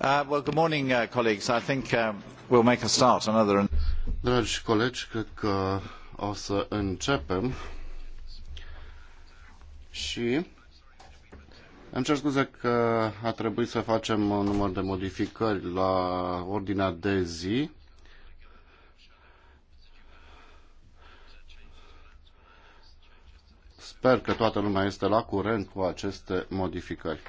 Uh, good morning, uh, colleagues. I think uh, we'll make a start. Another... Dragi colegi, cred că o să începem. Și îmi cer scuze că a trebuit să facem un număr de modificări la ordinea de zi. Sper că toată lumea este la curent cu aceste modificări.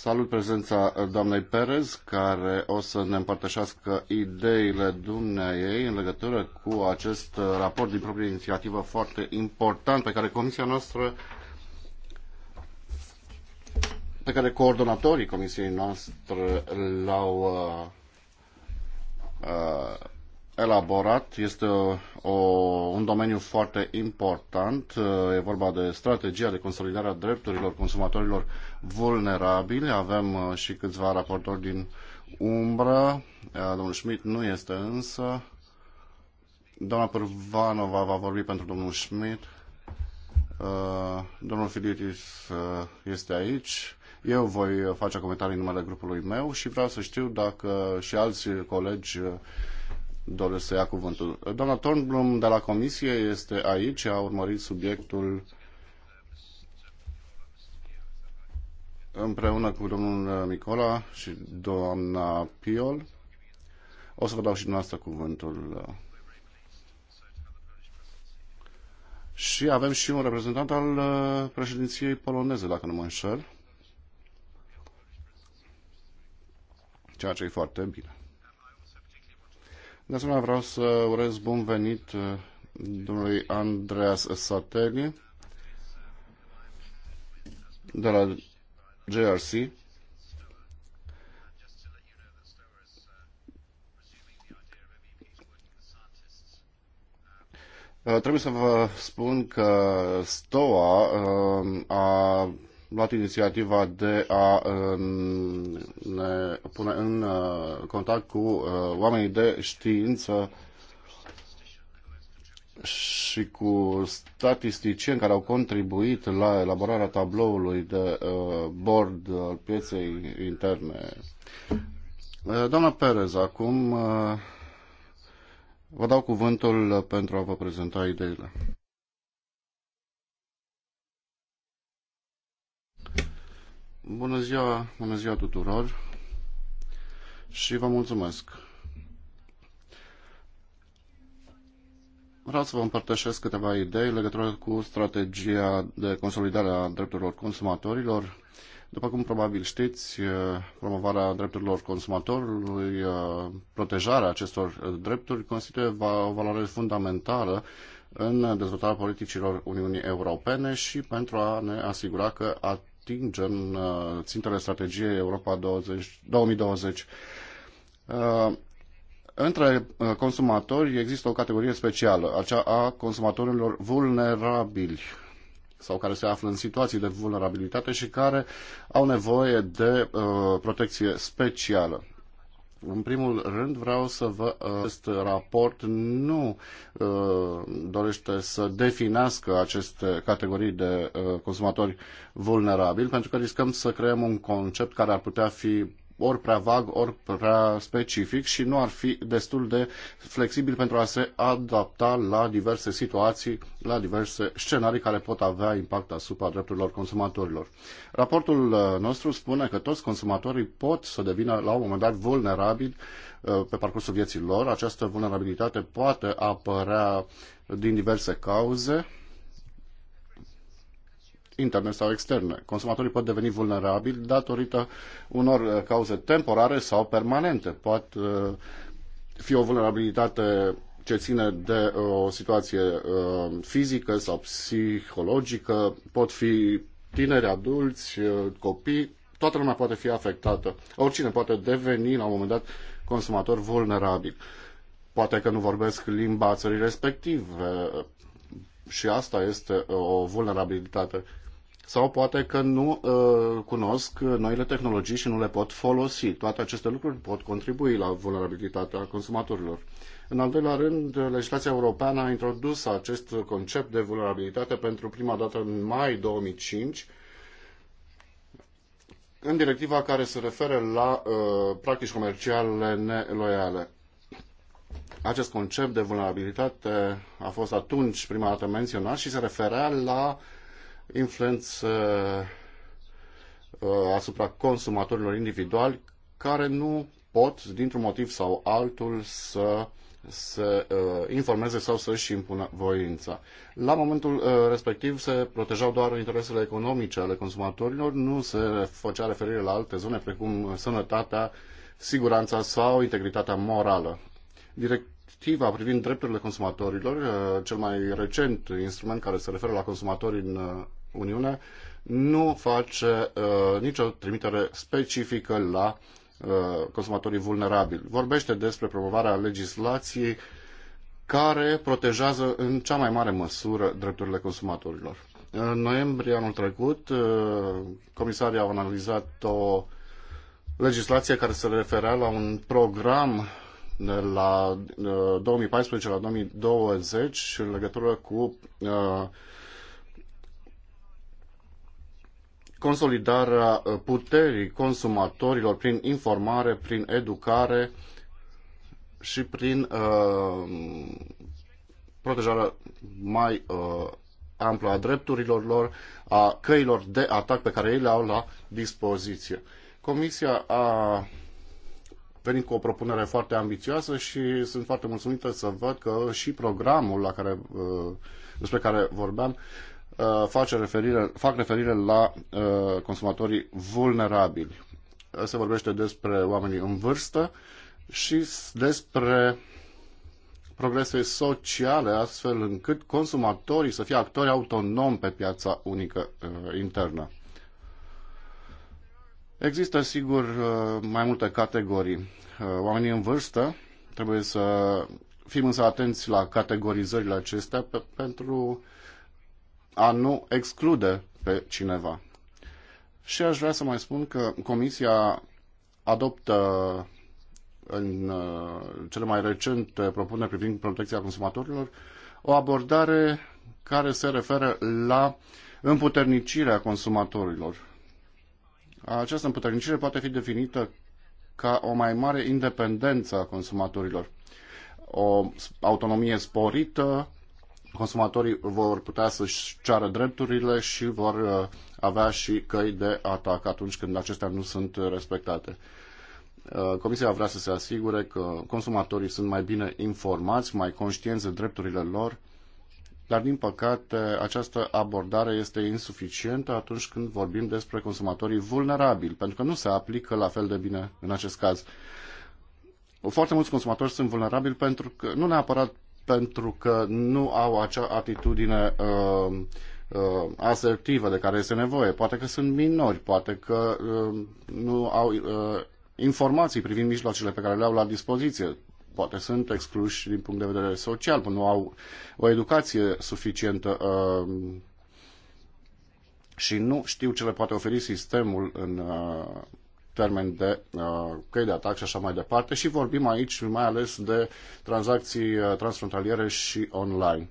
Salut prezența uh, doamnei Perez, care o să ne împărtășească ideile dumneiei în legătură cu acest uh, raport din proprie inițiativă foarte important pe care Comisia noastră pe care coordonatorii Comisiei noastre l-au uh, uh, elaborat. Este o, un domeniu foarte important. E vorba de strategia de consolidare a drepturilor consumatorilor vulnerabili. Avem uh, și câțiva raportori din umbră. Uh, domnul Schmidt nu este însă. Doamna Pârvanova va vorbi pentru domnul Schmidt. Uh, domnul Filitis este aici. Eu voi face comentarii în numele grupului meu și vreau să știu dacă și alți colegi doresc să ia cuvântul. Doamna Tornblum de la Comisie este aici, a urmărit subiectul împreună cu domnul Micola și doamna Piol. O să vă dau și dumneavoastră cuvântul. Și avem și un reprezentant al uh, președinției poloneze, dacă nu mă înșel. Ceea ce e foarte bine. De asemenea, vreau să urez bun venit uh, domnului Andreas Sateli de la JRC. Uh, trebuie să vă spun că STOA uh, a luat inițiativa de a um, ne pune în uh, contact cu uh, oamenii de știință și cu statisticieni care au contribuit la elaborarea tabloului de uh, bord al pieței interne. Doamna Perez, acum vă dau cuvântul pentru a vă prezenta ideile. Bună ziua, bună ziua tuturor și vă mulțumesc. Vreau să vă împărtășesc câteva idei legătură cu strategia de consolidare a drepturilor consumatorilor. După cum probabil știți, eh, promovarea drepturilor consumatorului, eh, protejarea acestor drepturi constituie o valoare fundamentală în dezvoltarea politicilor Uniunii Europene și pentru a ne asigura că atingem uh, țintele strategiei Europa 20, 2020. Uh, între uh, consumatori există o categorie specială, acea a consumatorilor vulnerabili sau care se află în situații de vulnerabilitate și care au nevoie de uh, protecție specială. În primul rând vreau să vă... Uh, acest raport nu uh, dorește să definească aceste categorii de uh, consumatori vulnerabili, pentru că riscăm să creăm un concept care ar putea fi ori prea vag, ori prea specific și nu ar fi destul de flexibil pentru a se adapta la diverse situații, la diverse scenarii care pot avea impact asupra drepturilor consumatorilor. Raportul uh, nostru spune că toți consumatorii pot să devină la un moment dat vulnerabili uh, pe parcursul vieții lor. Această vulnerabilitate poate apărea din diverse cauze, interne sau externe. Consumatorii pot deveni vulnerabili datorită unor uh, cauze temporare sau permanente. Poate uh, fi o vulnerabilitate ce ține de uh, o situație fizică sau psihologică, pot fi tineri, adulți, copii, toată lumea poate fi afectată. Oricine poate deveni la un moment dat consumator vulnerabil. Poate că nu vorbesc limba țării respective și asta este o vulnerabilitate sau poate că nu uh, cunosc noile tehnologii și nu le pot folosi. Toate aceste lucruri pot contribui la vulnerabilitatea consumatorilor. În al doilea rând, legislația europeană a introdus acest concept de vulnerabilitate pentru prima dată în mai 2005 în directiva care se referă la uh, practici comerciale neloiale. Acest concept de vulnerabilitate a fost atunci prima dată menționat și se referea la uh, influență uh, asupra consumatorilor individuali care nu pot, dintr-un motiv sau altul, să se uh, informeze sau să-și impună voința. La momentul uh, respectiv se protejau doar interesele economice ale consumatorilor, nu se făcea referire la alte zone precum sănătatea, siguranța sau integritatea morală. Directiva privind drepturile consumatorilor, uh, cel mai recent instrument care se referă la consumatori în uh, Uniune nu face uh, nicio trimitere specifică la uh, consumatorii vulnerabili. Vorbește despre promovarea legislației care protejează în cea mai mare măsură drepturile consumatorilor. În noiembrie anul trecut, uh, comisarii au analizat o legislație care se referea la un program de la 2014 uh, la 2020 în legătură cu uh, consolidarea uh, puterii consumatorilor prin informare, prin educare și prin uh, protejarea mai uh, amplă a drepturilor lor, a căilor de atac pe care ei le au la dispoziție. Comisia a venit cu o propunere foarte ambițioasă și sunt foarte mulțumită să văd că și programul la care, uh, despre care vorbeam Uh, face referire, fac referire la uh, consumatorii vulnerabili. Se vorbește despre oamenii în vârstă și despre progrese sociale, astfel încât consumatorii să fie actori autonomi pe piața unică uh, internă. Există, sigur, mai multe categorii. Oamenii în vârstă trebuie să fim însă atenți la categorizările acestea pe, pentru a nu exclude pe cineva. Și aș vrea să mai spun că Comisia adoptă în uh, cele mai recente propuneri privind protecția consumatorilor o abordare care se referă la împuternicirea consumatorilor. Această împuternicire poate fi definită ca o mai mare independență a consumatorilor, o autonomie sporită consumatorii vor putea să-și ceară drepturile și vor uh, avea și căi de atac atunci când acestea nu sunt respectate. Uh, Comisia vrea să se asigure că consumatorii sunt mai bine informați, mai conștienți de drepturile lor, dar din păcate această abordare este insuficientă atunci când vorbim despre consumatorii vulnerabili, pentru că nu se aplică la fel de bine în acest caz. Foarte mulți consumatori sunt vulnerabili pentru că, nu neapărat pentru că nu au acea atitudine uh, uh, asertivă de care este nevoie. Poate că sunt minori, poate că uh, nu au uh, informații privind mijloacele pe care le au la dispoziție. Poate sunt excluși din punct de vedere social, nu au o educație suficientă uh, și nu știu ce le poate oferi sistemul în uh, termen de uh, căi de atac și așa mai departe și vorbim aici mai ales de tranzacții uh, transfrontaliere și online.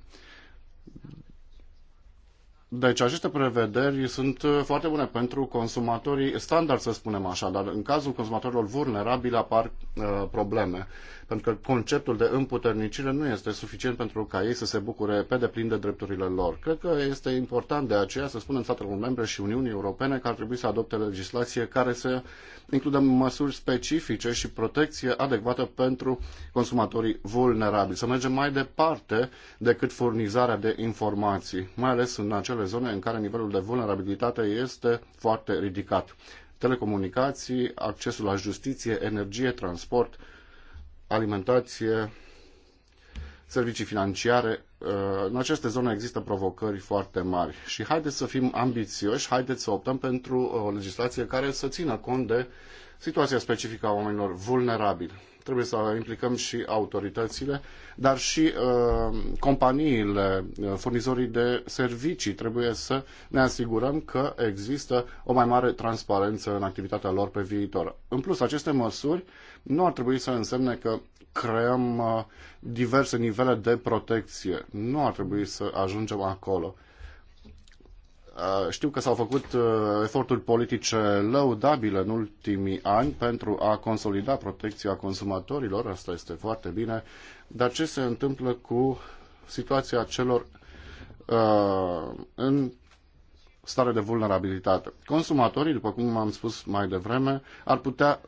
Deci aceste prevederi sunt uh, foarte bune pentru consumatorii standard, să spunem așa, dar în cazul consumatorilor vulnerabili apar uh, probleme pentru că conceptul de împuternicire nu este suficient pentru ca ei să se bucure pe deplin de drepturile lor. Cred că este important de aceea să spunem statelor membre și Uniunii Europene că ar trebui să adopte legislație care să includă măsuri specifice și protecție adecvată pentru consumatorii vulnerabili. Să mergem mai departe decât furnizarea de informații, mai ales în acele zone în care nivelul de vulnerabilitate este foarte ridicat telecomunicații, accesul la justiție, energie, transport, alimentație, servicii financiare. Uh, în aceste zone există provocări foarte mari și haideți să fim ambițioși, haideți să optăm pentru uh, o legislație care să țină cont de situația specifică a oamenilor vulnerabili. Trebuie să implicăm și autoritățile, dar și uh, companiile, uh, furnizorii de servicii. Trebuie să ne asigurăm că există o mai mare transparență în activitatea lor pe viitor. În plus, aceste măsuri nu ar trebui să însemne că creăm uh, diverse nivele de protecție. Nu ar trebui să ajungem acolo Uh, știu că s-au făcut uh, eforturi politice lăudabile în ultimii ani pentru a consolida protecția consumatorilor, asta este foarte bine, dar ce se întâmplă cu situația celor uh, în stare de vulnerabilitate? Consumatorii, după cum am spus mai devreme, ar putea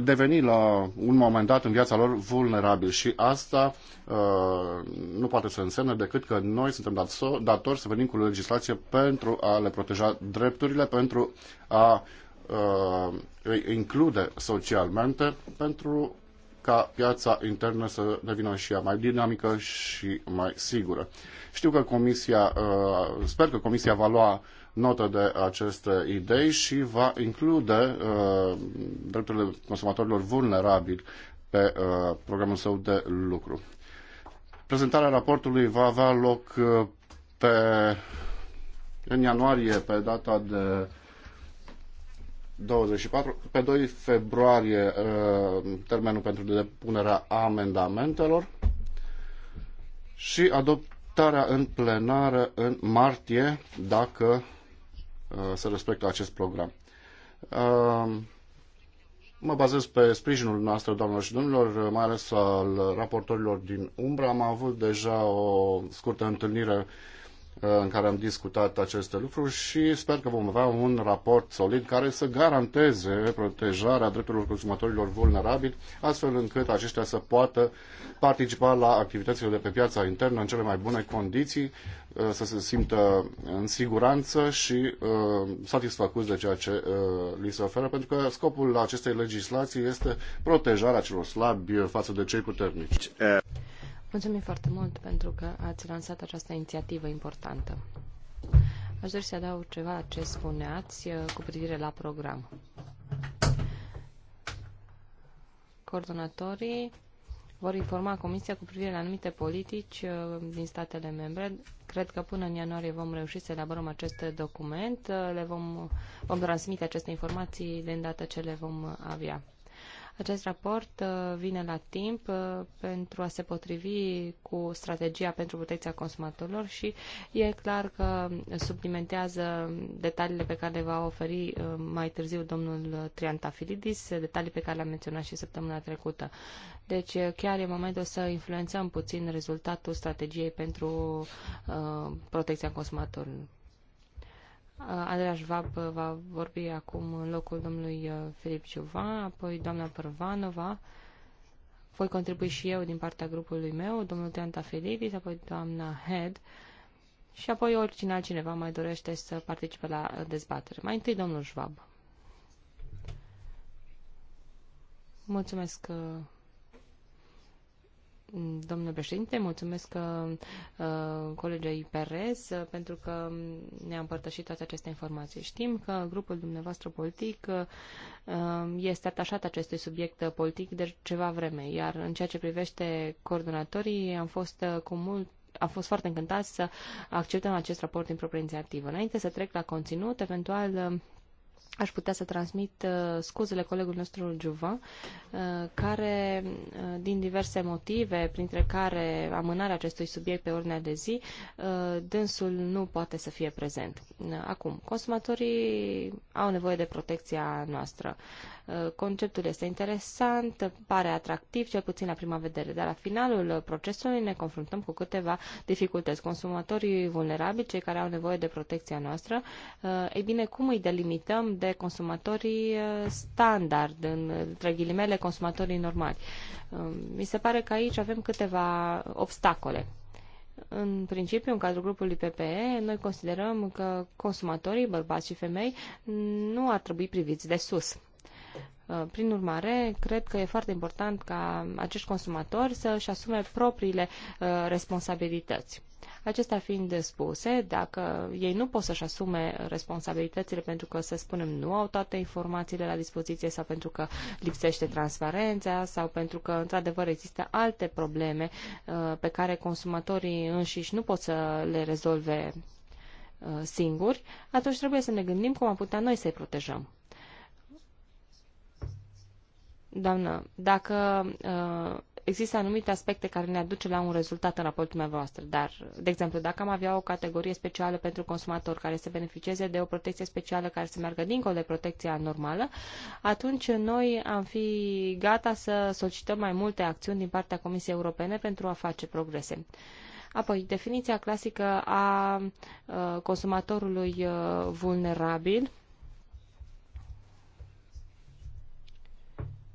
deveni la un moment dat în viața lor vulnerabil și asta uh, nu poate să însemne decât că noi suntem datori să venim cu legislație pentru a le proteja drepturile, pentru a uh, îi include socialmente, pentru ca piața internă să devină și ea mai dinamică și mai sigură. Știu că Comisia, uh, sper că Comisia va lua notă de aceste idei și va include uh, drepturile consumatorilor vulnerabili pe uh, programul său de lucru. Prezentarea raportului va avea loc uh, pe, în ianuarie, pe data de 24, pe 2 februarie uh, termenul pentru depunerea amendamentelor și adoptarea în plenară în martie, dacă Uh, se respectă acest program. Uh, mă bazez pe sprijinul noastră, doamnelor și domnilor, uh, mai ales al raportorilor din Umbra. Am avut deja o scurtă întâlnire Uh, în care am discutat aceste lucruri și sper că vom avea un raport solid care să garanteze protejarea drepturilor consumatorilor vulnerabili, astfel încât aceștia să poată participa la activitățile de pe piața internă în cele mai bune condiții, uh, să se simtă în siguranță și uh, satisfăcuți de ceea ce li se oferă, pentru că scopul acestei legislații este protejarea celor slabi față de cei puternici. Mulțumim foarte mult pentru că ați lansat această inițiativă importantă. Aș dori să adaug ceva la ce spuneați uh, cu privire la program. Coordonatorii vor informa Comisia cu privire la anumite politici uh, din statele membre. Cred că până în ianuarie vom reuși să elaborăm acest document. Uh, le vom, vom transmite aceste informații de îndată ce le vom avea. Acest raport uh, vine la timp uh, pentru a se potrivi cu strategia pentru protecția consumatorilor și e clar că suplimentează detaliile pe care le va oferi uh, mai târziu domnul Triantafilidis, detalii pe care le-am menționat și săptămâna trecută. Deci chiar e momentul să influențăm puțin rezultatul strategiei pentru protecția consumatorilor. Andreea Schwab uh, va vorbi acum în locul domnului uh, Filip Ciuva, apoi doamna Părvanova, voi contribui și eu din partea grupului meu, domnul Teanta Filidis, apoi doamna Head și apoi oricine altcineva mai dorește să participe la uh, dezbatere. Mai întâi domnul Schwab. Mulțumesc, Domnule președinte, mulțumesc că, uh, colegei Perez uh, pentru că ne-a împărtășit toate aceste informații. Știm că grupul dumneavoastră politic uh, este atașat acestui subiect politic de ceva vreme, iar în ceea ce privește coordonatorii am fost uh, cu mult am fost foarte încântat să acceptăm acest raport din proprie inițiativă. Înainte să trec la conținut, eventual uh, aș putea să transmit uh, scuzele colegului nostru Juva, uh, care, uh, din diverse motive, printre care amânarea acestui subiect pe ordinea de zi, uh, dânsul nu poate să fie prezent. Uh, acum, consumatorii au nevoie de protecția noastră. Uh, Uh, conceptul este interesant, pare atractiv, cel puțin la prima vedere, dar la finalul procesului ne confruntăm cu câteva dificultăți. Consumatorii vulnerabili, cei care au nevoie de protecția noastră, uh, ei bine, cum îi delimităm de consumatorii uh, standard, între ghilimele, consumatorii normali? Mi se pare că aici avem câteva obstacole. În principiu, în cadrul grupului PPE, noi considerăm că consumatorii, bărbați și femei, nu ar trebui priviți de sus. Uh, prin urmare, cred că e foarte important ca acești consumatori să-și asume propriile uh, responsabilități. Acestea fiind spuse, dacă ei nu pot să-și asume responsabilitățile pentru că, să spunem, nu au toate informațiile la dispoziție sau pentru că lipsește transparența sau pentru că, într-adevăr, există alte probleme uh, pe care consumatorii înșiși nu pot să le rezolve singuri, atunci trebuie să ne gândim cum am putea noi să-i protejăm. Doamnă, dacă uh, există anumite aspecte care ne aduce la un rezultat în raportul dumneavoastră, dar, de exemplu, dacă am avea o categorie specială pentru consumator care să beneficieze de o protecție specială care să meargă dincolo de protecția normală, atunci noi am fi gata să solicităm mai multe acțiuni din partea Comisiei Europene pentru a face progrese. Apoi, definiția clasică a uh, consumatorului uh, vulnerabil,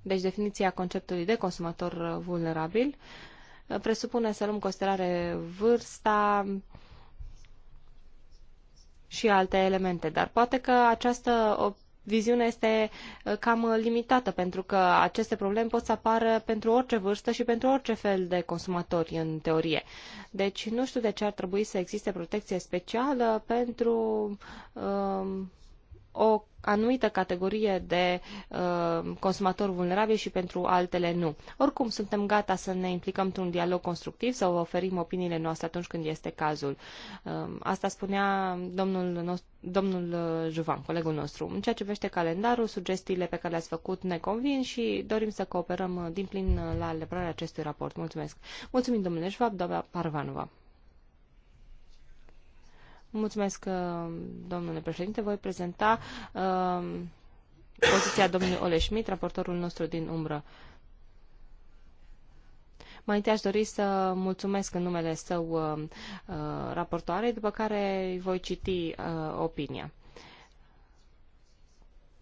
Deci definiția conceptului de consumator uh, vulnerabil uh, presupune să luăm în considerare vârsta și alte elemente, dar poate că această viziune este uh, cam limitată, pentru că aceste probleme pot să apară pentru orice vârstă și pentru orice fel de consumatori, în teorie. Deci nu știu de ce ar trebui să existe protecție specială pentru um, o anumită categorie de uh, consumatori vulnerabili și pentru altele nu. Oricum, suntem gata să ne implicăm într-un dialog constructiv, să oferim opiniile noastre atunci când este cazul. Uh, asta spunea domnul, nostru, domnul uh, Juvan, colegul nostru. În ceea ce vește calendarul, sugestiile pe care le-ați făcut ne convin și dorim să cooperăm uh, din plin uh, la elaborarea acestui raport. Mulțumesc! Mulțumim, domnule Juvan, doamna Parvanova. Mulțumesc, uh, domnule președinte. Voi prezenta uh, poziția domnului Ole Schmidt, raportorul nostru din umbră. Mai întâi aș dori să mulțumesc în numele său uh, uh raportoarei, după care voi citi uh, opinia.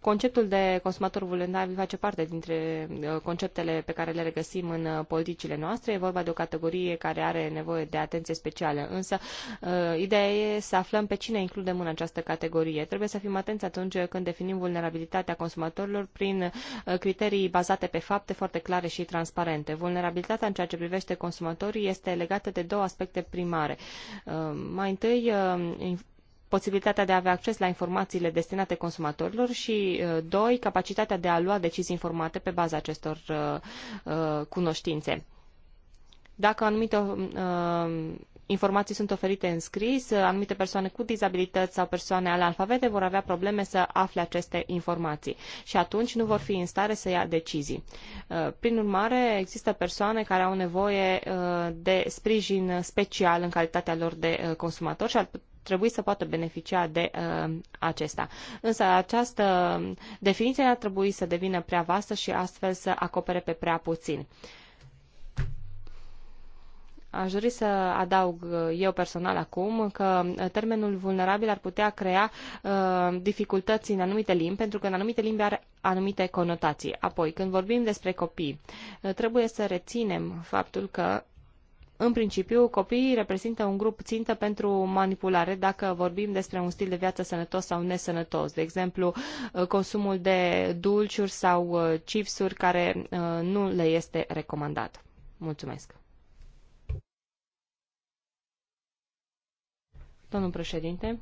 Conceptul de consumator vulnerabil face parte dintre uh, conceptele pe care le regăsim în uh, politicile noastre. E vorba de o categorie care are nevoie de atenție specială, însă uh, ideea e să aflăm pe cine includem în această categorie. Trebuie să fim atenți atunci când definim vulnerabilitatea consumatorilor prin criterii bazate pe fapte foarte clare și transparente. Vulnerabilitatea în ceea ce privește consumatorii este legată de două aspecte primare. Mai întâi, posibilitatea de a avea acces la informațiile destinate consumatorilor și, uh, doi, capacitatea de a lua decizii informate pe baza acestor uh, uh, cunoștințe. Dacă anumite informații sunt oferite în scris, anumite persoane cu dizabilități sau persoane alfabete vor avea probleme să afle aceste informații și atunci nu vor fi în stare să ia decizii. Prin urmare, există persoane care au nevoie de sprijin special în calitatea lor de consumator și ar trebui să poată beneficia de uh, acesta. Însă această definiție ar trebui să devină prea vastă și astfel să acopere pe prea puțin. Aș dori să adaug eu personal acum că termenul vulnerabil ar putea crea uh, dificultăți în anumite limbi, pentru că în anumite limbi are anumite conotații. Apoi, când vorbim despre copii, uh, trebuie să reținem faptul că în principiu, copiii reprezintă un grup țintă pentru manipulare dacă vorbim despre un stil de viață sănătos sau nesănătos. De exemplu, consumul de dulciuri sau uh, chipsuri care uh, nu le este recomandat. Mulțumesc. Domnul președinte,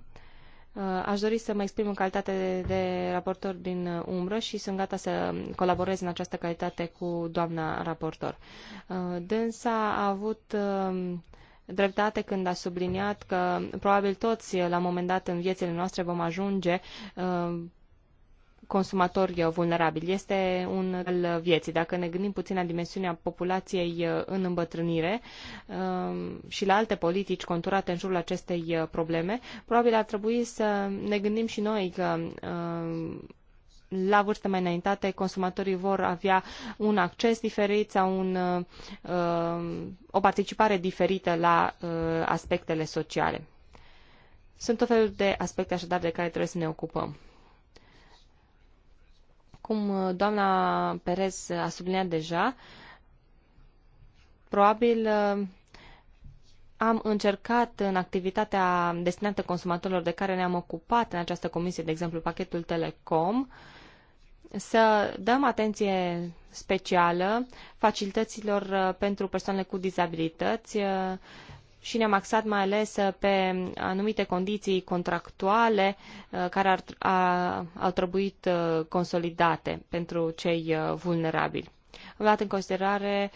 Uh, aș dori să mă exprim în calitate de raportor din uh, umbră și sunt gata să colaborez în această calitate cu doamna raportor. Uh, dânsa a avut dreptate când a subliniat că probabil toți la un moment dat în viețile noastre vom ajunge consumatori vulnerabili. Este un al vieții. Dacă ne gândim puțin la dimensiunea populației uh, în îmbătrânire um, și la alte politici conturate în jurul acestei uh, probleme, probabil ar trebui să ne gândim și noi că um, la vârste mai înaintate consumatorii vor avea un acces diferit sau un, um, o participare diferită la uh, aspectele sociale. Sunt o felul de aspecte așadar de care trebuie să ne ocupăm. Cum uh, doamna Perez a subliniat deja, probabil uh, am încercat în activitatea destinată consumatorilor de care ne-am ocupat în această comisie, de exemplu pachetul Telecom, să dăm atenție specială facilităților uh, pentru persoanele cu dizabilități, și ne-am axat mai ales uh, pe anumite condiții contractuale uh, care ar, a, au trebuit uh, consolidate pentru cei vulnerabili. Am luat în considerare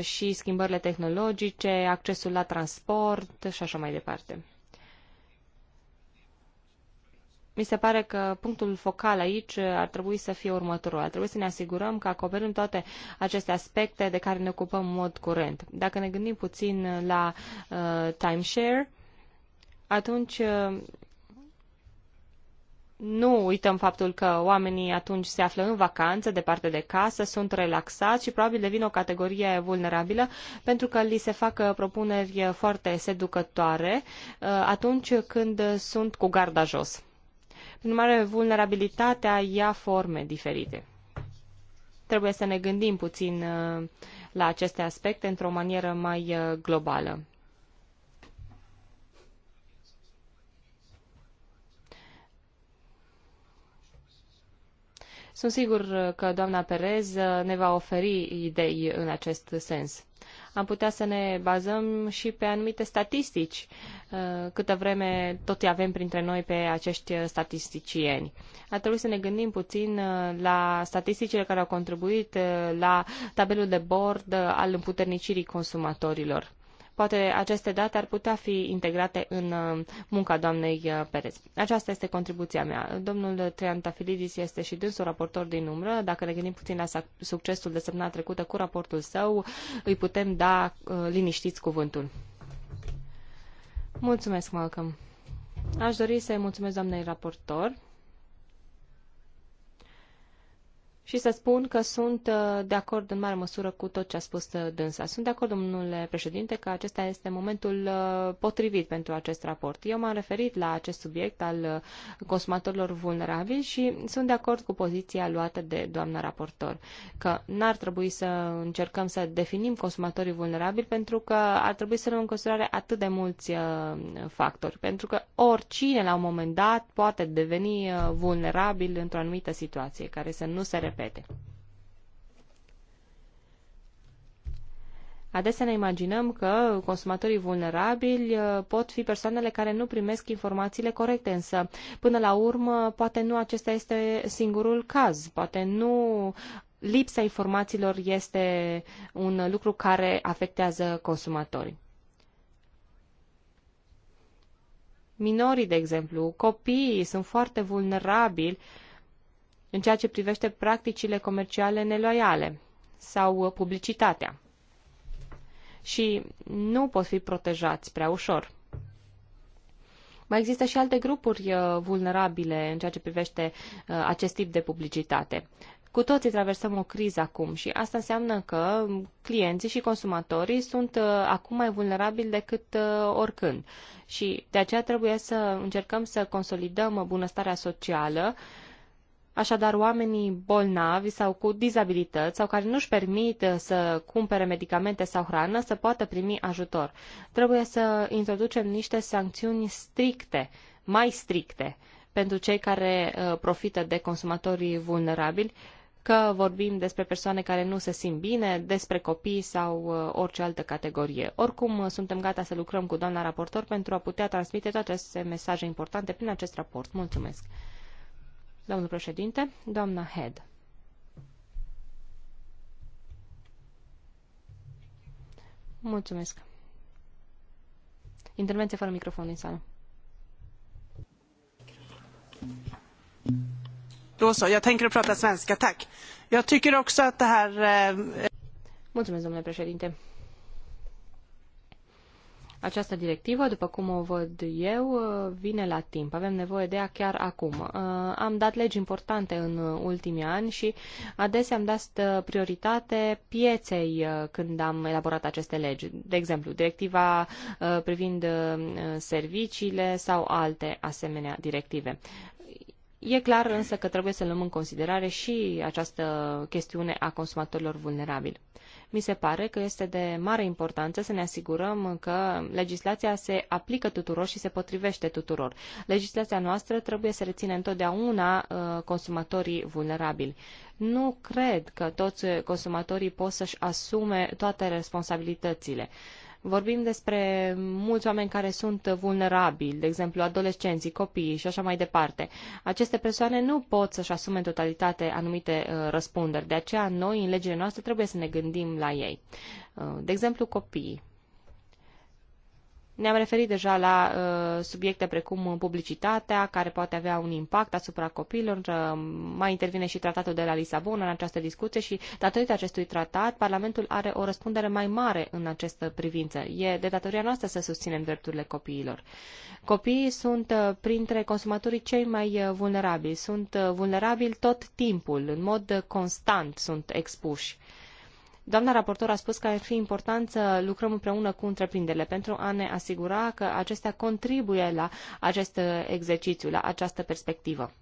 și schimbările tehnologice, accesul la transport și așa mai departe mi se pare că punctul focal aici ar trebui să fie următorul. Ar trebui să ne asigurăm că acoperim toate aceste aspecte de care ne ocupăm în mod curent. Dacă ne gândim puțin la uh, timeshare, atunci uh, nu uităm faptul că oamenii atunci se află în vacanță, departe de casă, sunt relaxați și probabil devin o categorie vulnerabilă pentru că li se fac uh, propuneri foarte seducătoare uh, atunci când sunt cu garda jos. În mare, vulnerabilitatea ia forme diferite. Trebuie să ne gândim puțin uh, la aceste aspecte într-o manieră mai uh, globală. Sunt sigur uh, că doamna Perez ne va oferi idei în acest sens am putea să ne bazăm și pe anumite statistici, uh, câtă vreme tot îi avem printre noi pe acești statisticieni. Ar trebui să ne gândim puțin uh, la statisticile care au contribuit uh, la tabelul de bord al împuternicirii consumatorilor. Poate aceste date ar putea fi integrate în uh, munca doamnei uh, Perez. Aceasta este contribuția mea. Domnul Tafilidis este și dânsul raportor din umbră. Dacă ne gândim puțin la succesul de săptămâna trecută cu raportul său, îi putem da uh, liniștiți cuvântul. Mulțumesc, Malcolm. Aș dori să-i mulțumesc doamnei raportor și să spun că sunt uh, de acord în mare măsură cu tot ce a spus uh, dânsa. Sunt de acord, domnule președinte, că acesta este momentul uh, potrivit pentru acest raport. Eu m-am referit la acest subiect al consumatorilor vulnerabili și sunt de acord cu poziția luată de doamna raportor, că n-ar trebui să încercăm să definim consumatorii vulnerabili pentru că ar trebui să luăm în considerare atât de mulți factori, pentru că oricine la un moment dat poate deveni vulnerabil într-o anumită situație care să nu se repete. Adesea ne imaginăm că consumatorii vulnerabili uh, pot fi persoanele care nu primesc informațiile corecte, însă până la urmă poate nu acesta este singurul caz, poate nu lipsa informațiilor este un lucru care afectează consumatorii. Minorii, de exemplu, copiii sunt foarte vulnerabili uh, în ceea ce privește practicile comerciale neloiale sau uh, publicitatea. Și nu pot fi protejați prea ușor. Mai există și alte grupuri uh, vulnerabile în ceea ce privește uh, acest tip de publicitate. Cu toții traversăm o criză acum și asta înseamnă că clienții și consumatorii sunt acum mai vulnerabili decât oricând. Și de aceea trebuie să încercăm să consolidăm bunăstarea socială Așadar, oamenii bolnavi sau cu dizabilități sau care nu-și permit uh, să cumpere medicamente sau hrană să poată primi ajutor. Trebuie să introducem niște sancțiuni stricte, mai stricte, pentru cei care uh, profită de consumatorii vulnerabili, că vorbim despre persoane care nu se simt bine, despre copii sau uh, orice altă categorie. Oricum, suntem gata să lucrăm cu doamna raportor pentru a putea transmite toate aceste mesaje importante prin acest raport. Mulțumesc! Domnul președinte, doamna Head. Mulțumesc. Intervenție fără microfon din sală. Doamna, eu jag prata svenska, tack. Jag tycker också att det här... Eh, Mulțumesc, domnule președinte. Această directivă, după cum o văd eu, uh, vine la timp. Avem nevoie de ea chiar acum. Uh, am dat legi importante în ultimii ani și adesea am dat uh, prioritate pieței când am elaborat aceste legi. De exemplu, directiva privind serviciile sau alte asemenea directive. E clar însă că trebuie să luăm în considerare și această chestiune a consumatorilor vulnerabili. Mi se pare că este de mare importanță să ne asigurăm că legislația se aplică tuturor și se potrivește tuturor. Legislația noastră trebuie să reține întotdeauna uh, consumatorii vulnerabili. Nu cred că toți consumatorii pot să-și asume toate responsabilitățile. Vorbim despre mulți oameni care sunt vulnerabili, de exemplu adolescenții, copiii și așa mai departe. Aceste persoane nu pot să-și asume în totalitate anumite uh, răspunderi, de aceea noi, în legile noastre, trebuie să ne gândim la ei. Uh, de exemplu, copiii. Ne-am referit deja la uh, subiecte precum publicitatea, care poate avea un impact asupra copiilor. Uh, mai intervine și tratatul de la Lisabona în această discuție și, datorită acestui tratat, Parlamentul are o răspundere mai mare în această privință. E de datoria noastră să susținem drepturile copiilor. Copiii sunt uh, printre consumatorii cei mai uh, vulnerabili. Sunt uh, vulnerabili tot timpul, în mod constant sunt expuși. Uh, Doamna raportor a spus că ar fi important să lucrăm împreună cu întreprinderile pentru a ne asigura că acestea contribuie la acest exercițiu, la această perspectivă.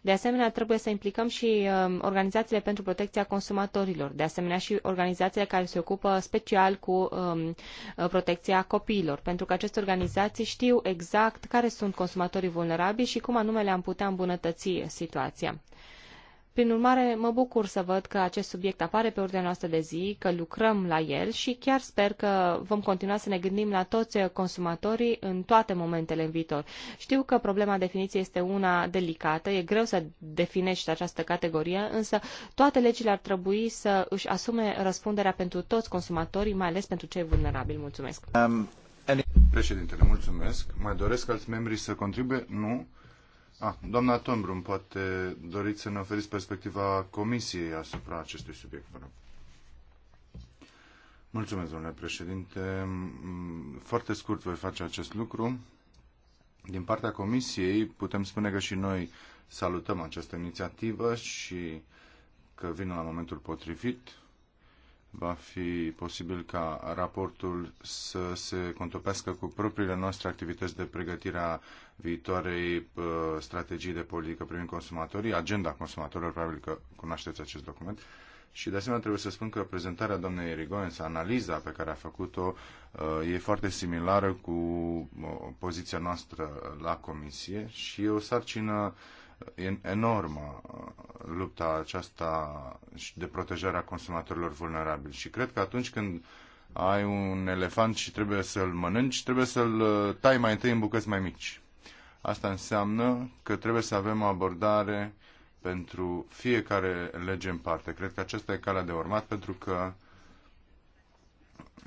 De asemenea, trebuie să implicăm și uh, organizațiile pentru protecția consumatorilor, de asemenea și organizațiile care se ocupă special cu um, protecția copiilor, pentru că aceste organizații știu exact care sunt consumatorii vulnerabili și cum anume le-am putea îmbunătăți situația. Prin urmare, mă bucur să văd că acest subiect apare pe ordinea noastră de zi, că lucrăm la el și chiar sper că vom continua să ne gândim la toți consumatorii în toate momentele în viitor. Știu că problema definiției este una delicată, e greu să definești această categorie, însă toate legile ar trebui să își asume răspunderea pentru toți consumatorii, mai ales pentru cei vulnerabili. Mulțumesc! Um, Președintele, mulțumesc. Mai doresc alți membri să contribuie? Nu. Ah, doamna Tombrum, poate doriți să ne oferiți perspectiva Comisiei asupra acestui subiect, vă rog. Mulțumesc, domnule președinte. Mm, foarte scurt voi face acest lucru. Din partea Comisiei putem spune că și noi salutăm această inițiativă și că vine la momentul potrivit va fi posibil ca raportul să se contopească cu propriile noastre activități de pregătire a viitoarei uh, strategii de politică privind consumatorii, agenda consumatorilor, probabil că cunoașteți acest document. Și de asemenea trebuie să spun că prezentarea doamnei Erigoens, analiza pe care a făcut-o, uh, e foarte similară cu uh, poziția noastră la comisie și e o sarcină uh, enormă uh, lupta aceasta de protejare a consumatorilor vulnerabili și cred că atunci când ai un elefant și trebuie să-l mănânci, trebuie să-l uh, tai mai întâi în bucăți mai mici. Asta înseamnă că trebuie să avem o abordare pentru fiecare lege în parte. Cred că aceasta e calea de urmat pentru că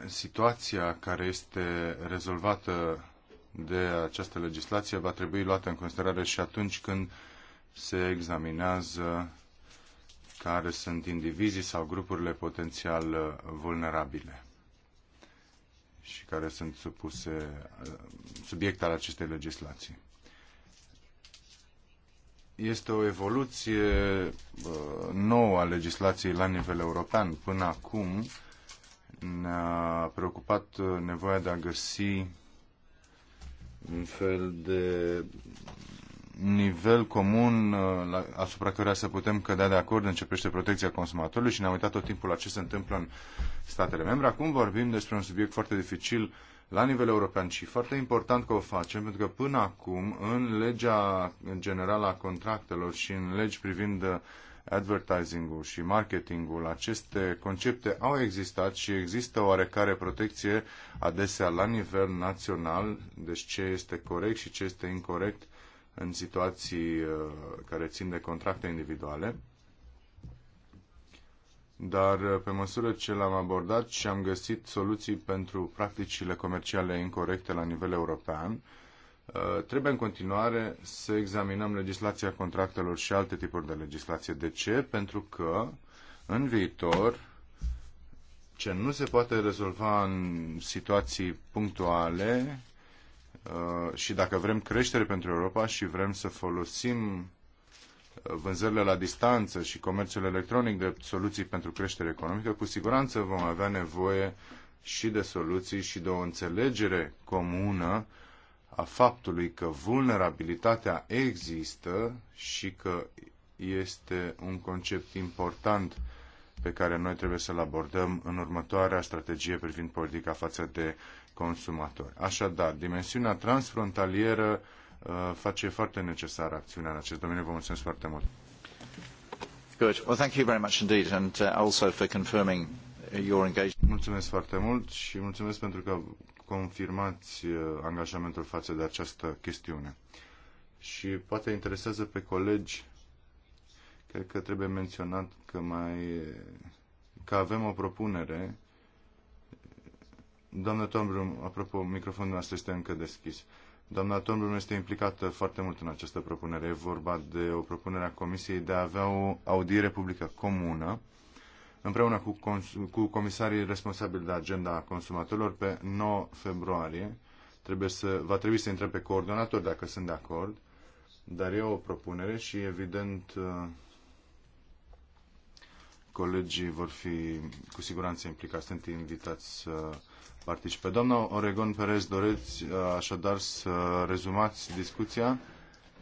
situația care este rezolvată de această legislație va trebui luată în considerare și atunci când uh, se examinează care sunt indivizii sau grupurile potențial uh, vulnerabile și care sunt supuse uh, subiect al acestei legislații. Este o evoluție uh, nouă a legislației la nivel european. Până acum ne-a preocupat nevoia de a găsi un fel de nivel comun uh, asupra căruia să putem cădea de acord începește protecția consumatorului și ne-am uitat tot timpul la ce se întâmplă în statele membre. Acum vorbim despre un subiect foarte dificil la nivel european și foarte important că o facem, pentru că până acum în legea generală a contractelor și în legi privind uh, advertising-ul și marketingul, aceste concepte au existat și există oarecare protecție adesea la nivel național, deci ce este corect și ce este incorrect în situații uh, care țin de contracte individuale. Dar uh, pe măsură ce l-am abordat și am găsit soluții pentru practicile comerciale incorrecte la nivel european, uh, trebuie în continuare să examinăm legislația contractelor și alte tipuri de legislație. De ce? Pentru că în viitor ce nu se poate rezolva în situații punctuale Uh, și dacă vrem creștere pentru Europa și vrem să folosim uh, vânzările la distanță și comerțul electronic de soluții pentru creștere economică, cu siguranță vom avea nevoie și de soluții și de o înțelegere comună a faptului că vulnerabilitatea există și că este un concept important pe care noi trebuie să-l abordăm în următoarea strategie privind politica față de consumatori. Așadar, dimensiunea transfrontalieră uh, face foarte necesară acțiunea în acest domeniu. Vă mulțumesc foarte mult. Good. Well, thank you very much indeed and uh, also for confirming uh, your engagement. Mulțumesc foarte mult și mulțumesc pentru că confirmați angajamentul față de această chestiune. Și poate interesează pe colegi, cred că trebuie menționat că mai că avem o propunere Doamna Tombrum, apropo, microfonul nostru este încă deschis. Doamna Tombrum este implicată foarte mult în această propunere. E vorba de o propunere a Comisiei de a avea o audiere publică comună împreună cu, cu comisarii responsabili de agenda consumatorilor pe 9 februarie. Trebuie să, va trebui să intre pe coordonator dacă sunt de acord, dar e o propunere și evident colegii vor fi cu siguranță implicați, sunt invitați să participe. Doamna Oregon Perez, doreți uh, așadar să rezumați discuția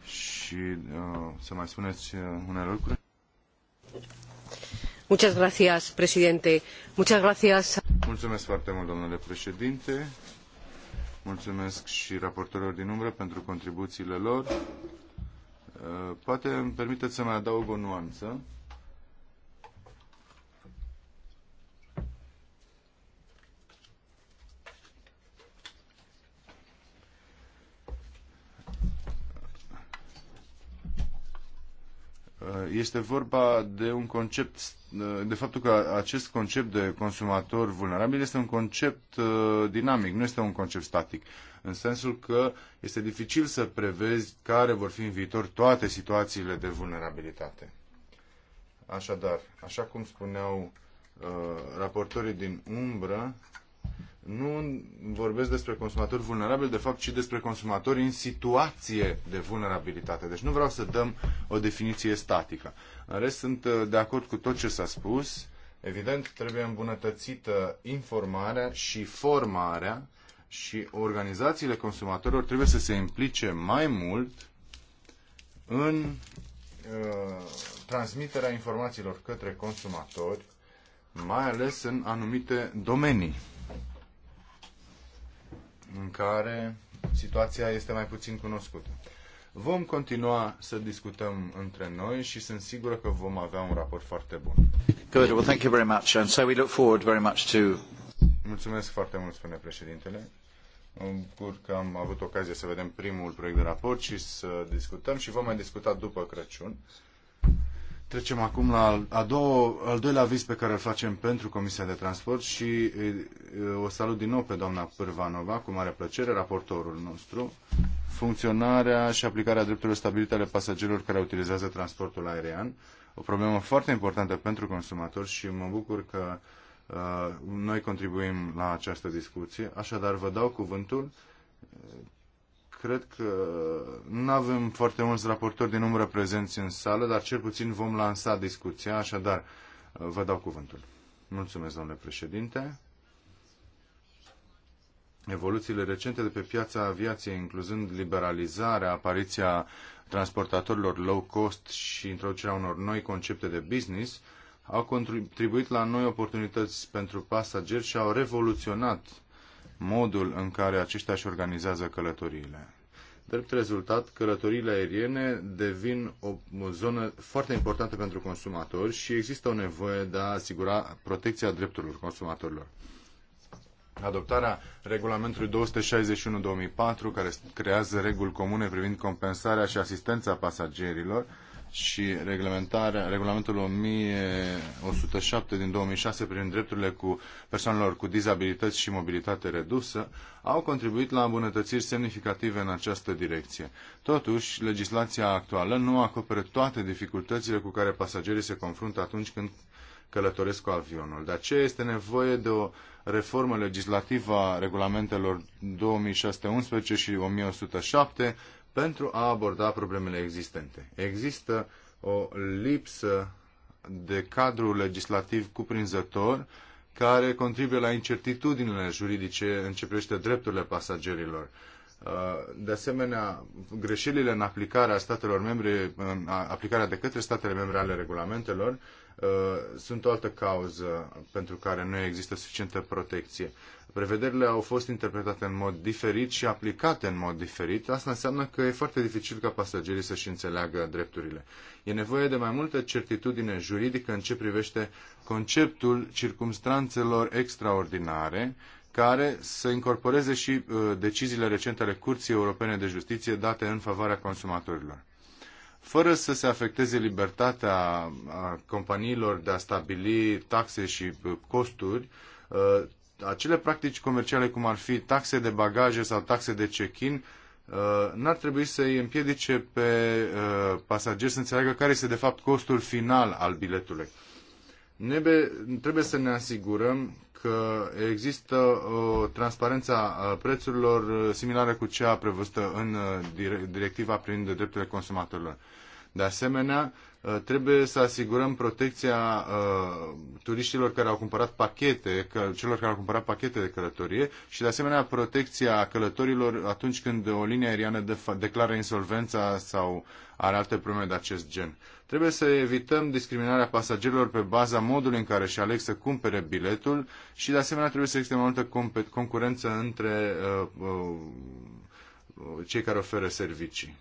și uh, să mai spuneți uh, unele lucruri? Muchas gracias, presidente. Muchas gracias. Mulțumesc foarte mult, domnule președinte. Mulțumesc și raportorilor din umbră pentru contribuțiile lor. Poate îmi permiteți să mai adaug o nuanță. Uh, este vorba de un concept, uh, de faptul că acest concept de consumator vulnerabil este un concept uh, dinamic, nu este un concept static. În sensul că este dificil să prevezi care vor fi în viitor toate situațiile de vulnerabilitate. Așadar, așa cum spuneau raportorii din umbră, nu vorbesc despre consumatori vulnerabili, de fapt, ci despre consumatori în situație de vulnerabilitate. Deci nu vreau să dăm o definiție statică. În rest, sunt uh, de acord cu tot ce s-a spus. Evident, trebuie îmbunătățită informarea și formarea și organizațiile consumatorilor trebuie să se implice mai mult în uh, transmiterea informațiilor către consumatori, mai ales în anumite domenii în care situația este mai puțin cunoscută. Vom continua să discutăm între noi și sunt sigură că vom avea un raport foarte bun. Good. Well, thank you very much. And so we look forward very much to Mulțumesc foarte mult, spune președintele. Îmi bucur că am avut ocazia să vedem primul proiect de raport și să discutăm și vom mai discuta după Crăciun. Trecem acum la a doua, al doilea aviz pe care îl facem pentru Comisia de Transport și o salut din nou pe doamna Pârvanova, cu mare plăcere, raportorul nostru. Funcționarea și aplicarea drepturilor stabilite ale pasagerilor care utilizează transportul aerian. O problemă foarte importantă pentru consumatori și mă bucur că uh, noi contribuim la această discuție. Așadar, vă dau cuvântul Cred că nu avem foarte mulți raportori din umbră prezenți în sală, dar cel puțin vom lansa discuția, așadar vă dau cuvântul. Mulțumesc, domnule președinte. Evoluțiile recente de pe piața aviației, incluzând liberalizarea, apariția transportatorilor low cost și introducerea unor noi concepte de business, au contribuit la noi oportunități pentru pasageri și au revoluționat modul în care aceștia își organizează călătoriile. Drept rezultat, călătoriile aeriene devin o, o zonă foarte importantă pentru consumatori și există o nevoie de a asigura protecția drepturilor consumatorilor. Adoptarea regulamentului 261-2004, care creează reguli comune privind compensarea și asistența pasagerilor, și reglementarea, regulamentul 1107 din 2006 privind drepturile cu persoanelor cu dizabilități și mobilitate redusă au contribuit la îmbunătățiri semnificative în această direcție. Totuși, legislația actuală nu acoperă toate dificultățile cu care pasagerii se confruntă atunci când călătoresc cu avionul. De aceea este nevoie de o reformă legislativă a regulamentelor 2611 și 1107 pentru a aborda problemele existente. Există o lipsă de cadru legislativ cuprinzător care contribuie la incertitudinile juridice în ce privește drepturile pasagerilor. Uh, de asemenea, greșelile în aplicarea statelor membre, în aplicarea de către statele membre ale regulamentelor, uh, sunt o altă cauză pentru care nu există suficientă protecție. Prevederile au fost interpretate în mod diferit și aplicate în mod diferit. Asta înseamnă că e foarte dificil ca pasagerii să-și înțeleagă drepturile. E nevoie de mai multă certitudine juridică în ce privește conceptul circumstanțelor extraordinare, care să incorporeze și uh, deciziile recente ale Curții Europene de Justiție date în favoarea consumatorilor. Fără să se afecteze libertatea a uh, companiilor de a stabili taxe și uh, costuri, uh, acele practici comerciale cum ar fi taxe de bagaje sau taxe de check-in uh, n-ar trebui să îi împiedice pe uh, pasageri să înțeleagă care este de fapt costul final al biletului. Trebuie să ne asigurăm că există o transparență a prețurilor uh, similară cu cea prevăzută în directiva privind drepturile consumatorilor. De asemenea, Uh, trebuie să asigurăm protecția uh, turiștilor care au cumpărat pachete, că, celor care au cumpărat pachete de călătorie și de asemenea protecția călătorilor atunci când o linie aeriană de, declară insolvența sau are alte probleme de acest gen. Trebuie să evităm discriminarea pasagerilor pe baza modului în care și aleg să cumpere biletul și de asemenea trebuie să existe mai multă concurență între uh, uh, cei care oferă servicii.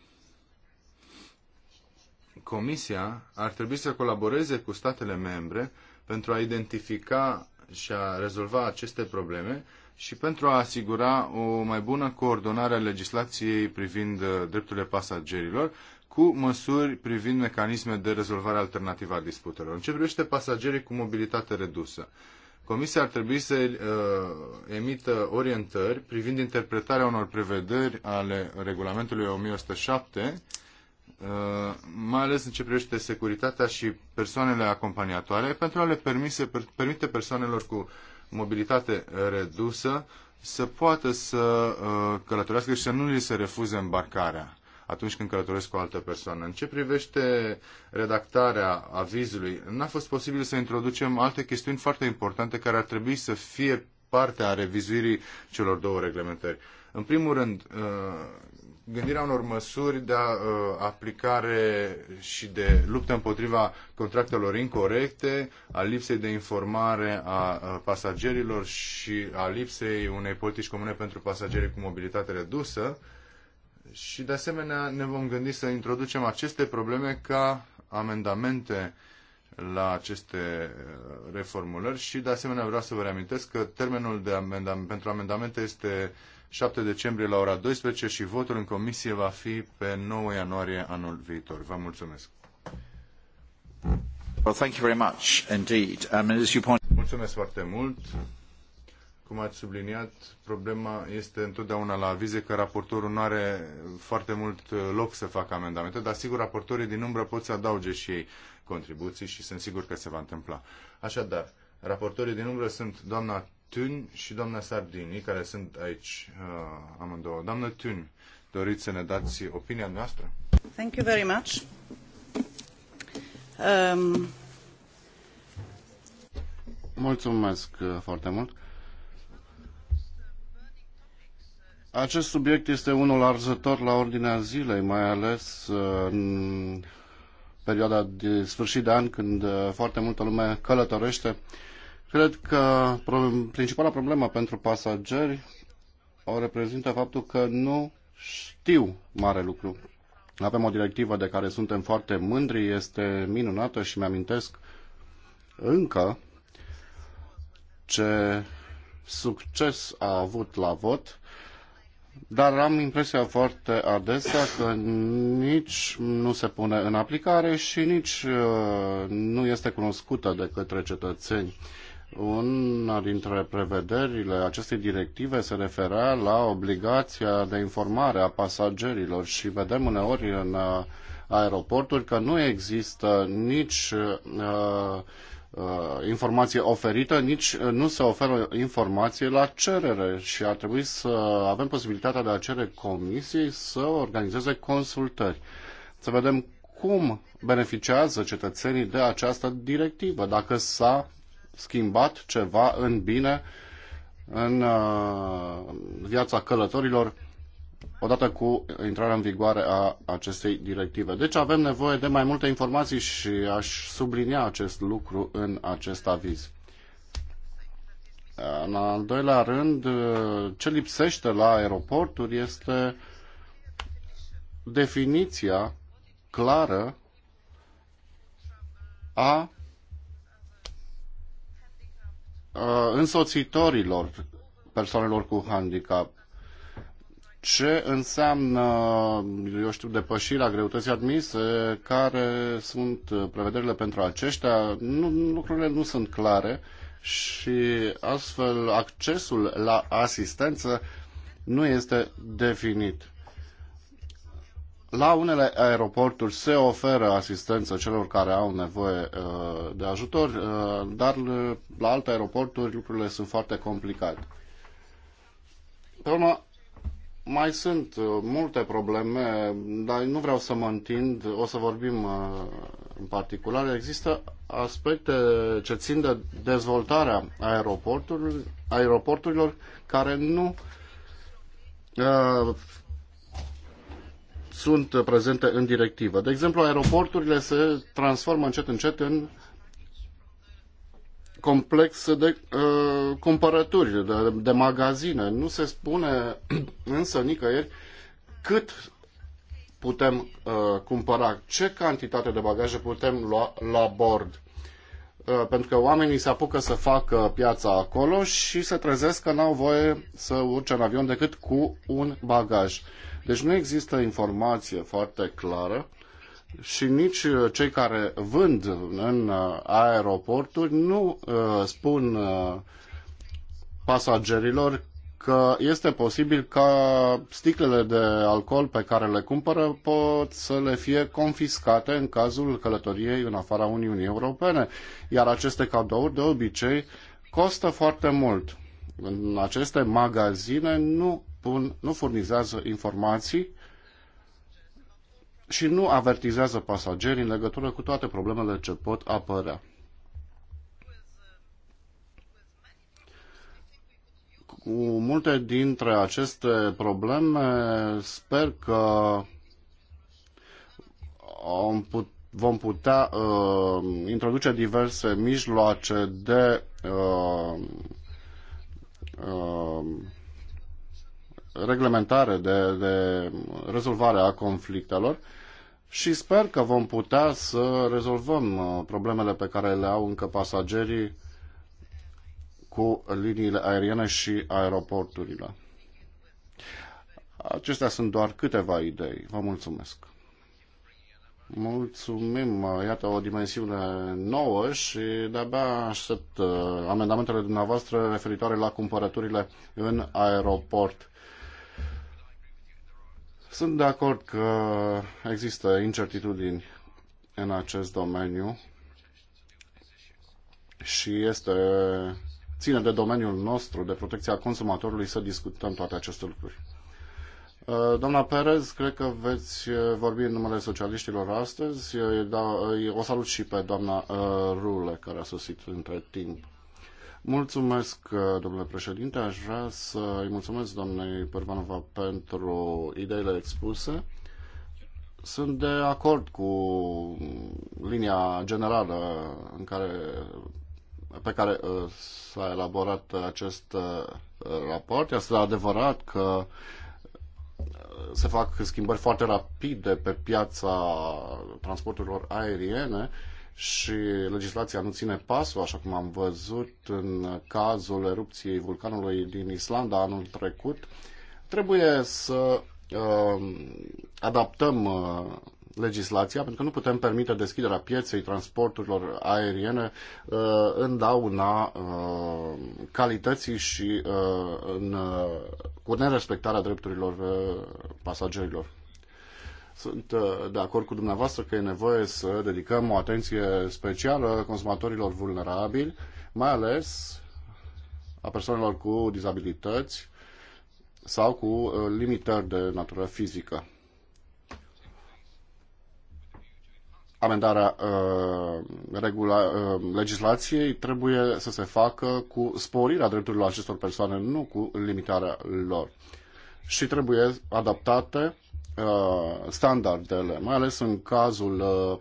Comisia ar trebui să colaboreze cu statele membre pentru a identifica și a rezolva aceste probleme și pentru a asigura o mai bună coordonare a legislației privind uh, drepturile pasagerilor cu măsuri privind mecanisme de rezolvare alternativă a disputelor. În ce privește pasagerii cu mobilitate redusă, Comisia ar trebui să uh, emită orientări privind interpretarea unor prevederi ale regulamentului 1107 Uh, mai ales în ce privește securitatea și persoanele acompaniatoare, pentru a le permise, permite persoanelor cu mobilitate redusă să poată să uh, călătorească și să nu li se refuze îmbarcarea atunci când călătoresc cu o altă persoană. În ce privește redactarea avizului, n-a fost posibil să introducem alte chestiuni foarte importante care ar trebui să fie parte a revizuirii celor două reglementări. În primul rând, uh, gândirea unor măsuri de uh, aplicare și de luptă împotriva contractelor incorrecte, a lipsei de informare a pasagerilor și a lipsei unei politici comune pentru pasagerii cu mobilitate redusă. Și de asemenea ne vom gândi să introducem aceste probleme ca amendamente la aceste uh, reformulări și de asemenea vreau să vă reamintesc că termenul de amendam- pentru amendamente este 7 decembrie la ora 12 și votul în comisie va fi pe 9 ianuarie anul viitor. Vă mulțumesc. Well, thank you very much indeed. Um, as you point... Mulțumesc foarte mult. Cum ați subliniat, problema este întotdeauna la avize că raportorul nu are foarte mult uh, loc să facă amendamente, dar sigur raportorii din umbră pot să adauge și ei contribuții și sunt sigur că se va întâmpla. Așadar, raportorii din umbră sunt doamna Tun și doamna Sardini, care sunt aici uh, amândouă. Doamna Tun, doriți să ne dați opinia noastră? Thank you very much. Um... Mulțumesc uh, foarte mult. Acest subiect este unul arzător la ordinea zilei, mai ales uh, în perioada de sfârșit de an, când uh, foarte multă lume călătorește. Uh, Cred că principala problemă pentru pasageri o reprezintă faptul că nu știu mare lucru. Avem o directivă de care suntem foarte mândri, este minunată și mi-amintesc încă ce succes a avut la vot, dar am impresia foarte adesea că nici nu se pune în aplicare și nici uh, nu este cunoscută de către cetățeni. Una dintre prevederile acestei directive se referea la obligația de informare a pasagerilor și vedem uneori în uh, aeroporturi că nu există nici uh, uh, informație oferită, nici nu se oferă informație la cerere și ar trebui să avem posibilitatea de a cere comisiei să organizeze consultări. Să vedem cum beneficiază cetățenii de această directivă, dacă s-a schimbat ceva în bine uh, în viața călătorilor odată cu intrarea în vigoare a acestei directive. Deci avem nevoie de mai multe informații și aș sublinia acest lucru în acest aviz. În al doilea rând, ce lipsește la aeroporturi este definiția clară a Uh, însoțitorilor persoanelor cu handicap. Ce înseamnă, eu știu, depășirea greutății admise, care sunt uh, prevederile pentru aceștia, nu, lucrurile nu sunt clare și astfel accesul la asistență nu este definit la unele aeroporturi se oferă asistență celor care au nevoie uh, de ajutor, uh, dar uh, la alte aeroporturi lucrurile sunt foarte complicate. Pe urmă, mai sunt multe probleme, dar nu vreau să mă întind, o să vorbim în particular. Există aspecte ce țin de dezvoltarea aeroporturilor, aeroporturilor care nu sunt uh, prezente în directivă. De exemplu, aeroporturile se transformă încet încet în complex de uh, cumpărături, de, de magazine. Nu se spune însă nicăieri cât putem uh, cumpăra, ce cantitate de bagaje putem lua la bord. Uh, pentru că oamenii se apucă să facă piața acolo și se trezesc că n-au voie să urce în avion decât cu un bagaj. Uh, deci nu există informație foarte clară și nici uh, cei care vând în uh, aeroporturi nu uh, spun pasagerilor că este posibil ca sticlele de alcool pe care le cumpără pot să le fie confiscate în cazul călătoriei în afara Uniunii Europene, iar aceste cadouri de obicei costă foarte mult. În aceste magazine nu spun, nu furnizează informații și nu avertizează pasagerii în legătură cu toate problemele ce pot apărea. Cu multe dintre aceste probleme sper că vom putea uh, introduce diverse mijloace de uh, uh, reglementare, de, de rezolvare a conflictelor și sper că vom putea să rezolvăm uh, problemele pe care le au încă pasagerii cu liniile aeriene și aeroporturile. Acestea sunt doar câteva idei. Vă mulțumesc. Mulțumim. Iată o dimensiune nouă și de-abia aștept uh, amendamentele dumneavoastră referitoare la cumpărăturile în aeroport. Sunt de acord că există incertitudini în acest domeniu și este ține de domeniul nostru, de protecția consumatorului, să discutăm toate aceste lucruri. Uh, doamna Perez, cred că veți uh, vorbi în numele socialiștilor astăzi. Uh, da, o salut și pe doamna Rule, care a sosit între timp. Mulțumesc, domnule președinte. Aș vrea să îi mulțumesc doamnei Pervanova pentru ideile expuse. Sunt de acord cu linia generală în care, pe care uh, s-a elaborat acest uh, raport. Este adevărat că uh, se fac schimbări foarte rapide pe piața transporturilor aeriene și legislația nu ține pasul, așa cum am văzut în cazul erupției vulcanului din Islanda anul trecut, trebuie să uh, adaptăm uh, legislația, pentru că nu putem permite deschiderea pieței transporturilor aeriene uh, în dauna uh, calității și uh, în, uh, cu nerespectarea drepturilor uh, pasagerilor. Sunt uh, de acord cu dumneavoastră că e nevoie să dedicăm o atenție specială consumatorilor vulnerabili, mai ales a persoanelor cu dizabilități sau cu uh, limitări de natură fizică. amendarea uh, regula, uh, legislației trebuie să se facă cu sporirea drepturilor acestor persoane, nu cu limitarea lor. Și trebuie adaptate Uh, standardele, mai ales în cazul uh,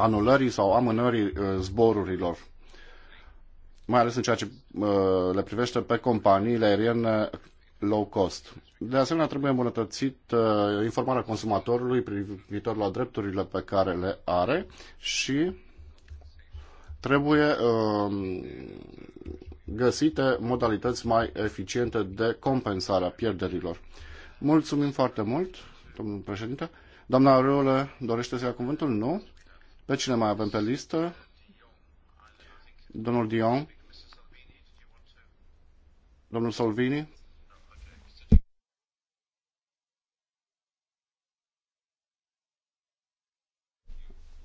anulării sau amânării uh, zborurilor, mai ales în ceea ce le privește pe companiile aeriene low cost. De asemenea, trebuie îmbunătățit informarea consumatorului privitor la drepturile pe care le are și trebuie um, găsite modalități mai eficiente de compensare a pierderilor. Mulțumim foarte mult! domnul președinte. Doamna Reule dorește să ia cuvântul? Nu. Pe cine mai avem pe listă? Domnul Dion. Domnul Salvini.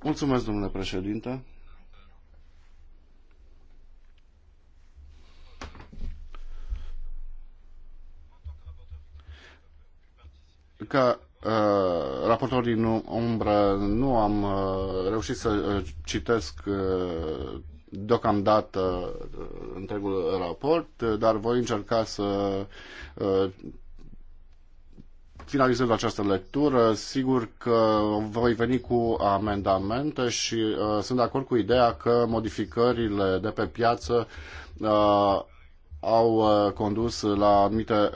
Mulțumesc, domnule președinte. Ca Uh, raportor din umbră nu am uh, reușit să uh, citesc deocamdată întregul raport, dar voi încerca să finalizez această lectură, sigur că voi veni cu amendamente și sunt de acord cu ideea că modificările de pe piață au condus la anumite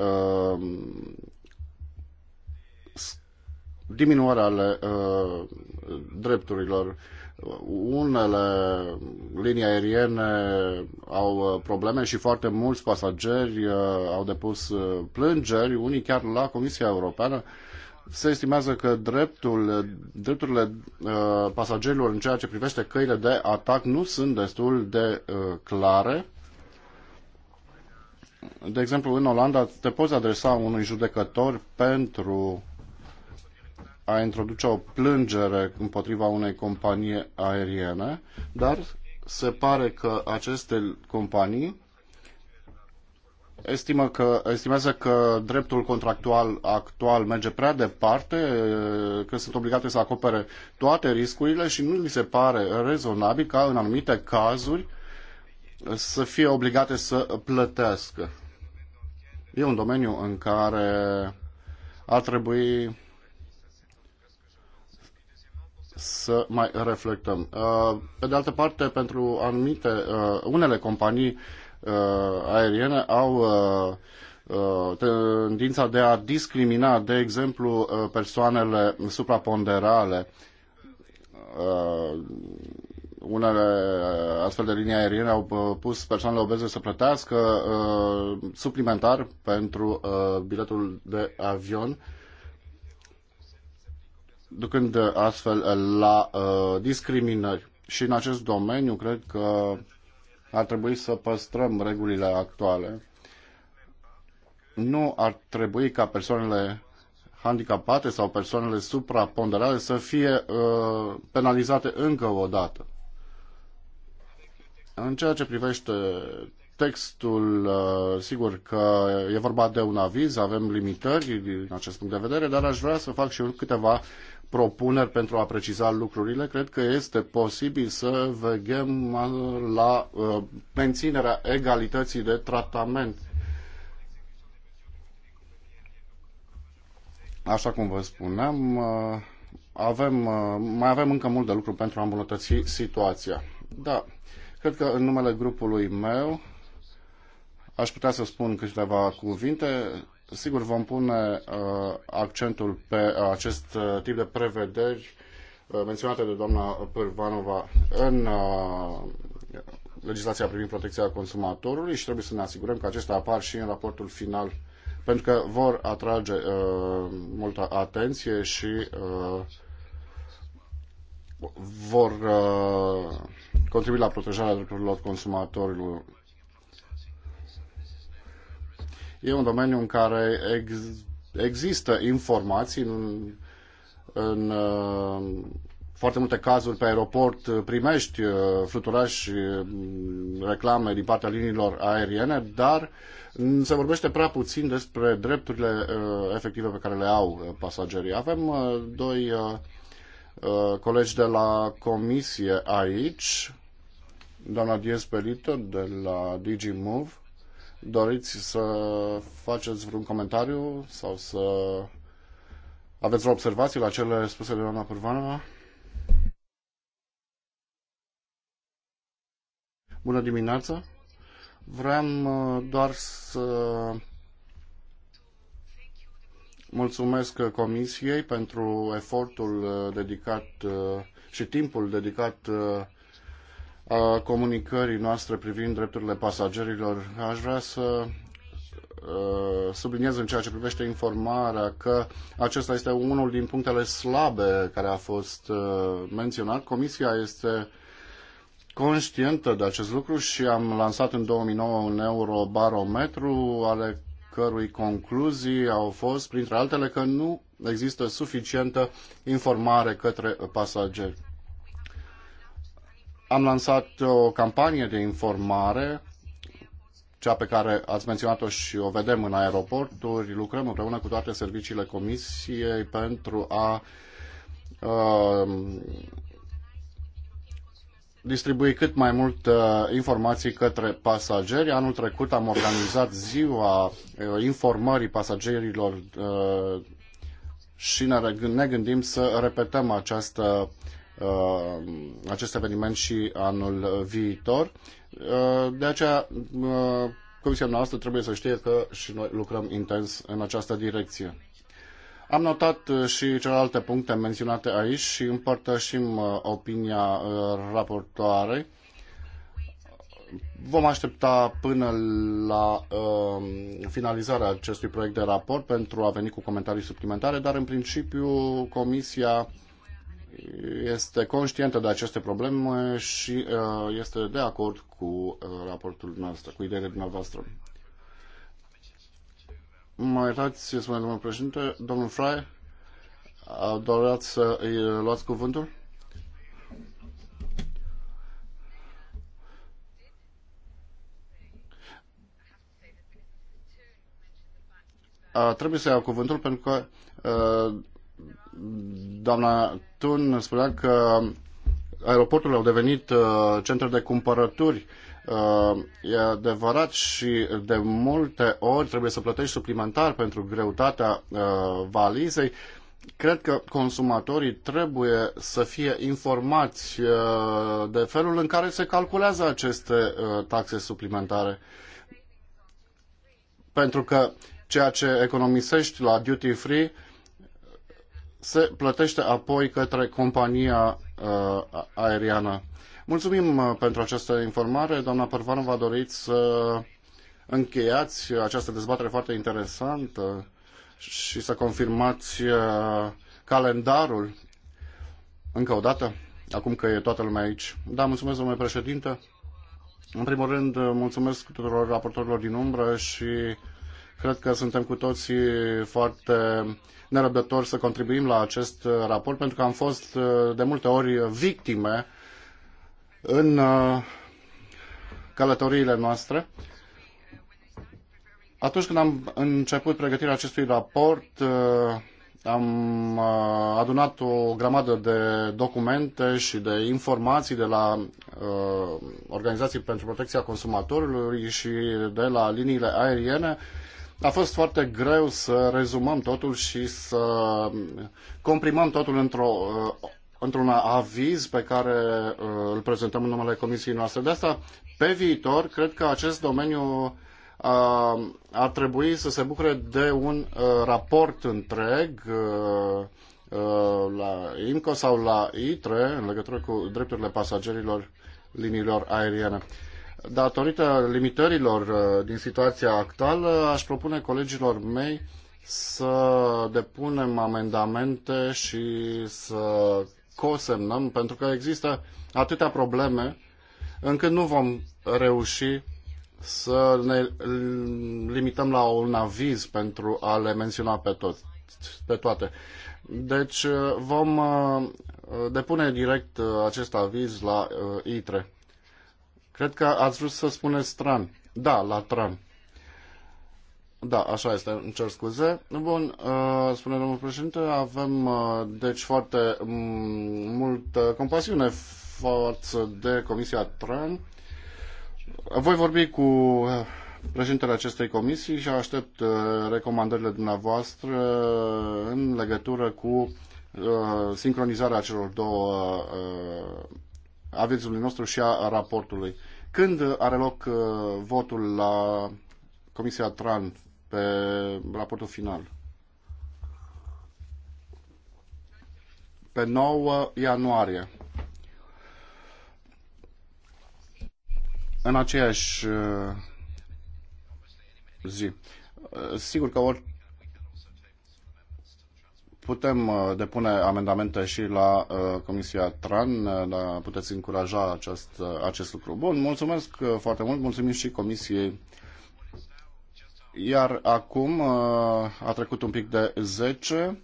diminuarea ale uh, drepturilor. Unele linii aeriene au uh, probleme și foarte mulți pasageri uh, au depus uh, plângeri, unii chiar la Comisia Europeană. Se estimează că dreptul, drepturile uh, pasagerilor în ceea ce privește căile de atac nu sunt destul de uh, clare. De exemplu, în Olanda te poți adresa unui judecător pentru a introduce o plângere împotriva unei companii aeriene, dar se pare că aceste companii estimă că, estimează că dreptul contractual actual merge prea departe, că sunt obligate să acopere toate riscurile și nu li se pare rezonabil ca în anumite cazuri să fie obligate să plătească. E un domeniu în care ar trebui să mai reflectăm. Uh, pe de altă parte, pentru anumite, uh, unele companii uh, aeriene au tendința de a discrimina, de exemplu, persoanele supraponderale. Unele astfel de linii aeriene au pus persoanele obeze să plătească suplimentar pentru biletul de avion ducând astfel la uh, discriminări. Și în acest domeniu cred că ar trebui să păstrăm regulile actuale. Nu ar trebui ca persoanele handicapate sau persoanele supraponderale să fie uh, penalizate încă o dată. În ceea ce privește textul, uh, sigur că e vorba de un aviz, avem limitări din acest punct de vedere, dar aș vrea să fac și eu câteva propuneri pentru a preciza lucrurile. Cred că este posibil să veghem uh, la uh, menținerea egalității de tratament. Așa cum vă spuneam, avem, mai avem încă mult de lucru pentru a îmbunătăți situația. Da, cred că în numele grupului meu aș putea să spun câteva cuvinte. Sigur, vom pune uh, accentul pe uh, acest uh, tip de prevederi menționate de doamna Pârvanova în legislația privind protecția consumatorului și trebuie să ne asigurăm că acestea apar și în raportul final pentru că vor atrage uh, multă atenție și uh, vor uh, contribui la protejarea drepturilor consumatorilor. E un domeniu în care ex, există informații în, în uh, foarte multe cazuri pe aeroport primești uh, fluturași uh, reclame din partea liniilor aeriene, dar se vorbește prea puțin despre drepturile efective pe care le au pasagerii. Avem doi colegi de la comisie aici, doamna Diez Pelito de la DigiMove Doriți să faceți vreun comentariu sau să aveți vreo observație la cele spuse de doamna Pârvanova? Bună dimineața! Vreau uh, doar să mulțumesc Comisiei pentru efortul uh, dedicat uh, și timpul dedicat a comunicării noastre privind drepturile pasagerilor, aș vrea să subliniez în ceea ce privește informarea că acesta este unul din punctele slabe care a fost menționat. Comisia este conștientă de acest lucru și am lansat în 2009 un eurobarometru ale cărui concluzii au fost, printre altele, că nu există suficientă informare către pasageri. Am lansat o campanie de informare, cea pe care ați menționat-o și o vedem în aeroporturi. Lucrăm împreună cu toate serviciile Comisiei pentru a um, distribui cât mai mult uh, informații către pasageri. Anul trecut am organizat ziua uh, informării pasagerilor uh, și ne, ne gândim să repetăm această Uh, acest eveniment și anul viitor. Uh, de aceea, uh, Comisia noastră trebuie să știe că și noi lucrăm intens în această direcție. Am notat și celelalte puncte menționate aici și împărtășim opinia raportoarei vom aștepta până la uh, finalizarea acestui proiect de raport pentru a veni cu comentarii suplimentare, dar în principiu Comisia este conștientă de aceste probleme și uh, este de acord cu uh, raportul dumneavoastră, cu ideile dumneavoastră. Mă iertați, spune domnul președinte, domnul Fry, doreați să îi luați cuvântul? A, trebuie să iau cuvântul pentru că uh, doamna Tun spunea că aeroporturile au devenit uh, centre de cumpărături. Uh, e adevărat și de multe ori trebuie să plătești suplimentar pentru greutatea uh, valizei. Cred că consumatorii trebuie să fie informați uh, de felul în care se calculează aceste uh, taxe suplimentare. Pentru că ceea ce economisești la duty free uh, se plătește apoi către compania uh, aeriană. Mulțumim uh, pentru această informare. Doamna vă doriți să încheiați această dezbatere foarte interesantă și să confirmați uh, calendarul încă o dată, acum că e toată lumea aici. Da, mulțumesc, domnule președinte. În primul rând, uh, mulțumesc tuturor raportorilor din umbră și cred că suntem cu toții foarte nerăbdători să contribuim la acest uh, raport pentru că am fost uh, de multe ori victime în uh, călătoriile noastre. Atunci când am început pregătirea acestui raport, am adunat o grămadă de documente și de informații de la uh, Organizații pentru Protecția Consumatorului și de la liniile aeriene a fost foarte greu să rezumăm totul și să comprimăm totul într-o uh, într-un aviz pe care uh, îl prezentăm în numele comisiei noastre. De asta, pe viitor, cred că acest domeniu uh, ar trebui să se bucure de un raport întreg la IMCO sau la ITRE în legătură cu drepturile pasagerilor liniilor aeriene. Datorită limitărilor uh, din situația actuală, aș propune colegilor mei să depunem amendamente și să cosemnăm, pentru că există atâtea probleme încât nu vom reuși să ne limităm la un aviz pentru a le menționa pe, tot, pe toate. Deci uh, vom uh, depune direct acest aviz la ITRE. Cred că ați vrut să spuneți tran. Da, la tran. Da, așa este, îmi cer scuze. Bun, uh, spune domnul președinte, avem uh, deci foarte mm, multă compasiune față de Comisia TRAN. Voi vorbi cu președintele acestei comisii și aștept uh, recomandările dumneavoastră în legătură cu sincronizarea celor două avizului nostru și a raportului. Când are loc uh, votul la Comisia TRAN pe raportul final? Pe 9 ianuarie. În aceeași uh, zi. Uh, sigur că ori Putem uh, depune amendamente și la uh, Comisia TRAN, la, puteți încuraja acest, uh, acest lucru. Bun, mulțumesc foarte mult, mulțumim și Comisiei. Iar acum a trecut un pic de 10,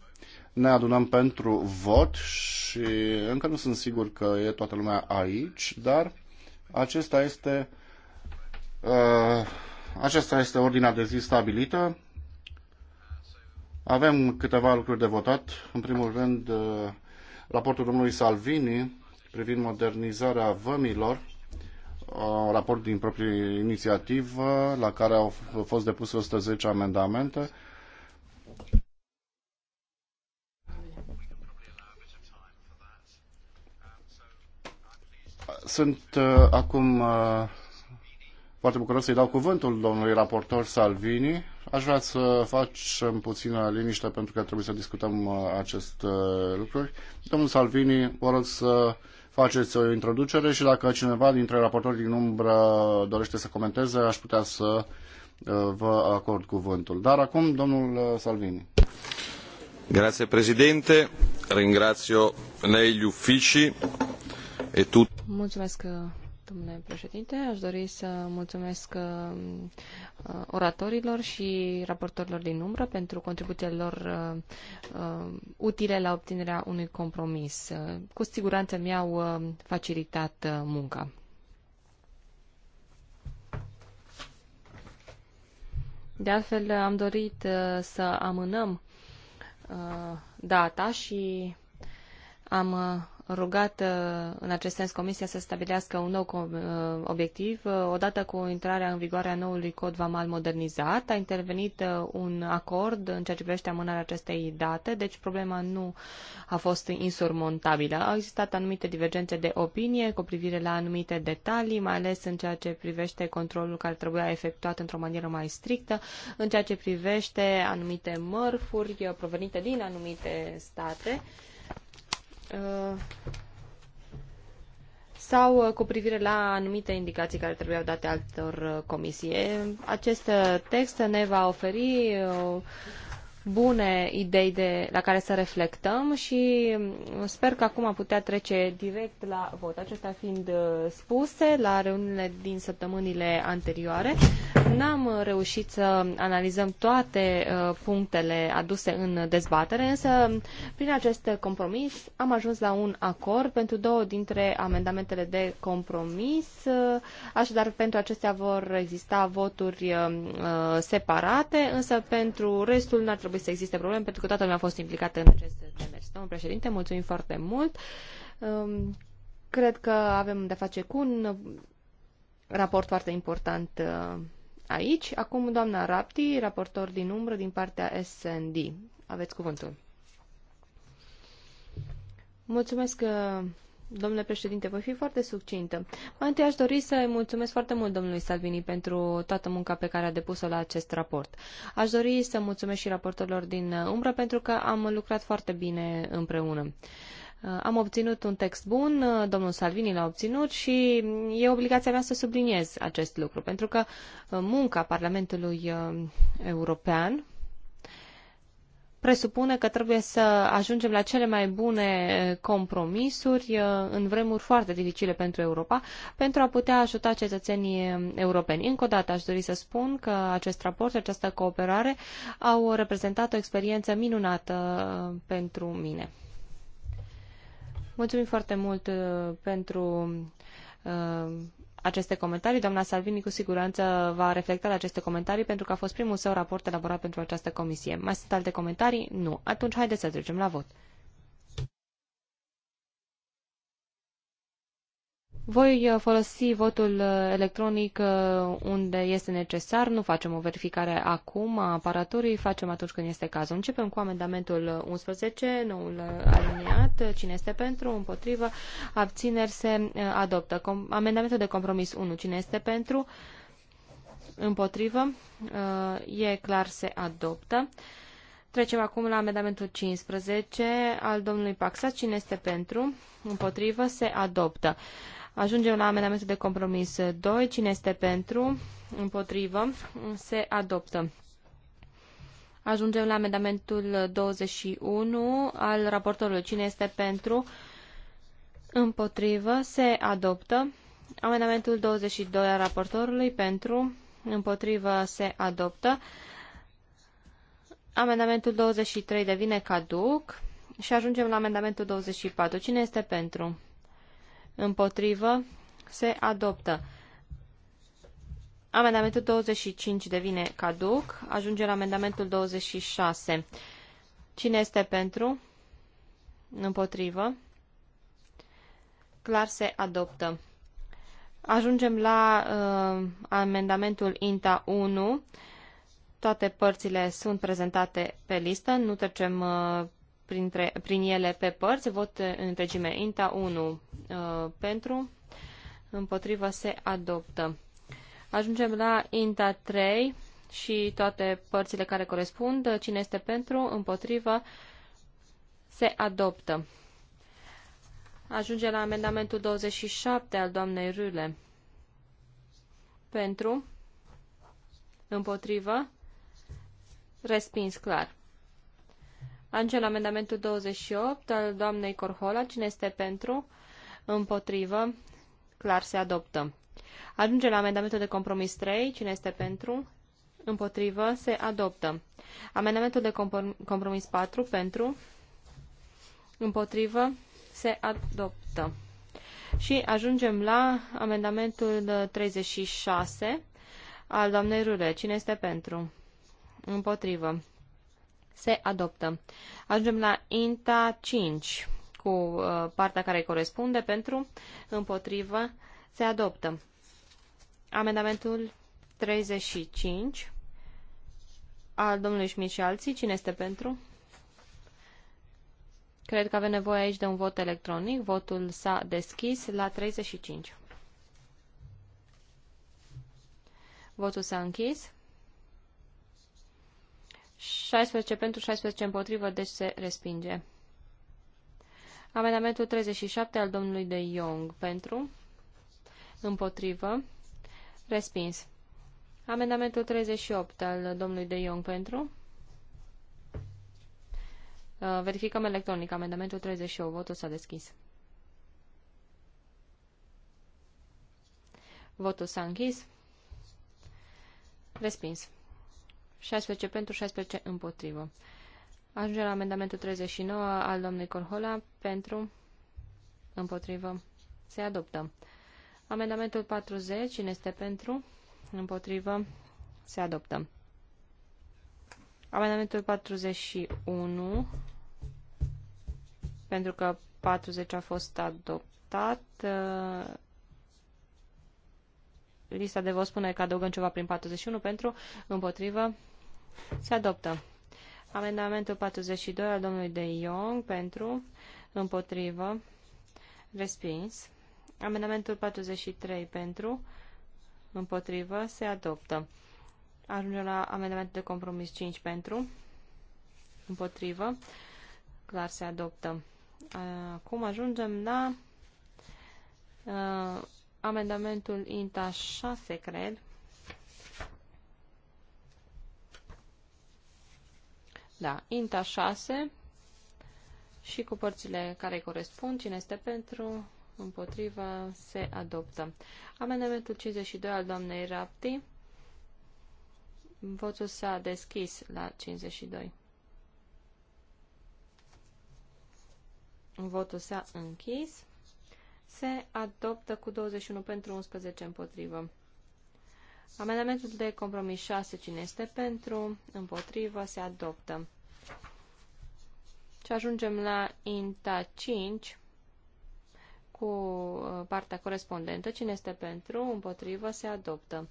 ne adunăm pentru vot și încă nu sunt sigur că e toată lumea aici, dar acesta este, acesta este ordinea de zi stabilită. Avem câteva lucruri de votat. În primul rând, uh, raportul domnului Salvini privind modernizarea vămilor, un uh, raport din proprie inițiativă la care au fost depuse 110 amendamente. Sunt uh, acum foarte bucuros să-i dau cuvântul domnului raportor Salvini. Aș vrea să facem puțină liniște pentru că trebuie să discutăm uh, aceste uh, lucruri. Domnul Salvini, vă rog să faceți o introducere și dacă cineva dintre raportori din umbră dorește să comenteze, aș putea să uh, vă acord cuvântul. Dar acum, domnul Salvini. Grazie președinte. ringrazio lei, gli uffici e tutti. Mulțumesc Domnule președinte, aș dori să mulțumesc uh, uh, oratorilor și raportorilor din umbră pentru contribuțiile lor uh, utile la obținerea unui compromis. Cu siguranță mi-au facilitat munca. De altfel, am dorit să amânăm data și am rugat uh, în acest sens Comisia să stabilească un nou uh, obiectiv uh, odată cu intrarea în vigoare a noului cod vamal modernizat. A intervenit un acord în ceea ce privește amânarea acestei date, deci problema nu a fost insurmontabilă. Au existat anumite divergențe de opinie cu privire la anumite detalii, mai ales în ceea ce privește controlul care trebuia efectuat într-o manieră mai strictă, în ceea ce privește anumite mărfuri provenite din anumite state. Uh, Uh, sau uh, cu privire la anumite indicații care trebuiau date altor uh, comisii. Acest text ne va oferi bune idei de, la care să reflectăm și sper că acum am putea trece direct la vot. Acestea fiind uh, spuse, la reuniunile din săptămânile anterioare, n-am reușit să analizăm toate uh, punctele aduse în dezbatere, însă prin acest compromis am ajuns la un acord pentru două dintre amendamentele de compromis. Uh, așadar, pentru acestea vor exista voturi separate, însă pentru restul n-ar trebui trebuie să existe probleme pentru că toată lumea a fost implicată în acest demers. Domnul președinte, mulțumim foarte mult. Um, cred că avem de face cu un raport foarte important uh, aici. Acum doamna Rapti, raportor din umbră din partea SND. Aveți cuvântul. Mulțumesc, uh, Domnule președinte, voi fi foarte succintă. Mai întâi aș dori să mulțumesc foarte mult domnului Salvini pentru toată munca pe care a depus-o la acest raport. Aș dori să mulțumesc și raportorilor din umbră pentru că am lucrat foarte bine împreună. Am obținut un text bun, domnul Salvini l-a obținut și e obligația mea să subliniez acest lucru, pentru că munca Parlamentului European presupune că trebuie să ajungem la cele mai bune eh, compromisuri eh, în vremuri foarte dificile pentru Europa, pentru a putea ajuta cetățenii eh, europeni. Încă o dată aș dori să spun că acest raport și această cooperare au reprezentat o experiență minunată pentru mine. Mulțumim foarte mult pentru aceste comentarii. Doamna Salvini cu siguranță va reflecta la aceste comentarii pentru că a fost primul său raport elaborat pentru această comisie. Mai sunt alte comentarii? Nu. Atunci haideți să trecem la vot. Voi uh, folosi votul uh, electronic uh, unde este necesar, nu facem o verificare acum a aparatului, facem atunci când este cazul. Începem cu amendamentul 11, noul aliniat, cine este pentru, împotrivă, abțineri se adoptă. Com amendamentul de compromis 1, cine este pentru, împotrivă, e clar se adoptă. Trecem acum la amendamentul 15 al domnului Paxa. Cine este pentru? Împotrivă? Se adoptă. Ajungem la amendamentul de compromis 2. Cine este pentru? Împotrivă. Se adoptă. Ajungem la amendamentul 21 al raportorului. Cine este pentru? Împotrivă. Se adoptă. Amendamentul 22 al raportorului pentru. Împotrivă. Se adoptă. Amendamentul 23 devine caduc. Și ajungem la amendamentul 24. Cine este pentru? împotrivă, se adoptă. Amendamentul 25 devine caduc. Ajunge la amendamentul 26. Cine este pentru? Împotrivă. Clar se adoptă. Ajungem la uh, amendamentul INTA 1. Toate părțile sunt prezentate pe listă. Nu trecem uh, printre, prin ele pe părți. Vot în întregime INTA 1 Uh, pentru, împotrivă se adoptă. Ajungem la INTA 3 și toate părțile care corespund. Cine este pentru, împotrivă, se adoptă. Ajunge la amendamentul 27 al doamnei Rule. Pentru, împotrivă, respins clar. Ajunge la amendamentul 28 al doamnei Corhola. Cine este pentru, împotrivă, clar se adoptă. Ajungem la amendamentul de compromis 3. Cine este pentru? Împotrivă, se adoptă. Amendamentul de compromis 4 pentru, împotrivă, se adoptă. Și ajungem la amendamentul 36 al doamnei Rule. Cine este pentru? Împotrivă. Se adoptă. Ajungem la INTA 5 cu uh, partea care îi corespunde pentru, împotrivă, se adoptă. Amendamentul 35 al domnului Schmidt și alții. Cine este pentru? Cred că avem nevoie aici de un vot electronic. Votul s-a deschis la 35. Votul s-a închis. 16 pentru, 16 împotrivă, deci se respinge. Amendamentul 37 al domnului de Jong pentru, împotrivă, respins. Amendamentul 38 al domnului de Jong pentru. Uh, verificăm electronic. Amendamentul 38. Votul s-a deschis. Votul s-a închis. Respins. 16 pentru, 16 împotrivă. Ajungem la amendamentul 39 al domnului Corhola pentru împotrivă. Se adoptă. Amendamentul 40, cine este pentru? Împotrivă. Se adoptă. Amendamentul 41, pentru că 40 a fost adoptat, lista de vot spune că adăugăm ceva prin 41 pentru, împotrivă, se adoptă. Amendamentul 42 al domnului De Jong pentru, împotrivă, respins. Amendamentul 43 pentru, împotrivă, se adoptă. Ajungem la amendamentul de compromis 5 pentru, împotrivă, clar se adoptă. Acum ajungem la uh, amendamentul INTA 6, cred, Da, INTA 6 și cu părțile care corespund, cine este pentru, împotriva, se adoptă. Amendamentul 52 al doamnei Rapti. Votul s-a deschis la 52. Votul s-a închis. Se adoptă cu 21 pentru 11 împotrivă. Amendamentul de compromis 6, cine este pentru, împotrivă, se adoptă. Și ajungem la INTA 5 cu uh, partea corespondentă. Cine este pentru, împotrivă, se adoptă.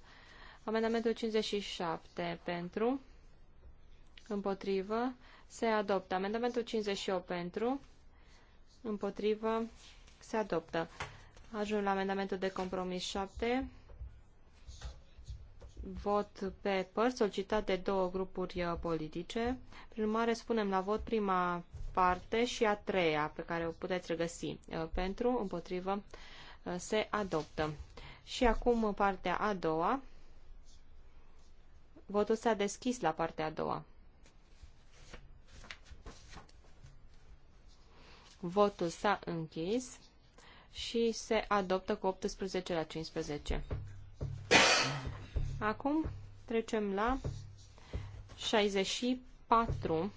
Amendamentul 57 pentru, împotrivă, se adoptă. Amendamentul 58 pentru, împotrivă, se adoptă. Ajung la amendamentul de compromis 7 vot pe părți solicitat de două grupuri uh, politice. Prin urmare, spunem la vot prima parte și a treia pe care o puteți regăsi uh, pentru, împotrivă, uh, se adoptă. Și acum partea a doua. Votul s-a deschis la partea a doua. Votul s-a închis și se adoptă cu 18 la 15. Acum trecem la 64.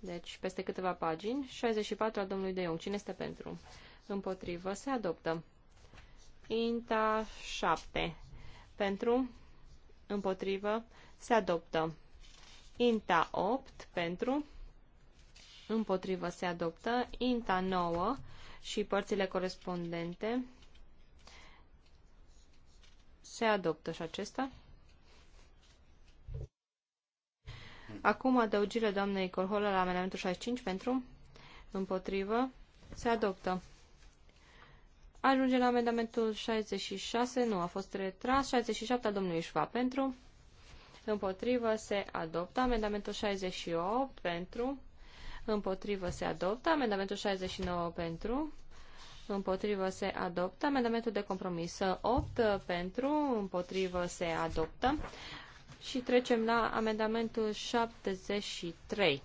Deci, peste câteva pagini, 64 a domnului De Jong. Cine este pentru? Împotrivă. Se adoptă. Inta 7. Pentru. Împotrivă. Se adoptă. Inta 8. Pentru. Împotrivă. Se adoptă. Inta 9. Și părțile corespondente. Se adoptă și acesta. Acum adăugirile doamnei Corholă la amendamentul 65 pentru, împotrivă, se adoptă. Ajunge la amendamentul 66, nu a fost retras, 67 a domnului Șva pentru, împotrivă, se adoptă. Amendamentul 68 pentru, împotrivă, se adoptă. Amendamentul 69 pentru, împotrivă se adoptă. Amendamentul de compromis 8 uh, uh, pentru, împotrivă se adoptă. Și trecem la amendamentul 73.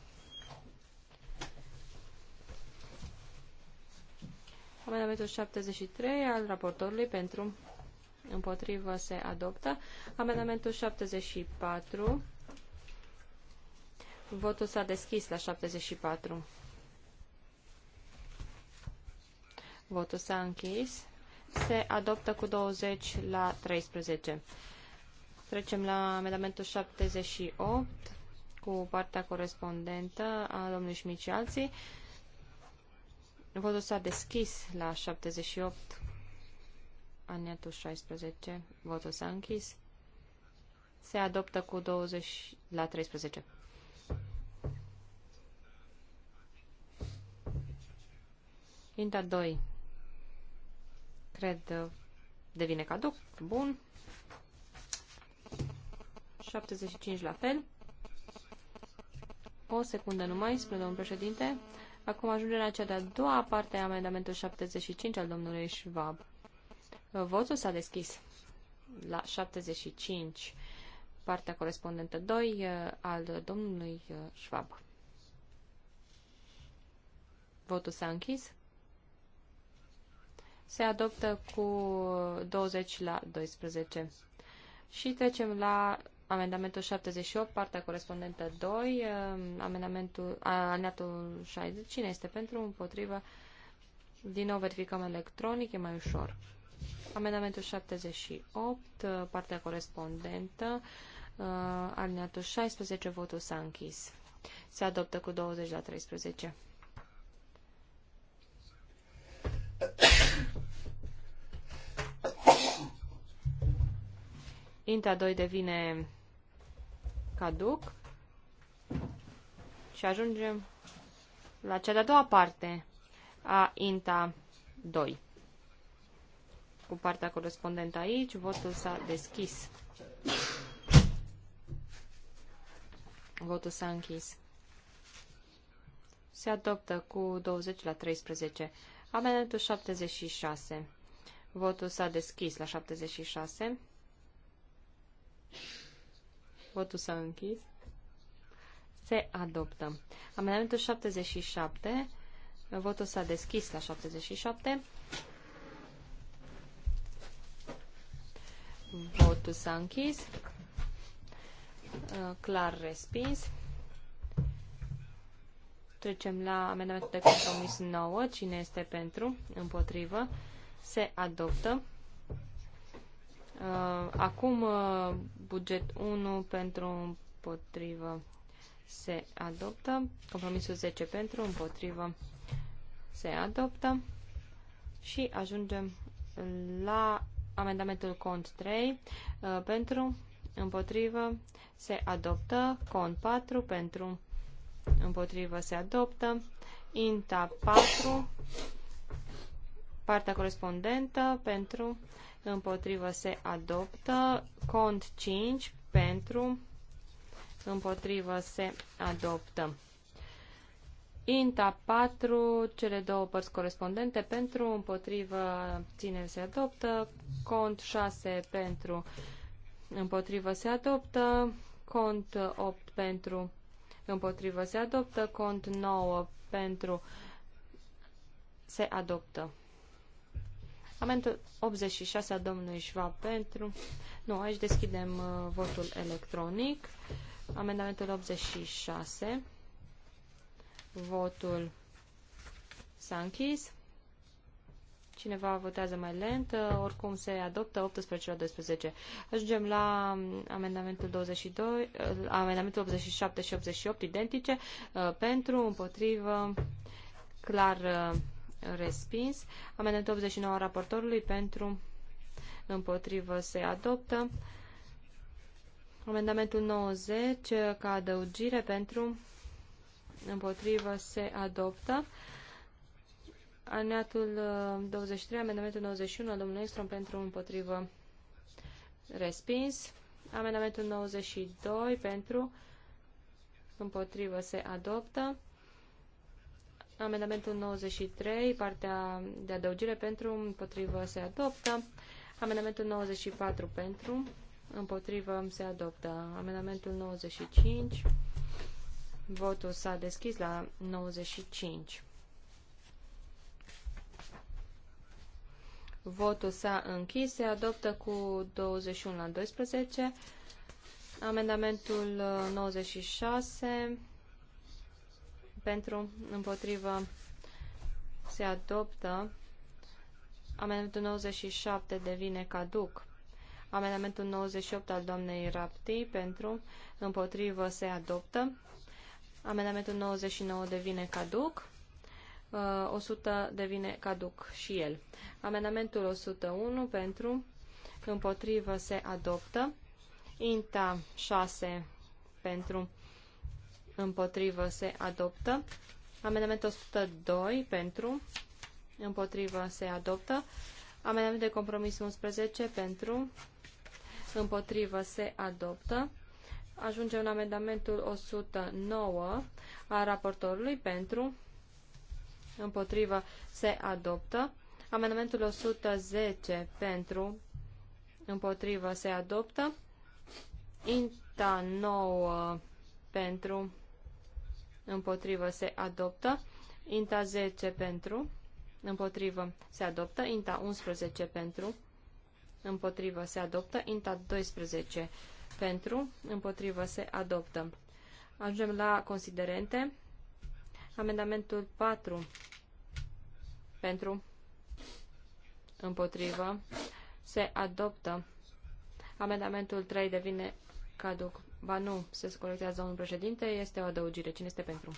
Amendamentul 73 al raportorului pentru împotrivă se adoptă. Amendamentul 74. Votul s-a deschis la 74. Votul s-a închis. Se adoptă cu 20 la 13. Trecem la amendamentul 78 cu partea corespondentă a domnului Șmici și alții. Votul s-a deschis la 78, aniatul 16. Votul s-a închis. Se adoptă cu 20 la 13. Inta 2 cred devine cadou Bun. 75 la fel. O secundă numai, spre domnul președinte. Acum ajungem la cea de-a doua parte a amendamentul 75 al domnului Schwab. Votul s-a deschis la 75, partea corespondentă 2 uh, al domnului uh, Schwab. Votul s-a închis se adoptă cu 20 la 12. Și trecem la amendamentul 78, partea corespondentă 2, um, amendamentul, alineatul 60. Cine este pentru, împotrivă? Din nou verificăm electronic, e mai ușor. Amendamentul 78, uh, partea corespondentă, uh, alineatul 16, votul s-a închis. Se adoptă cu 20 la 13. Inta 2 devine caduc și ajungem la cea de-a doua parte a INTA 2. Cu partea corespondentă aici, votul s-a deschis. Votul s-a închis. Se adoptă cu 20 la 13. Amendamentul 76. Votul s-a deschis la 76. Votul s-a închis. Se adoptă. Amendamentul 77. Votul s-a deschis la 77. Votul s-a închis. Uh, clar respins. Trecem la amendamentul de compromis 9. Cine este pentru? Împotrivă. Se adoptă. Uh, acum uh, buget 1 pentru împotrivă se adoptă. Compromisul 10 pentru împotrivă se adoptă. Și ajungem la amendamentul cont 3 uh, pentru împotrivă se adoptă. Cont 4 pentru împotrivă se adoptă. INTA 4 partea corespondentă pentru uh, împotrivă se adoptă, cont 5 pentru, împotrivă se adoptă. Inta 4, cele două părți corespondente pentru, împotrivă, ține se adoptă, cont 6 pentru, împotrivă se adoptă, cont 8 pentru, împotrivă se adoptă, cont 9 pentru, se adoptă. Amendamentul 86 a domnului Schwab pentru. Nu, aici deschidem uh, votul electronic. Amendamentul 86. Votul s-a închis. Cineva votează mai lent, uh, oricum se adoptă 18 la 12. Ajungem la um, amendamentul 22, uh, amendamentul 87 și 88 identice uh, pentru, împotrivă, clar respins. Amendamentul 89 raportorului pentru împotrivă se adoptă. Amendamentul 90 ca adăugire pentru împotrivă se adoptă. Aneatul 23, uh, amendamentul 91 al domnului Estrom pentru împotrivă respins. Amendamentul 92 pentru împotrivă se adoptă. Amendamentul 93, partea de adăugire pentru, împotrivă se adoptă. Amendamentul 94 pentru, împotrivă se adoptă. Amendamentul 95, votul s-a deschis la 95. Votul s-a închis, se adoptă cu 21 la 12. Amendamentul 96 pentru, împotrivă, se adoptă. Amendamentul 97 devine caduc. Amendamentul 98 al doamnei Rapti pentru, împotrivă, se adoptă. Amendamentul 99 devine caduc. 100 uh, devine caduc și el. Amendamentul 101 pentru, împotrivă, se adoptă. INTA 6 pentru, împotrivă se adoptă. Amendamentul 102 pentru, împotrivă se adoptă. amendamentul de compromis 11 pentru, împotrivă se adoptă. Ajungem la amendamentul 109 a raportorului pentru, împotrivă se adoptă. Amendamentul 110 pentru, împotrivă se adoptă. INTA 9 pentru, împotrivă, se adoptă. Inta 10 pentru, împotrivă, se adoptă. Inta 11 pentru, împotrivă, se adoptă. Inta 12 pentru, împotrivă, se adoptă. Ajungem la considerente. Amendamentul 4 pentru, împotrivă, se adoptă. Amendamentul 3 devine caduc. Ba nu, se corectează domnul președinte, este o adăugire. Cine este pentru?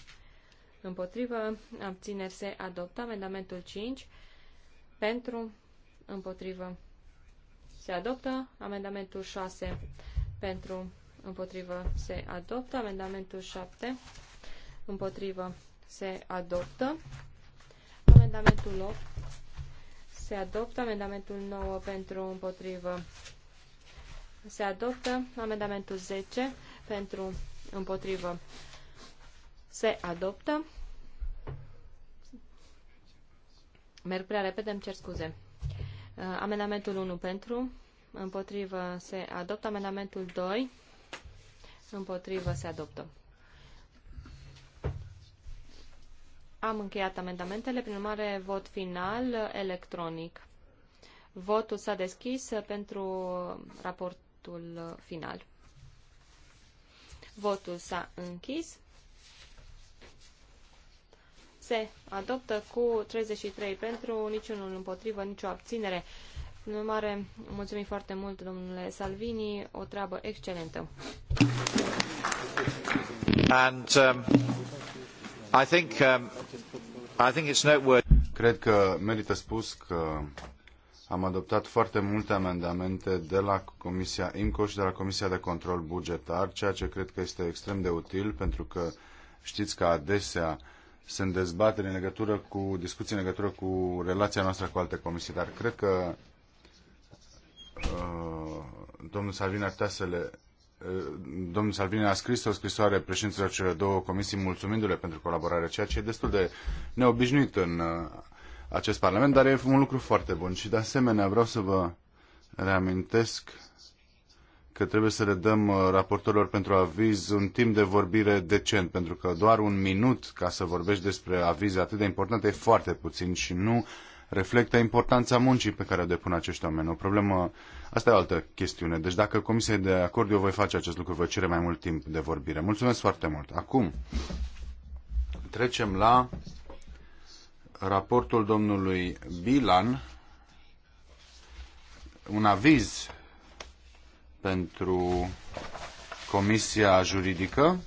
Împotrivă, abțineri se adoptă. Amendamentul 5, pentru, împotrivă, se adoptă. Amendamentul 6, pentru, împotrivă, se adoptă. Amendamentul 7, împotrivă, se adoptă. Amendamentul 8, se adoptă. Amendamentul 9, pentru, împotrivă, se adoptă. Amendamentul 10 pentru împotrivă se adoptă. Merg prea repede, îmi cer scuze. Uh, amendamentul 1 pentru împotrivă se adoptă. Amendamentul 2 împotrivă se adoptă. Am încheiat amendamentele, prin urmare vot final electronic. Votul s-a deschis pentru raport votul uh, final. Votul s-a închis. Se adoptă cu 33 pentru, niciunul împotrivă, nicio abținere. În urmare, mulțumim foarte mult, domnule Salvini, o treabă excelentă. And, um, I think, um, I think it's noteworthy. Cred că merită spus că am adoptat foarte multe amendamente de la Comisia IMCO și de la Comisia de Control Bugetar, ceea ce cred că este extrem de util, pentru că știți că adesea sunt dezbateri în legătură cu discuții în legătură cu relația noastră cu alte comisii, dar cred că uh, domnul Salvini ar putea să le uh, domnul Salvini a scris o scrisoare președinților celor două comisii mulțumindu-le pentru colaborare, ceea ce e destul de neobișnuit în uh, acest Parlament, dar e un lucru foarte bun. Și de asemenea vreau să vă reamintesc că trebuie să le dăm uh, raportorilor pentru aviz un timp de vorbire decent, pentru că doar un minut ca să vorbești despre avize atât de importante e foarte puțin și nu reflectă importanța muncii pe care o depun acești oameni. O problemă, asta e o altă chestiune. Deci dacă comisia e de acord, eu voi face acest lucru, vă cere mai mult timp de vorbire. Mulțumesc foarte mult. Acum, trecem la raportul domnului Bilan, un aviz pentru Comisia Juridică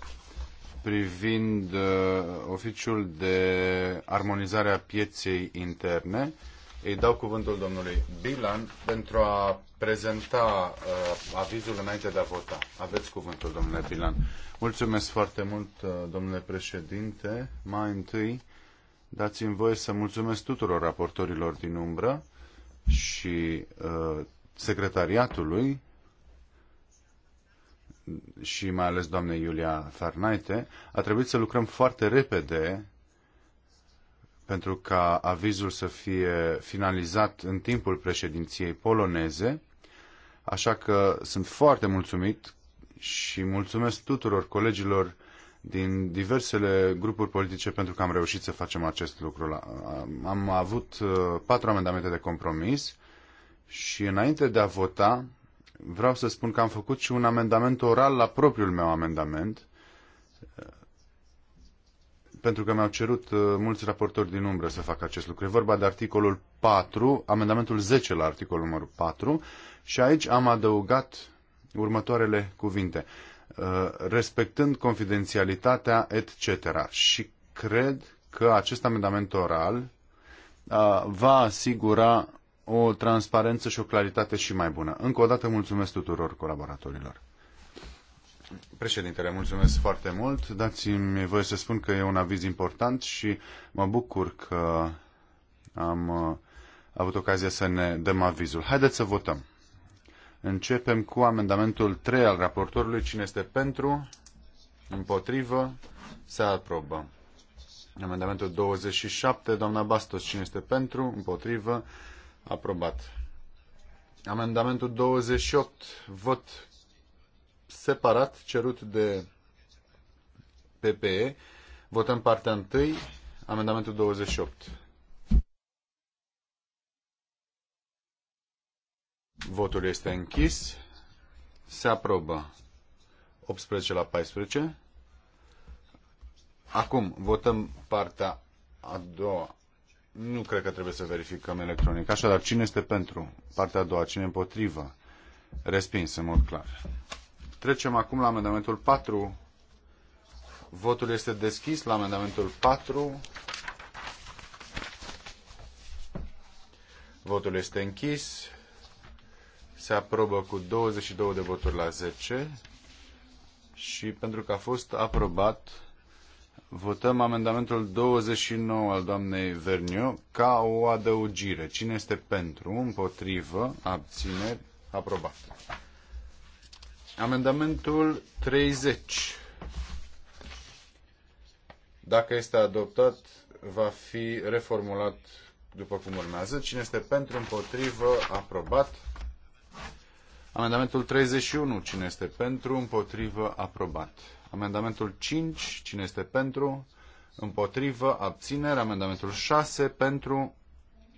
privind uh, oficiul de armonizare a pieței interne. Îi dau cuvântul domnului Bilan pentru a prezenta uh, avizul înainte de a vota. Aveți cuvântul, domnule Bilan. Mulțumesc foarte mult, uh, domnule președinte. Mai întâi Dați-mi voie să mulțumesc tuturor raportorilor din umbră și uh, secretariatului și mai ales doamnei Iulia Farnaite, a trebuit să lucrăm foarte repede pentru ca avizul să fie finalizat în timpul președinției poloneze, așa că sunt foarte mulțumit și mulțumesc tuturor colegilor din diversele grupuri politice pentru că am reușit să facem acest lucru. Am avut uh, patru amendamente de compromis și înainte de a vota vreau să spun că am făcut și un amendament oral la propriul meu amendament uh, pentru că mi-au cerut uh, mulți raportori din umbră să facă acest lucru. E vorba de articolul 4, amendamentul 10 la articolul numărul 4 și aici am adăugat următoarele cuvinte. Uh, respectând confidențialitatea, etc. Și cred că acest amendament oral uh, va asigura o transparență și o claritate și mai bună. Încă o dată mulțumesc tuturor colaboratorilor. Președintele, mulțumesc foarte mult. Dați-mi voie să spun că e un aviz important și mă bucur că am uh, avut ocazia să ne dăm avizul. Haideți să votăm. Începem cu amendamentul 3 al raportorului. Cine este pentru? Împotrivă? Se aprobă. Amendamentul 27, doamna Bastos, cine este pentru? Împotrivă? Aprobat. Amendamentul 28, vot separat, cerut de PPE. Votăm partea 1, amendamentul 28. Votul este închis. Se aprobă 18 la 14. Acum votăm partea a doua. Nu cred că trebuie să verificăm electronic. Așadar, cine este pentru partea a doua? Cine împotrivă? Respins, în mod clar. Trecem acum la amendamentul 4. Votul este deschis la amendamentul 4. Votul este închis se aprobă cu 22 de voturi la 10 și pentru că a fost aprobat, votăm amendamentul 29 al doamnei Verniu ca o adăugire. Cine este pentru, împotrivă, abțineri, aprobat. Amendamentul 30. Dacă este adoptat, va fi reformulat după cum urmează. Cine este pentru, împotrivă, aprobat. Amendamentul 31. Cine este pentru? Împotrivă? Aprobat. Amendamentul 5. Cine este pentru? Împotrivă? Abținere. Amendamentul 6. Pentru?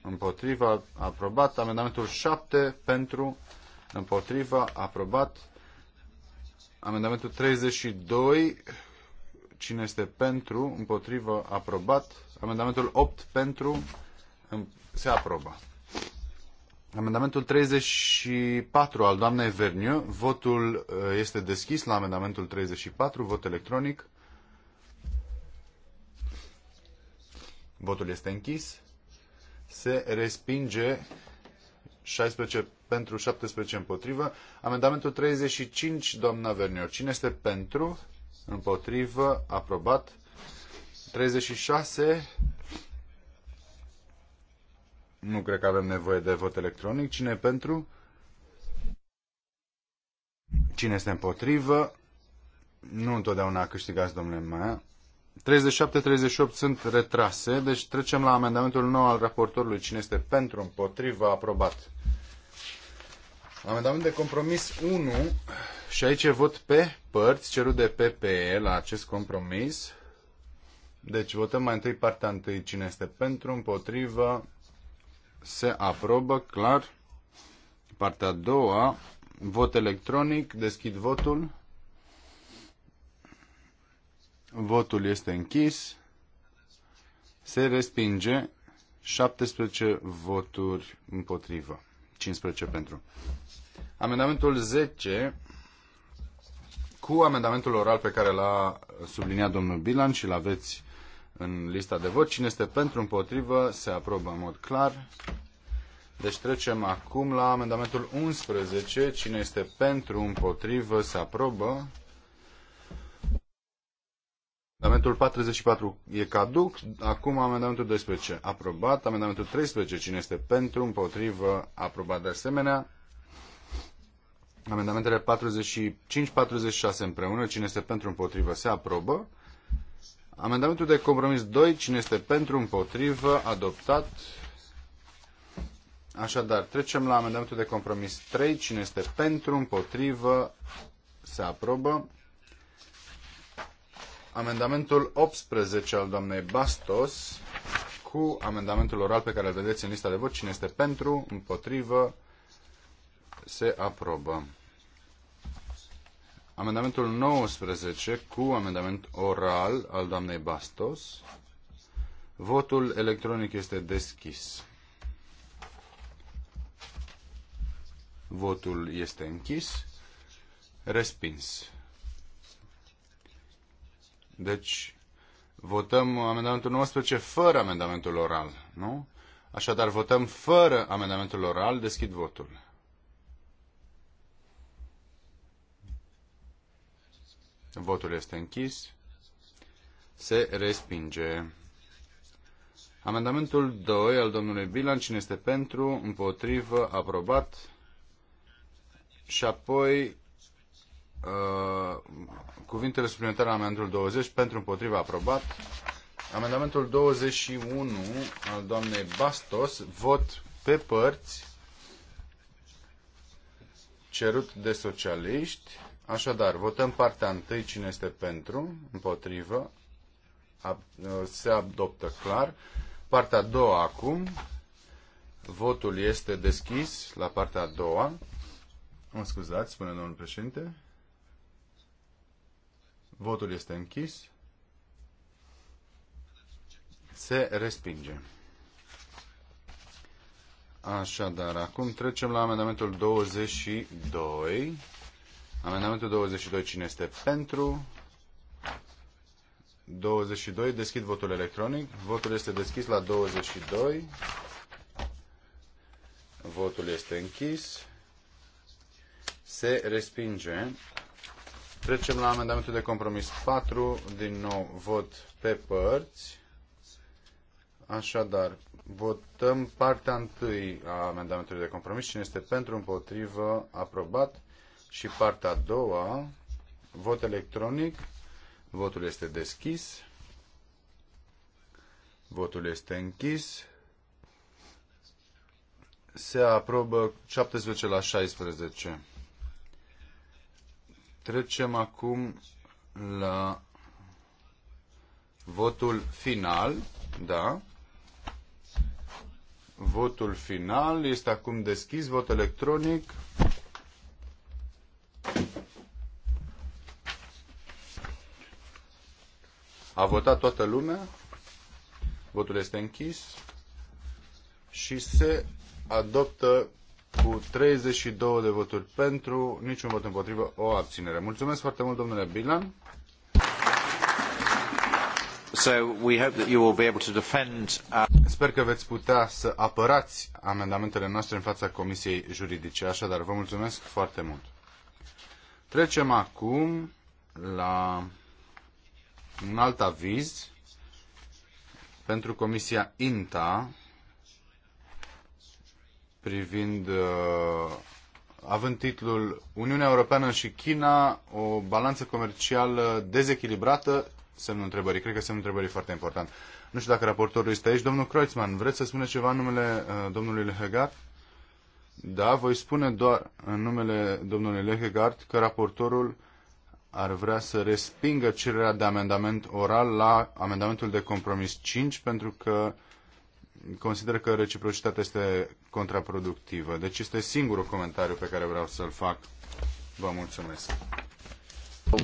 Împotrivă? Aprobat. Amendamentul 7. Pentru? Împotrivă? Aprobat. Amendamentul 32. Cine este pentru? Împotrivă? Aprobat. Amendamentul 8. Pentru? Se aprobă. Amendamentul 34 al doamnei Verniu. Votul uh, este deschis la amendamentul 34, vot electronic. Votul este închis. Se respinge 16 pentru, 17 împotrivă. Amendamentul 35, doamna Verniu. Cine este pentru? Împotrivă? Aprobat. 36 nu cred că avem nevoie de vot electronic. Cine pentru? Cine este împotrivă? Nu întotdeauna câștigați, domnule Maia. 37-38 sunt retrase, deci trecem la amendamentul nou al raportorului. Cine este pentru, împotrivă, aprobat. Amendament de compromis 1 și aici e vot pe părți cerut de PPE la acest compromis. Deci votăm mai întâi partea întâi cine este pentru, împotrivă, se aprobă, clar. Partea a doua, vot electronic, deschid votul. Votul este închis. Se respinge 17 voturi împotrivă, 15 pentru. Amendamentul 10 cu amendamentul oral pe care l-a subliniat domnul Bilan și l-aveți în lista de vot. Cine este pentru împotrivă se aprobă în mod clar. Deci trecem acum la amendamentul 11. Cine este pentru, împotrivă, se aprobă. Amendamentul 44 e caduc. Acum amendamentul 12 aprobat. Amendamentul 13. Cine este pentru, împotrivă, aprobat de asemenea. Amendamentele 45-46 împreună. Cine este pentru, împotrivă, se aprobă. Amendamentul de compromis 2. Cine este pentru, împotrivă, adoptat. Așadar, trecem la amendamentul de compromis 3. Cine este pentru, împotrivă, se aprobă. Amendamentul 18 al doamnei Bastos cu amendamentul oral pe care îl vedeți în lista de vot. Cine este pentru, împotrivă, se aprobă. Amendamentul 19 cu amendament oral al doamnei Bastos. Votul electronic este deschis. Votul este închis. Respins. Deci, votăm amendamentul 19 fără amendamentul oral, nu? Așadar, votăm fără amendamentul oral. Deschid votul. Votul este închis. Se respinge. Amendamentul 2 al domnului Bilan. Cine este pentru? Împotrivă? Aprobat? Și apoi uh, cuvintele suplimentare la amendamentul 20 pentru împotriva aprobat. Amendamentul 21 al doamnei Bastos, vot pe părți cerut de socialiști. Așadar, votăm partea întâi cine este pentru, împotrivă, uh, se adoptă clar. Partea a doua acum, votul este deschis la partea a doua. Mă scuzați, spune domnul președinte. Votul este închis. Se respinge. Așadar, acum trecem la amendamentul 22. Amendamentul 22, cine este pentru? 22, deschid votul electronic. Votul este deschis la 22. Votul este închis se respinge. Trecem la amendamentul de compromis 4, din nou vot pe părți. Așadar, votăm partea întâi a amendamentului de compromis, cine este pentru, împotrivă, aprobat, și partea a doua, vot electronic, votul este deschis, votul este închis, se aprobă 17 la 16. Trecem acum la votul final, da? Votul final este acum deschis, vot electronic. A votat toată lumea. Votul este închis și se adoptă cu 32 de voturi pentru, niciun vot împotrivă, o abținere. Mulțumesc foarte mult, domnule Bilan. So we hope that you will be able to defend Sper că veți putea să apărați amendamentele noastre în fața Comisiei Juridice. Așadar, vă mulțumesc foarte mult. Trecem acum la un alt aviz pentru Comisia INTA privind, uh, având titlul Uniunea Europeană și China, o balanță comercială dezechilibrată, semnul întrebării, cred că semnul întrebării foarte important. Nu știu dacă raportorul este aici. Domnul Kreutzmann, vreți să spuneți ceva în numele uh, domnului Lehegard? Da, voi spune doar în numele domnului Lehegard că raportorul ar vrea să respingă cererea de amendament oral la amendamentul de compromis 5 pentru că consider că reciprocitatea este contraproductivă. Deci este singurul comentariu pe care vreau să-l fac. Vă mulțumesc.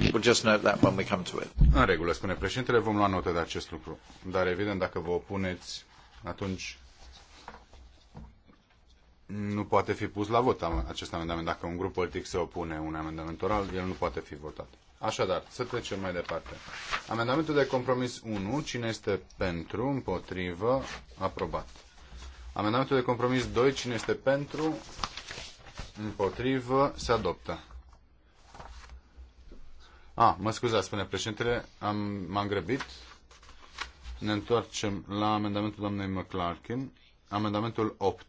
We'll just note that when we come to it. În regulă, spune președintele, vom lua notă de acest lucru. Dar evident, dacă vă opuneți, atunci nu poate fi pus la vot acest amendament. Dacă un grup politic se opune un amendament oral, el nu poate fi votat. Așadar, să trecem mai departe. Amendamentul de compromis 1. Cine este pentru? Împotrivă? Aprobat. Amendamentul de compromis 2. Cine este pentru? Împotrivă? Se adoptă. A, mă scuzați, spune președintele, am, m-am grăbit. Ne întoarcem la amendamentul doamnei McClarkin. Amendamentul 8.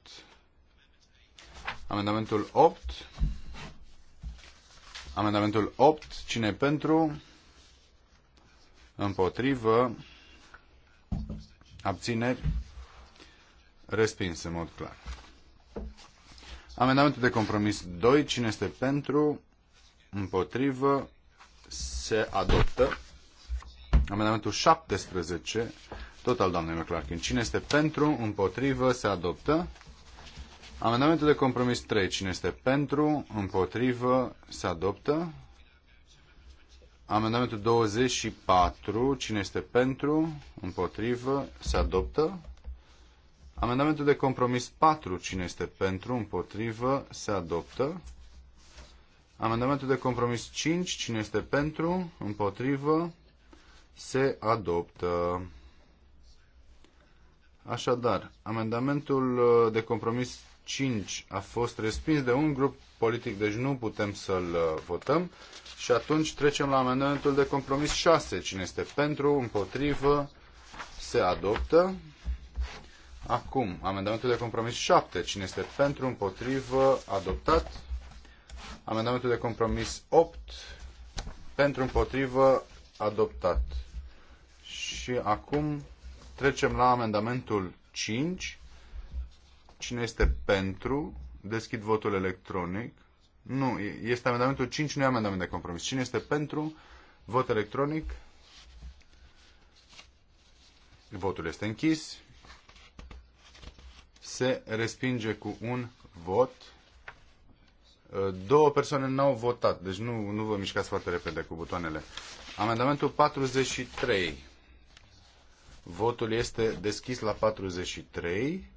Amendamentul 8. Amendamentul 8. Cine pentru? Împotrivă? Abțineri? Respins în mod clar. Amendamentul de compromis 2. Cine este pentru? Împotrivă? Se adoptă. Amendamentul 17. Tot al doamnei McClarkin. Cine este pentru? Împotrivă? Se adoptă. Amendamentul de compromis 3. Cine este pentru? Împotrivă? Se adoptă. Amendamentul 24. Cine este pentru? Împotrivă? Se adoptă. Amendamentul de compromis 4. Cine este pentru? Împotrivă? Se adoptă. Amendamentul de compromis 5. Cine este pentru? Împotrivă? Se adoptă. Așadar, amendamentul de compromis 5 a fost respins de un grup politic, deci nu putem să-l uh, votăm. Și atunci trecem la amendamentul de compromis 6. Cine este pentru, împotrivă, se adoptă. Acum, amendamentul de compromis 7. Cine este pentru, împotrivă, adoptat. Amendamentul de compromis 8. Pentru, împotrivă, adoptat. Și acum trecem la amendamentul 5. Cine este pentru? Deschid votul electronic. Nu, este amendamentul 5, nu e amendament de compromis. Cine este pentru? Vot electronic. Votul este închis. Se respinge cu un vot. Două persoane n-au votat, deci nu, nu vă mișcați foarte repede cu butoanele. Amendamentul 43. Votul este deschis la 43.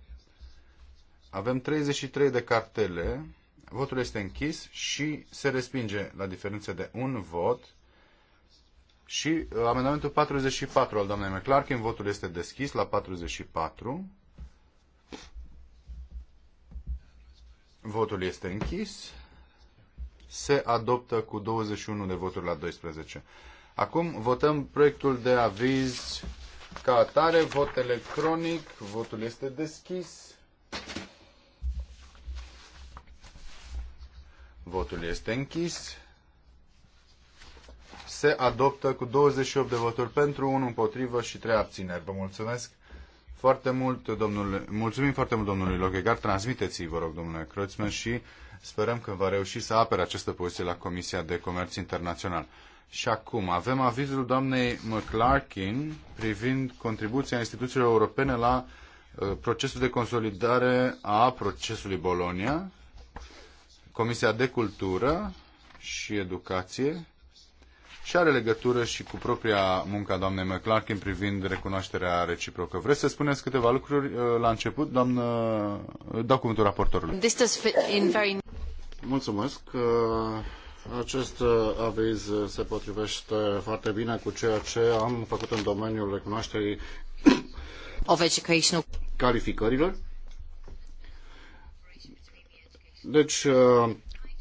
Avem 33 de cartele, votul este închis și se respinge la diferență de un vot. Și uh, amendamentul 44 al doamnei McClarkin, votul este deschis la 44. Votul este închis. Se adoptă cu 21 de voturi la 12. Acum votăm proiectul de aviz ca atare, vot electronic, votul este deschis. Votul este închis. Se adoptă cu 28 de voturi pentru, 1 împotrivă și 3 abțineri. Vă mulțumesc foarte mult, domnule, mulțumim foarte mult domnului Loghegar. Transmiteți-i, vă rog, domnule Croțman și sperăm că va reuși să apere această poziție la Comisia de Comerț Internațional. Și acum avem avizul doamnei McClarkin privind contribuția instituțiilor europene la uh, procesul de consolidare a procesului Bologna Comisia de Cultură și Educație și are legătură și cu propria munca doamnei McClarkin privind recunoașterea reciprocă. Vreți să spuneți câteva lucruri uh, la început, doamnă? Uh, dau cuvântul raportorului. Very... Mulțumesc. Uh, acest aviz se potrivește foarte bine cu ceea ce am făcut în domeniul recunoașterii of educational calificărilor deci, uh,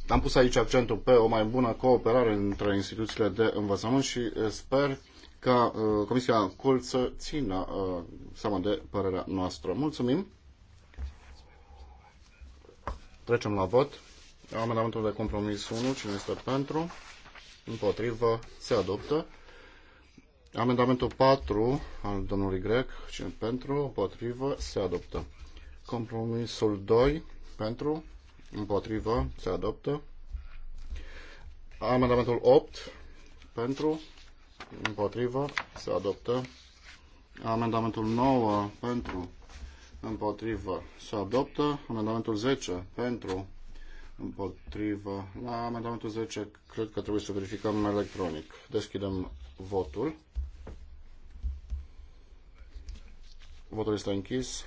am pus aici accentul pe o mai bună cooperare între instituțiile de învățământ și uh, sper ca uh, Comisia Cult să țină seama de părerea noastră. Mulțumim! Trecem la vot. Amendamentul de compromis 1. Cine este pentru? Împotrivă. Se adoptă. Amendamentul 4 al domnului Grec. Cine pentru? Împotrivă. Se adoptă. Compromisul 2. Pentru? împotrivă, se adoptă. Amendamentul 8 pentru, împotrivă, se adoptă. Amendamentul 9 pentru, împotrivă, se adoptă. Amendamentul 10 pentru, împotrivă. La amendamentul 10 cred că trebuie să verificăm electronic. Deschidem votul. Votul este închis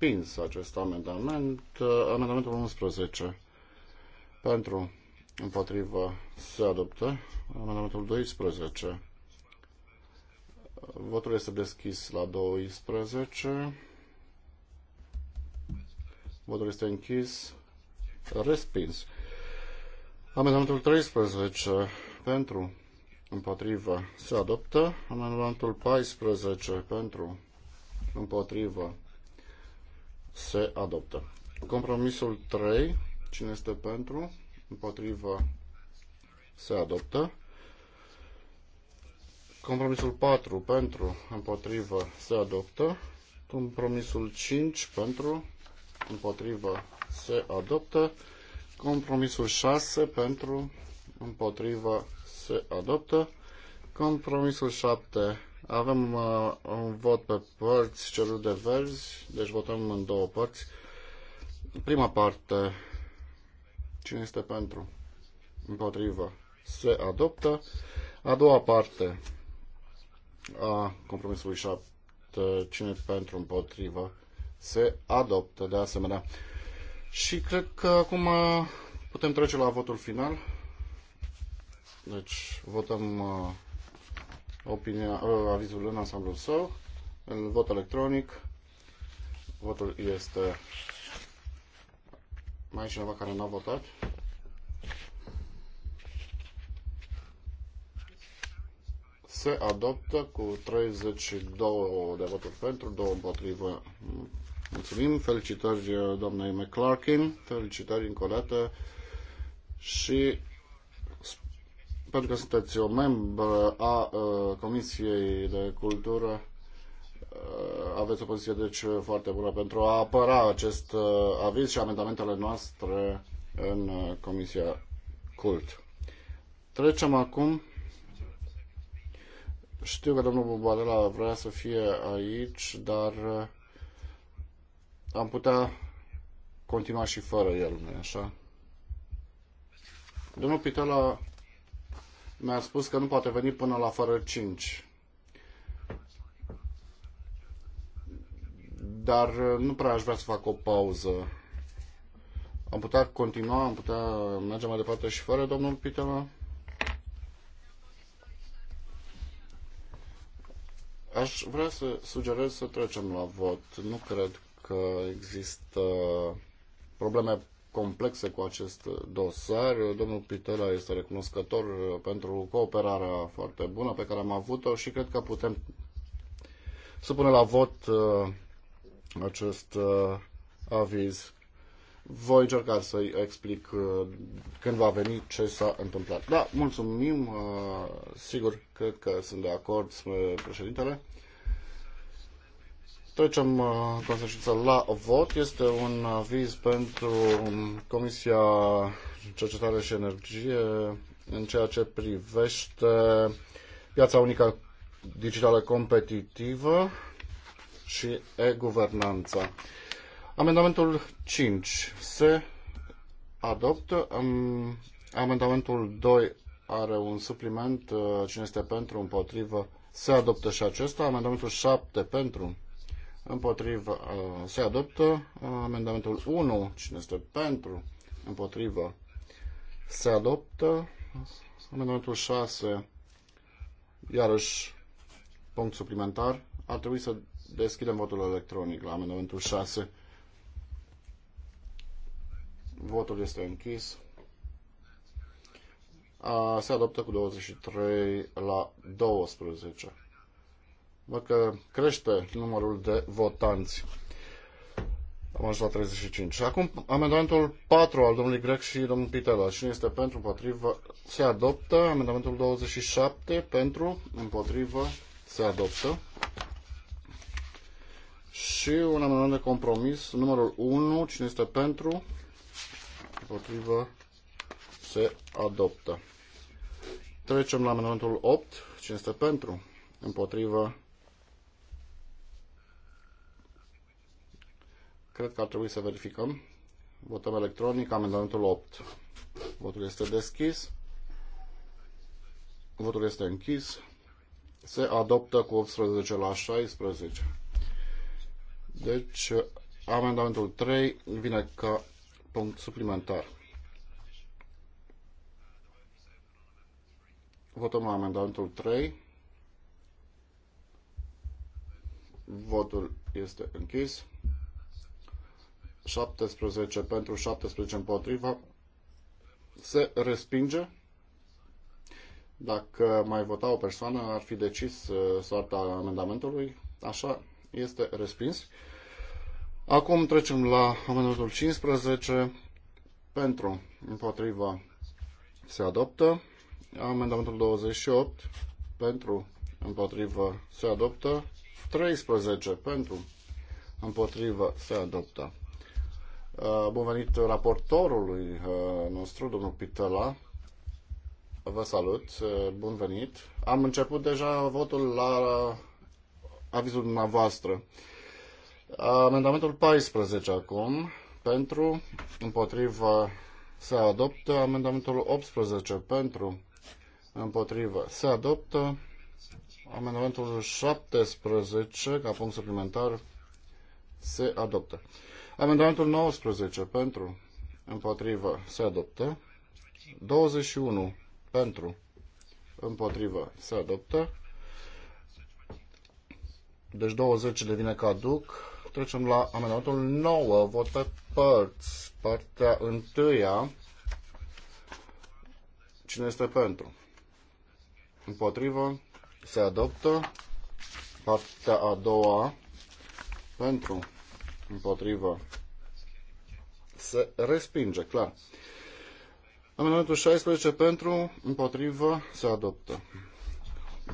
respins acest amendament. Uh, amendamentul 11 pentru împotrivă se adoptă. Amendamentul 12. Votul este deschis la 12. Votul este închis. Respins. Amendamentul 13 pentru împotrivă se adoptă. Amendamentul 14 pentru împotrivă se adoptă. Compromisul 3, cine este pentru, împotrivă, se adoptă. Compromisul 4, pentru, împotrivă, se adoptă. Compromisul 5, pentru, împotrivă, se adoptă. Compromisul 6, pentru, împotrivă, se adoptă. Compromisul 7, avem uh, un vot pe părți, celul de verzi, deci votăm în două părți. Prima parte, cine este pentru? Împotrivă. Se adoptă. A doua parte a compromisului 7, cine pentru împotrivă, se adoptă de asemenea. Și cred că acum uh, putem trece la votul final. Deci votăm uh, opinia, ă, avizul în ansamblul său, în vot electronic. Votul este... Mai e cineva care n-a votat? Se adoptă cu 32 de voturi pentru, 2 împotrivă. Mulțumim, felicitări doamnei McClarkin, felicitări încă o dată și pentru că sunteți o membră a uh, Comisiei de Cultură, uh, aveți o poziție deci foarte bună pentru a apăra acest uh, aviz și amendamentele noastre în Comisia Cult. Trecem acum. Știu că domnul Bubarela vrea să fie aici, dar am putea continua și fără el, nu așa? Domnul Pitela mi-a spus că nu poate veni până la fără 5. Dar uh, nu prea aș vrea să fac o pauză. Am putea continua, am putea merge mai departe și fără domnul Pitela. Aș vrea să sugerez să trecem la vot. Nu cred că există probleme complexe cu acest dosar. Domnul Pitela este recunoscător pentru cooperarea foarte bună pe care am avut-o și cred că putem să punem la vot uh, acest uh, aviz. Voi încerca să-i explic uh, când va veni ce s-a întâmplat. Da, mulțumim, sigur, cred că sunt de acord, președintele. Trecem uh, consecință la vot. Este un aviz pentru um, Comisia Cercetare și Energie în ceea ce privește piața unică digitală competitivă și e-guvernanța. Amendamentul 5 se adoptă. Amendamentul 2 are un supliment. Uh, cine este pentru, împotrivă, se adoptă și acesta. Amendamentul 7 pentru, împotrivă, se adoptă. Amendamentul 1, cine este pentru, împotrivă, se adoptă. Amendamentul 6, iarăși punct suplimentar. Ar trebui să deschidem votul electronic la amendamentul 6. Votul este închis. A, se adoptă cu 23 la 12 văd că crește numărul de votanți. Am ajuns la 35. acum amendamentul 4 al domnului Grec și domnul Pitela. Cine este pentru, împotrivă, se adoptă. Amendamentul 27 pentru, împotrivă, se adoptă. Și un amendament de compromis, numărul 1, cine este pentru, împotrivă, se adoptă. Trecem la amendamentul 8, cine este pentru, împotrivă, Cred că ar trebui să verificăm. Votăm electronic amendamentul 8. Votul este deschis. Votul este închis. Se adoptă cu 18 la 16. Deci, amendamentul 3 vine ca punct suplimentar. Votăm amendamentul 3. Votul este închis. 17 pentru 17 împotriva se respinge. Dacă mai vota o persoană, ar fi decis uh, soarta amendamentului. Așa este respins. Acum trecem la amendamentul 15. Pentru, împotriva, se adoptă. Amendamentul 28. Pentru, împotriva, se adoptă. 13. Pentru, împotriva, se adoptă. Uh, bun venit raportorului uh, nostru, domnul Pitela. Vă salut, uh, bun venit. Am început deja votul la avizul dumneavoastră. Amendamentul 14 acum, pentru, împotrivă, se adoptă. Amendamentul 18 pentru, împotrivă, se adoptă. Amendamentul 17, ca punct suplimentar, se adoptă. Amendamentul 19 pentru, împotrivă, se adoptă. 21 pentru, împotrivă, se adoptă. Deci 20 devine caduc. Trecem la amendamentul 9, vot pe părți. Partea întâia. Cine este pentru? Împotrivă. Se adoptă. Partea a doua. Pentru împotrivă, se respinge, clar. Amendamentul 16 pentru, împotrivă, se adoptă.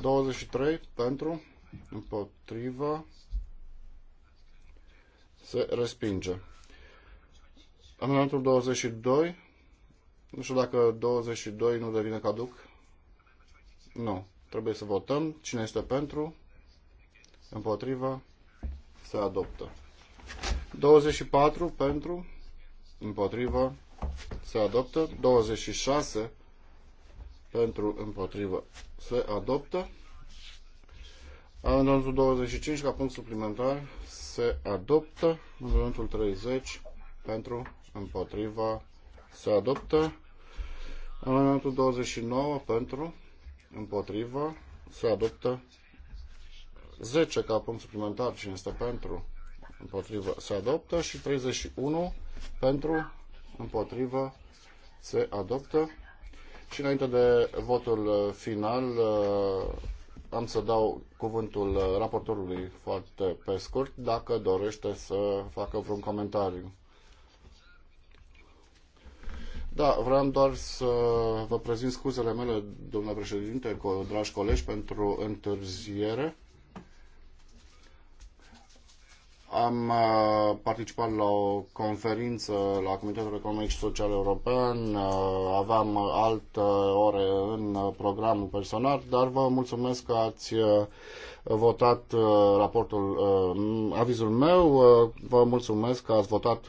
23 pentru, împotrivă, se respinge. Amendamentul 22, nu știu dacă 22 nu devine caduc. Nu, trebuie să votăm cine este pentru, împotrivă, se adoptă. 24 pentru, împotrivă, se adoptă. 26 pentru, împotrivă, se adoptă. Amendamentul 25 ca punct suplimentar se adoptă. Amendamentul 30 pentru, împotriva, se adoptă. Amendamentul 29 pentru, împotriva, se adoptă. 10 ca punct suplimentar, cine este pentru, împotrivă se adoptă și 31 pentru, împotrivă se adoptă. Și înainte de votul final, uh, am să dau cuvântul uh, raportorului foarte pe scurt, dacă dorește să facă vreun comentariu. Da, vreau doar să vă prezint scuzele mele, domnule președinte, dragi colegi, pentru întârziere. Am uh, participat la o conferință la Comitetul Economic și Social European, uh, aveam alte ore în programul personal, dar vă mulțumesc că ați uh, votat raportul, avizul meu, vă mulțumesc că ați votat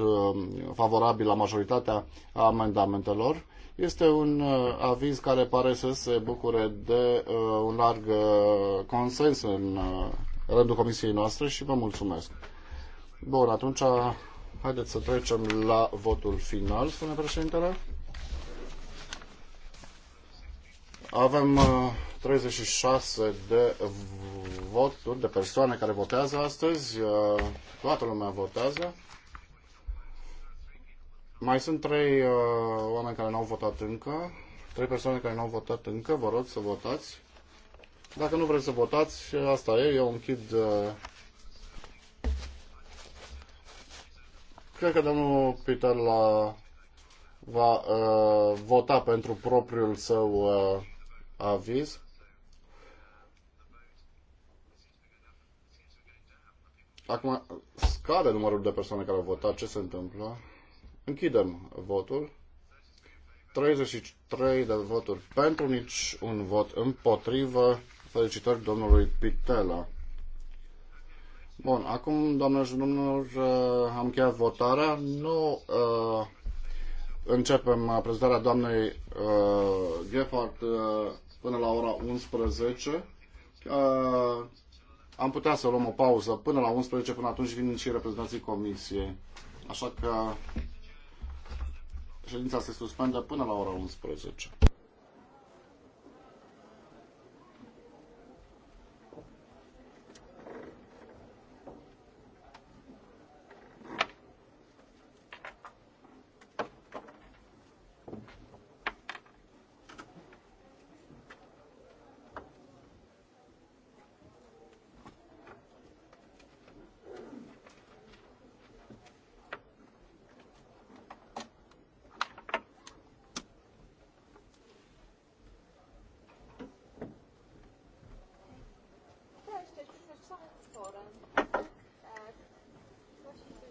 favorabil la majoritatea amendamentelor. Este un aviz care pare să se bucure de un larg consens în rândul comisiei noastre și vă mulțumesc. Bun, atunci haideți să trecem la votul final, spune președintele. Avem 36 uh, de voturi, de persoane care votează astăzi. Uh, toată lumea votează. Mai sunt trei uh, oameni care n-au votat încă, trei persoane care n-au votat încă, vă rog să votați. Dacă nu vreți să votați, asta e, eu închid uh, Cred că domnul Peter la va uh, vota pentru propriul său uh, aviz. Acum scade numărul de persoane care au votat. Ce se întâmplă? Închidem votul. 33 de voturi pentru, nici un vot împotrivă. Felicitări domnului Pitela. Bun, acum, doamnelor și domnilor, uh, am încheiat votarea. Nu uh, începem uh, prezentarea doamnei uh, Gephardt uh, până la ora 11. Uh, am putea să luăm o pauză până la 11, până atunci vin și reprezentanții comisiei. Așa că ședința se suspendă până la ora 11.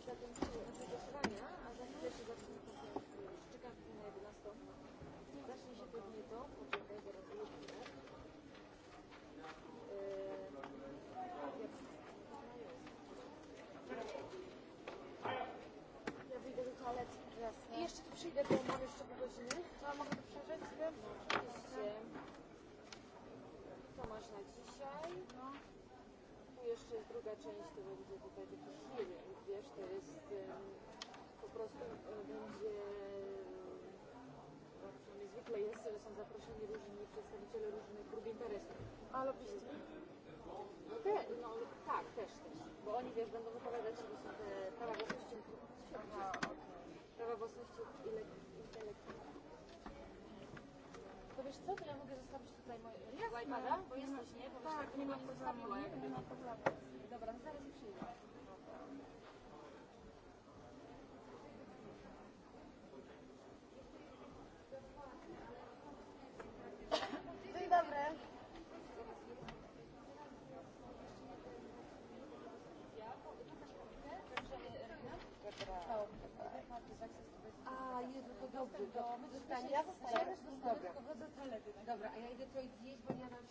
zakończyły nasze głosowania, a za chwileczkę zacznie konferencja szczekawki na 11. Zacznie się pewnie to, poczekaj, zaraz wyjaśnimy. Ja wyjdę do toalety teraz. I jeszcze tu przyjdę, bo mam jeszcze pół godziny. To mogę to przeżyć? No, oczywiście. Co masz na dzisiaj? No jeszcze jest druga część tego budżetu, taki hearing, wiesz, to jest um, po prostu będzie przynajmniej zwykle jest, że są zaproszeni różni przedstawiciele różnych grup interesów. Ale lobbyści? No, te, no tak, też, też. Bo oni, wiesz, będą wypowiadać, że są te prawa własności, prawa własności intelektualnej wiesz co, to ja mogę zostawić tutaj moje Jasne, iPada, bo jesteś, nie? Bo tak, nie ma problemu. Dobra, zaraz przyjdę. Dobrze, to my dostaniemy. Ja zostaję. Dobra. Dobra, a ja idę coś zjeść, bo nie mam...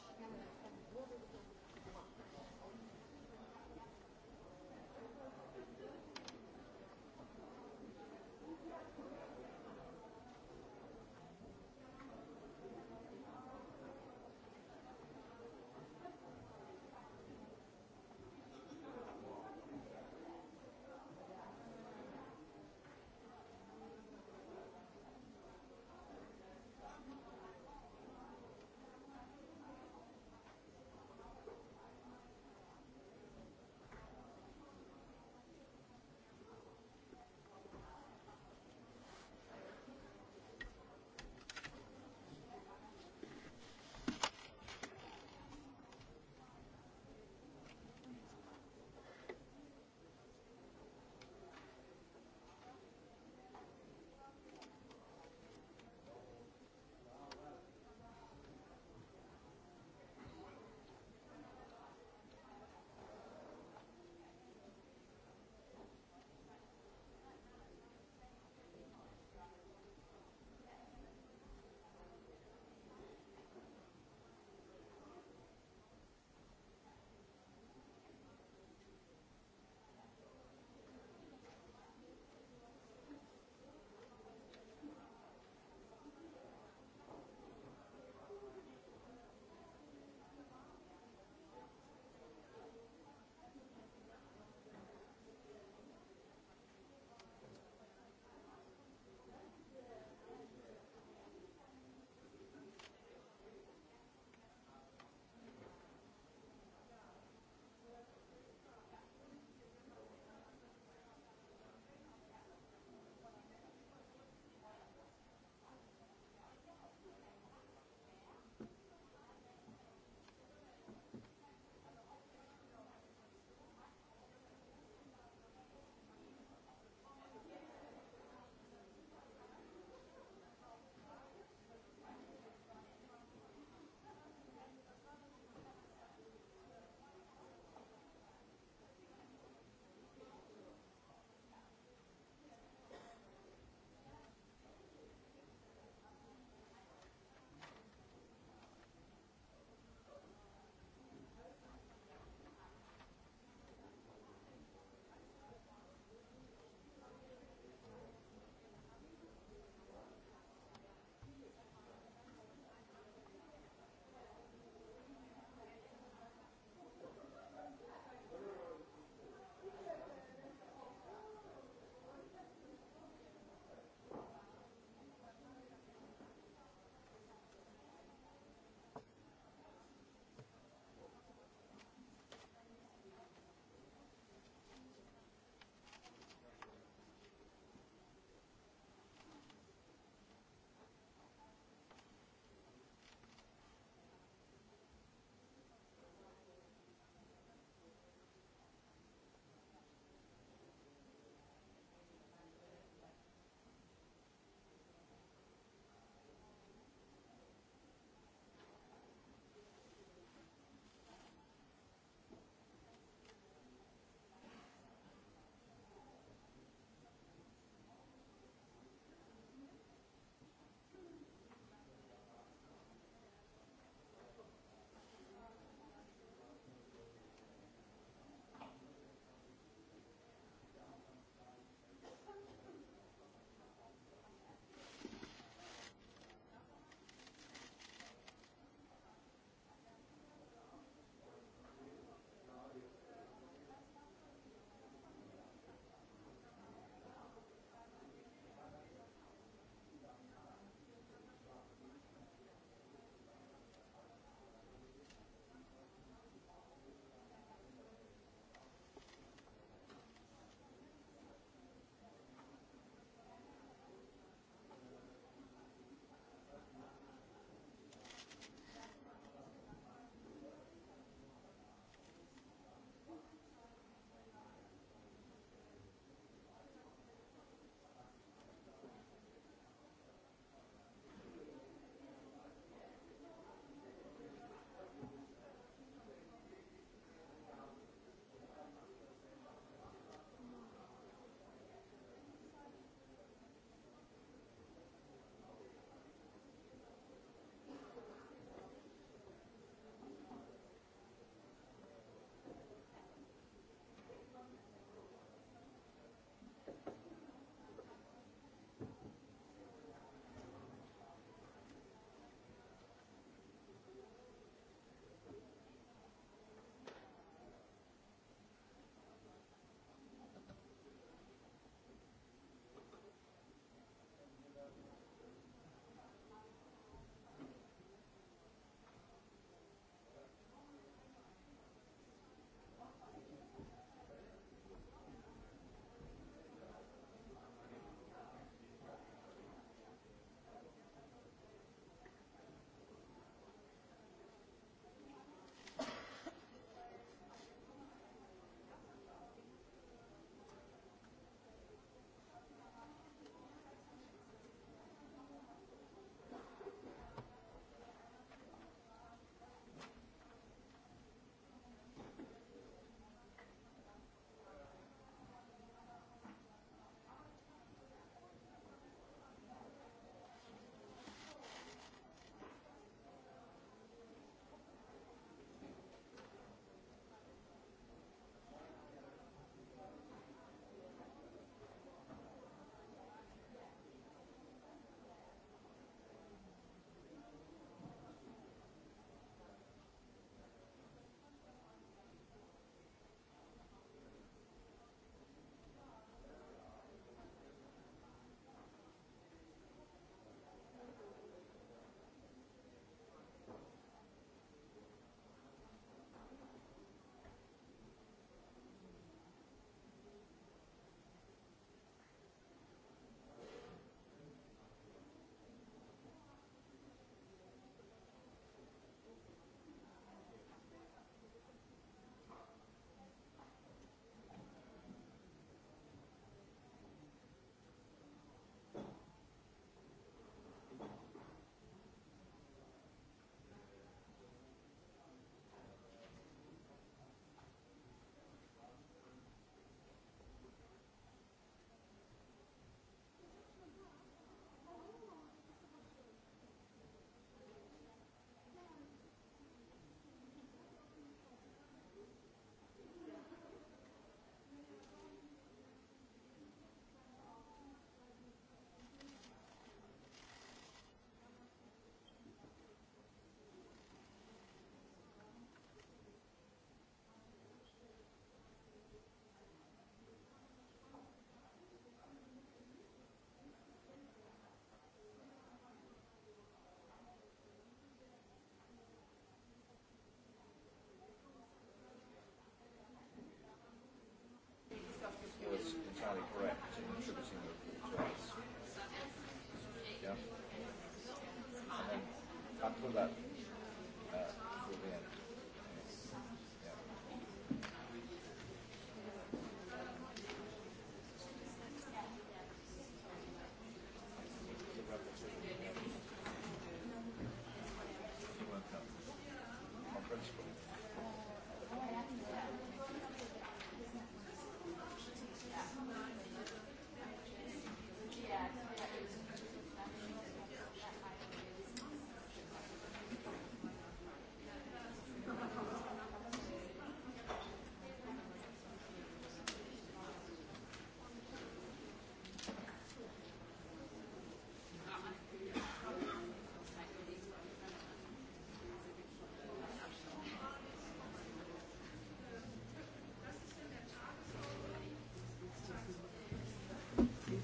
niciodată.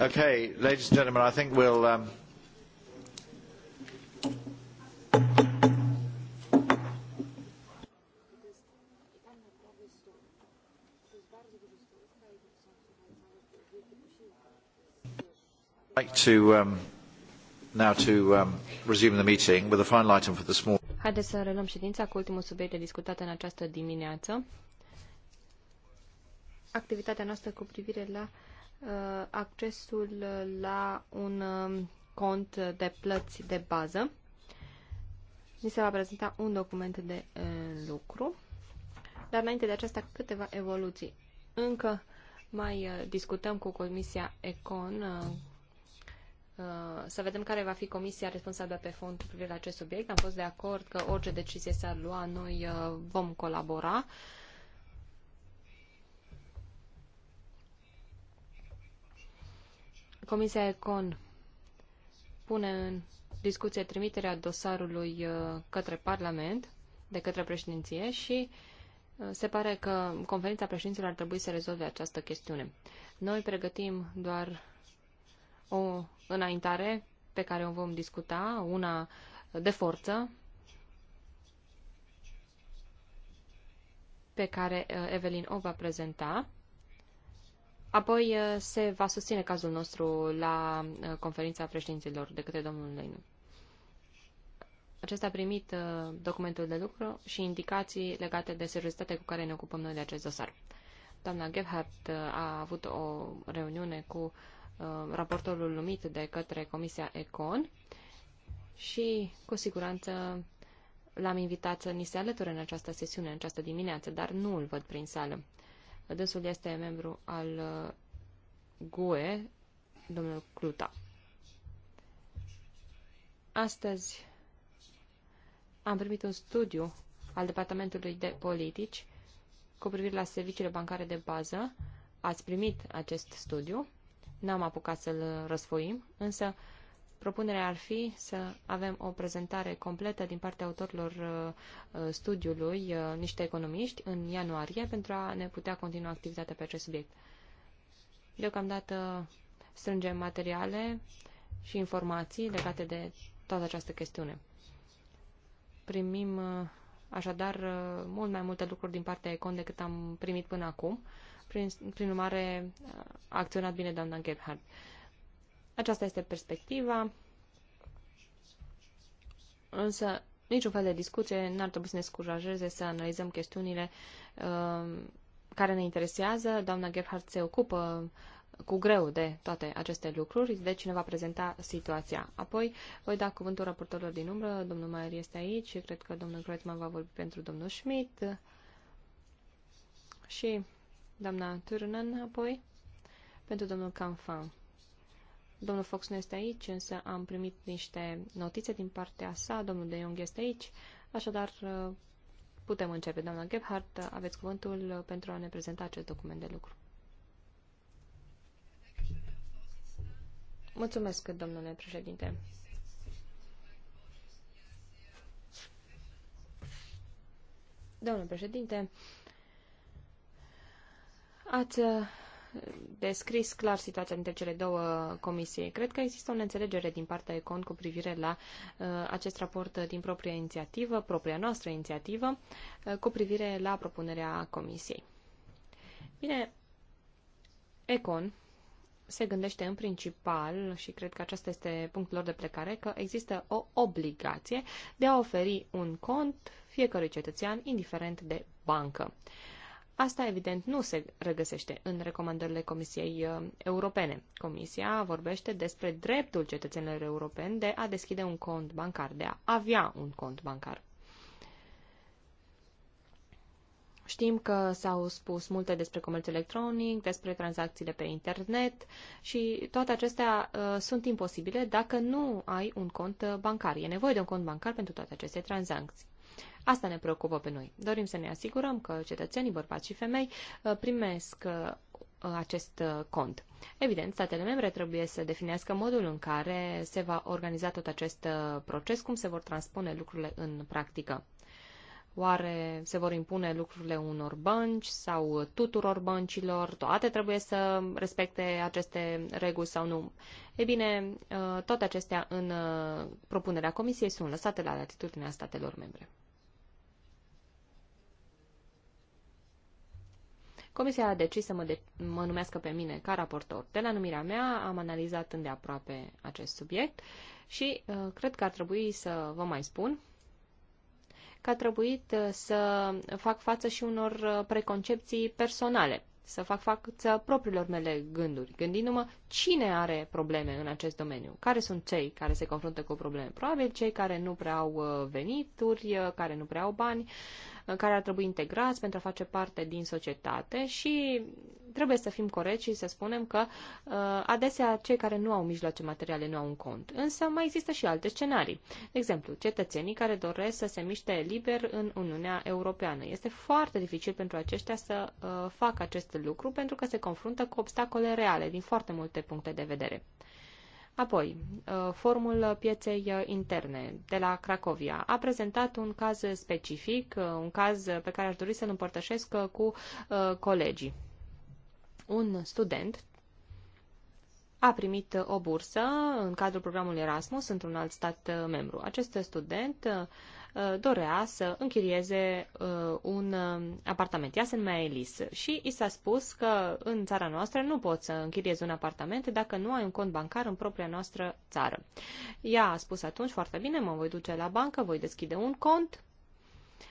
Okay, ladies and gentlemen, I think we'll. Um... Haideți să reluăm ședința cu ultimul subiect de discutat în această dimineață. Activitatea noastră cu privire la Uh, accesul la un um, cont de plăți de bază. Ni se va prezenta un document de uh, lucru, dar înainte de aceasta câteva evoluții. Încă mai uh, discutăm cu Comisia Econ să vedem care va fi comisia responsabilă pe fond cu privire la acest subiect. Am fost de acord că orice decizie s-ar lua, noi vom colabora Comisia Econ pune în discuție trimiterea dosarului uh, către Parlament, de către președinție și uh, se pare că conferința președinților ar trebui să rezolve această chestiune. Noi pregătim doar o înaintare pe care o vom discuta, una de forță, pe care uh, Evelyn o va prezenta Apoi uh, se va susține cazul nostru la uh, conferința președinților de către domnul Leinu. Acesta a primit uh, documentul de lucru și indicații legate de seriozitatea cu care ne ocupăm noi de acest dosar. Doamna Gebhardt a avut o reuniune cu raportorul numit de către Comisia Econ și, cu siguranță, l-am invitat să ni se alăture în această sesiune, în această dimineață, dar nu îl văd prin sală. Dânsul este membru al uh, GUE, domnul Cluta. Astăzi am primit un studiu al Departamentului de Politici cu privire la serviciile bancare de bază. Ați primit acest studiu, n-am apucat să-l răsfoim, însă uh, Propunerea ar fi să avem o prezentare completă din partea autorilor uh, uh, studiului, uh, niște economiști, în ianuarie, pentru a ne putea continua activitatea pe acest subiect. Deocamdată strângem materiale și informații legate de toată această chestiune. Primim așadar mult mai multe lucruri din partea Econ decât am primit până acum. Prin, prin urmare, a acționat bine doamna Gebhardt. Aceasta este perspectiva, însă niciun fel de discuție n-ar trebui să ne scurajeze să analizăm chestiunile uh, care ne interesează. Doamna Gerhardt se ocupă cu greu de toate aceste lucruri, deci ne va prezenta situația. Apoi voi da cuvântul raportorilor din umbră, domnul Maier este aici, cred că domnul Groetman va vorbi pentru domnul Schmidt și doamna Turnen apoi pentru domnul Canfan. Domnul Fox nu este aici, însă am primit niște notițe din partea sa. Domnul De Jong este aici, așadar putem începe. Doamna Gebhardt, aveți cuvântul pentru a ne prezenta acest document de lucru. Mulțumesc, domnule președinte. Domnule președinte, ați descris clar situația dintre cele două comisii. Cred că există o înțelegere din partea Econ cu privire la uh, acest raport din propria inițiativă, propria noastră inițiativă, uh, cu privire la propunerea comisiei. Bine, Econ se gândește în principal, și cred că acesta este punctul lor de plecare, că există o obligație de a oferi un cont fiecărui cetățean, indiferent de bancă. Uh, Asta, evident, nu se regăsește în recomandările Comisiei uh, Europene. Comisia vorbește despre dreptul cetățenilor europeni de a deschide un cont bancar, de a avea un cont bancar. Știm că s-au spus multe despre comerț electronic, despre tranzacțiile pe internet și toate acestea uh, sunt imposibile dacă nu ai un cont uh, bancar. E nevoie de un cont bancar pentru toate aceste tranzacții. Asta ne preocupă pe noi. Dorim să ne asigurăm că cetățenii, bărbați și femei uh, primesc uh, acest uh, cont. Evident, statele membre trebuie să definească modul în care se va organiza tot acest proces, cum se vor transpune lucrurile în practică. Oare se vor impune lucrurile unor bănci sau tuturor băncilor? Toate trebuie să respecte aceste reguli sau nu? E bine, toate acestea în propunerea Comisiei sunt lăsate la latitudinea statelor membre. Comisia a decis să mă, de- mă numească pe mine ca raportor. De la numirea mea am analizat îndeaproape acest subiect și uh, cred că ar trebui să vă mai spun că a trebuit uh, să fac față și unor uh, preconcepții personale să fac față propriilor mele gânduri, gândindu-mă cine are probleme în acest domeniu, care sunt cei care se confruntă cu probleme. Probabil cei care nu prea au uh, venituri, uh, care nu prea au bani, uh, care ar trebui integrați pentru a face parte din societate și trebuie să fim corecți și să spunem că uh, adesea cei care nu au mijloace materiale nu au un cont. Însă mai există și alte scenarii. De exemplu, cetățenii care doresc să se miște liber în Uniunea Europeană. Este foarte dificil pentru aceștia să uh, facă acest lucru pentru că se confruntă cu obstacole reale din foarte multe puncte de vedere. Apoi, uh, formul Pieței Interne de la Cracovia a prezentat un caz specific, un caz pe care aș dori să-l împărtășesc cu colegii un student a primit o bursă în cadrul programului Erasmus într-un alt stat uh, membru. Acest student uh, dorea să închirieze uh, un apartament. Ea se numea Elis și i s-a spus că în țara noastră nu poți să închiriezi un apartament dacă nu ai un cont bancar în propria noastră țară. Ea a spus atunci foarte bine, mă voi duce la bancă, voi deschide un cont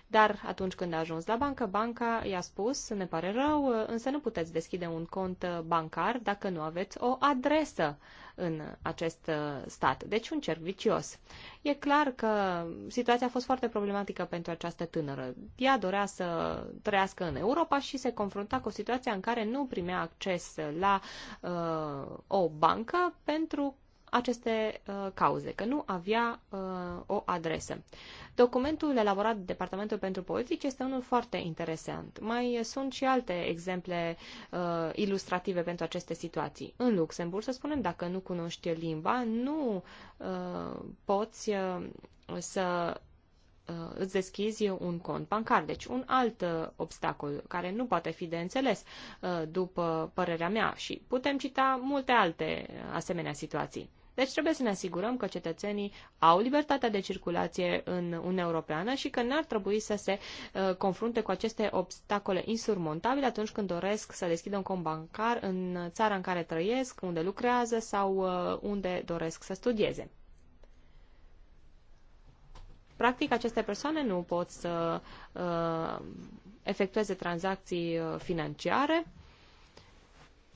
dar atunci când a ajuns la bancă, banca i-a spus, ne pare rău, însă nu puteți deschide un cont bancar dacă nu aveți o adresă în acest stat. Deci un cerc vicios. E clar că situația a fost foarte problematică pentru această tânără. Ea dorea să trăiască în Europa și se confrunta cu o situație în care nu primea acces la uh, o bancă pentru aceste uh, cauze, că nu avea uh, o adresă. Documentul elaborat de Departamentul pentru Politici este unul foarte interesant. Mai sunt și alte exemple uh, ilustrative pentru aceste situații. În Luxemburg, să spunem, dacă nu cunoști limba, nu uh, poți uh, să uh, îți deschizi un cont bancar. Deci un alt uh, obstacol care nu poate fi de înțeles uh, după părerea mea și putem cita multe alte asemenea situații. Deci trebuie să ne asigurăm că cetățenii au libertatea de circulație în Uniunea Europeană și că n-ar trebui să se uh, confrunte cu aceste obstacole insurmontabile atunci când doresc să deschidă un cont bancar în țara în care trăiesc, unde lucrează sau uh, unde doresc să studieze. Practic, aceste persoane nu pot să uh, efectueze tranzacții uh, financiare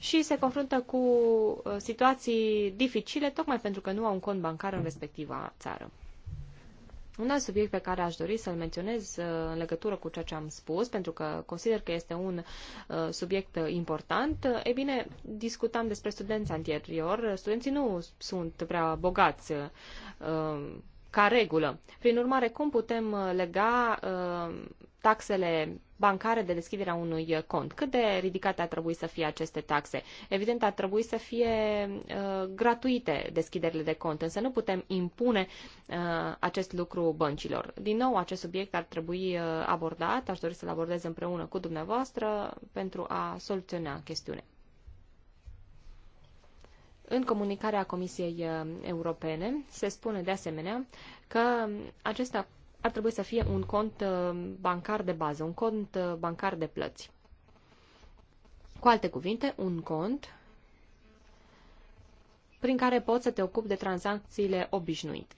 și se confruntă cu uh, situații dificile tocmai pentru că nu au un cont bancar în respectiva țară. Un alt subiect pe care aș dori să-l menționez uh, în legătură cu ceea ce am spus, pentru că consider că este un uh, subiect important, e bine, discutam despre studenți anterior. Studenții nu sunt prea bogați ca regulă. Prin urmare, cum putem lega taxele bancare de deschiderea unui cont. Cât de ridicate ar trebui să fie aceste taxe? Evident, ar trebui să fie uh, gratuite deschiderile de cont, însă nu putem impune uh, acest lucru băncilor. Din nou, acest subiect ar trebui uh, abordat, aș dori să-l abordez împreună cu dumneavoastră pentru a soluționa chestiunea în comunicarea Comisiei uh, Europene se spune de asemenea că acesta ar trebui să fie un cont uh, bancar de bază, un cont uh, bancar de plăți. Cu alte cuvinte, un cont prin care poți să te ocupi de tranzacțiile obișnuite.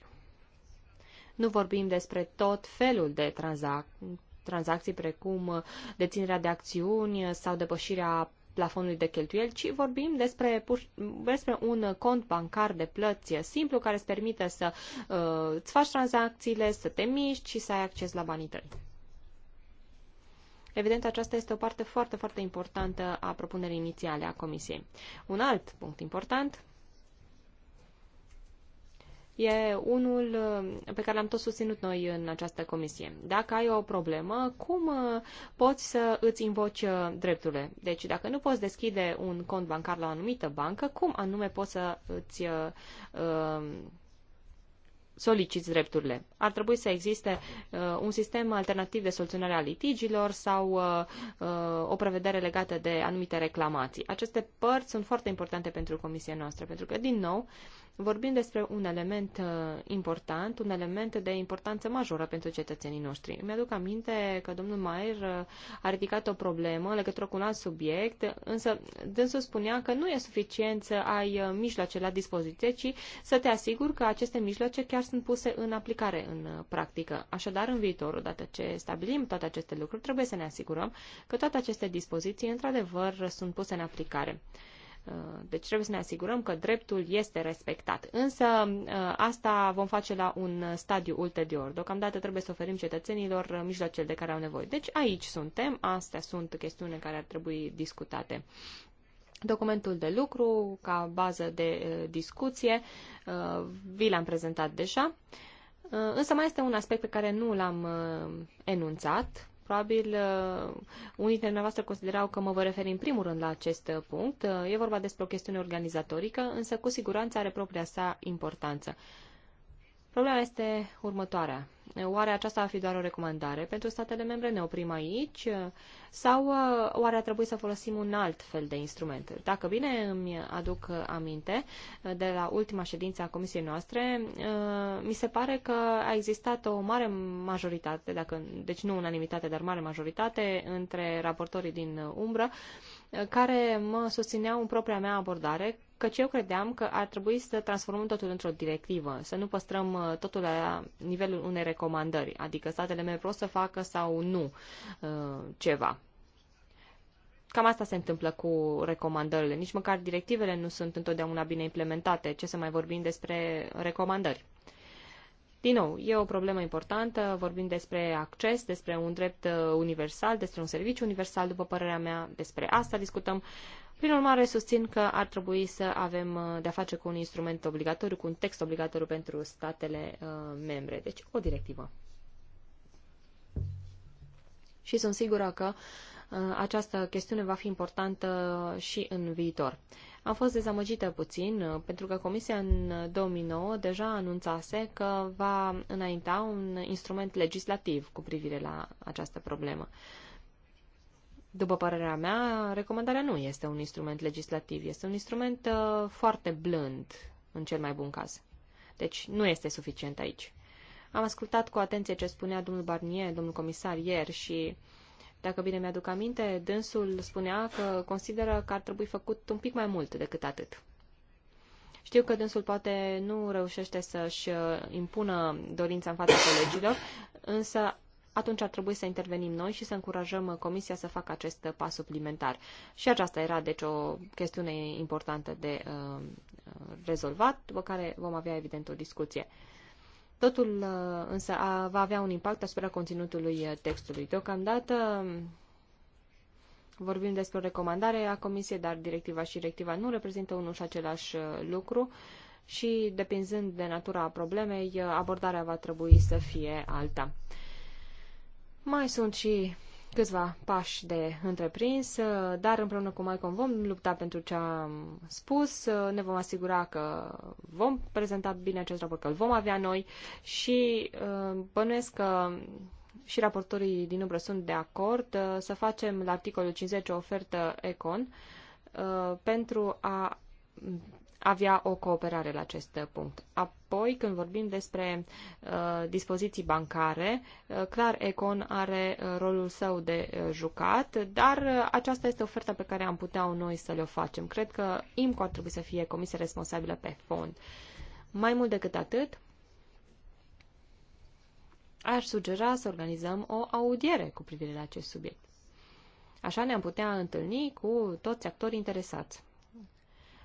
Nu vorbim despre tot felul de tranzac tranzacții precum uh, deținerea de acțiuni sau depășirea plafonului de cheltuieli, ci vorbim despre, pur, despre un cont bancar de plăți simplu care îți permite să uh, îți faci tranzacțiile, să te miști și să ai acces la banii tăi. Evident, aceasta este o parte foarte, foarte importantă a propunerii inițiale a Comisiei. Un alt punct important e unul uh, pe care l-am tot susținut noi în această comisie. Dacă ai o problemă, cum uh, poți să îți invoci uh, drepturile? Deci dacă nu poți deschide un cont bancar la o anumită bancă, cum anume poți să îți soliciți drepturile. Ar trebui să existe uh, un sistem alternativ de soluționare a litigilor sau uh, uh, o prevedere legată de anumite reclamații. Aceste părți sunt foarte importante pentru comisia noastră, pentru că, din nou, Vorbim despre un element uh, important, un element de importanță majoră pentru cetățenii noștri. Mi-aduc aminte că domnul Maier uh, a ridicat o problemă legătură cu un alt subiect, însă dânsul spunea că nu e suficient să ai uh, mijloace la dispoziție, ci să te asiguri că aceste mijloace chiar sunt puse în aplicare, în practică. Așadar, în viitor, odată ce stabilim toate aceste lucruri, trebuie să ne asigurăm că toate aceste dispoziții, într-adevăr, sunt puse în aplicare. Uh, deci trebuie să ne asigurăm că dreptul este respectat. Însă uh, asta vom face la un stadiu ulterior. Deocamdată trebuie să oferim cetățenilor uh, mijloacele de care au nevoie. Deci aici suntem, astea sunt chestiune care ar trebui discutate. Documentul de lucru ca bază de discuție vi l-am prezentat deja. Însă mai este un aspect pe care nu l-am enunțat Probabil uh, unii dintre dumneavoastră considerau că mă voi referi în primul rând la acest uh, punct. Uh, e vorba despre o chestiune organizatorică, însă cu siguranță are propria sa importanță. Problema este următoarea. Oare aceasta ar fi doar o recomandare pentru statele membre? Ne oprim aici? Sau uh, oare ar trebui să folosim un alt fel de instrument? Dacă bine îmi aduc aminte, uh, de la ultima ședință a comisiei noastre, uh, mi se pare că a existat o mare majoritate, dacă, deci nu unanimitate, dar mare majoritate, între raportorii din umbră, care mă susțineau în propria mea abordare, căci eu credeam că ar trebui să transformăm totul într-o directivă, să nu păstrăm uh, totul la nivelul unei recomandări, adică statele membre o să facă sau nu uh, ceva. Cam asta se întâmplă cu recomandările. Nici măcar directivele nu sunt întotdeauna bine implementate. Ce să mai vorbim despre recomandări? Din nou, e o problemă importantă, vorbim despre acces, despre un drept uh, universal, despre un serviciu universal, după părerea mea, despre asta discutăm. Prin urmare, susțin că ar trebui să avem uh, de-a face cu un instrument obligatoriu, cu un text obligatoriu pentru statele uh, membre, deci o directivă. Și sunt sigură că uh, această chestiune va fi importantă și în viitor. Uh, am fost dezamăgită puțin, uh, pentru că Comisia în 2009 uh, deja anunțase că va înainta un instrument legislativ cu privire la această problemă. După părerea mea, recomandarea nu este un instrument legislativ, este un instrument uh, foarte blând, în cel mai bun caz. Deci nu este suficient aici. Am ascultat cu atenție ce spunea domnul Barnier, domnul comisar ieri și uh, dacă bine mi-aduc aminte, dânsul spunea că consideră că ar trebui făcut un pic mai mult decât atât. Știu că dânsul poate nu reușește să-și uh, impună dorința în fața colegilor, însă atunci ar trebui să intervenim noi și să încurajăm Comisia să facă acest pas suplimentar. Și aceasta era, deci, o chestiune importantă de uh, rezolvat, după care vom avea, evident, o discuție. Totul uh, însă a, va avea un impact asupra conținutului uh, textului. Deocamdată um, vorbim despre o recomandare a Comisiei, dar directiva și directiva nu reprezintă unul și același uh, lucru și, depinzând de natura problemei, abordarea va trebui să fie alta. Mai sunt și câțiva pași de întreprins, uh, dar împreună cu Maicon vom lupta pentru ce am spus, uh, ne vom asigura că vom prezenta bine acest raport, că îl vom avea noi și uh, bănuiesc că și raportorii din umbră sunt de acord să facem la articolul 50 o ofertă ECON pentru a avea o cooperare la acest punct. Apoi, când vorbim despre uh, dispoziții bancare, uh, clar, Econ are uh, rolul său de uh, jucat, dar uh, aceasta este oferta pe care am putea noi să le o facem. Cred că IMCO ar trebui să fie comisia responsabilă pe fond. Mai mult decât atât, aș sugera să organizăm o audiere cu privire la acest subiect. Așa ne-am putea întâlni cu toți actorii interesați.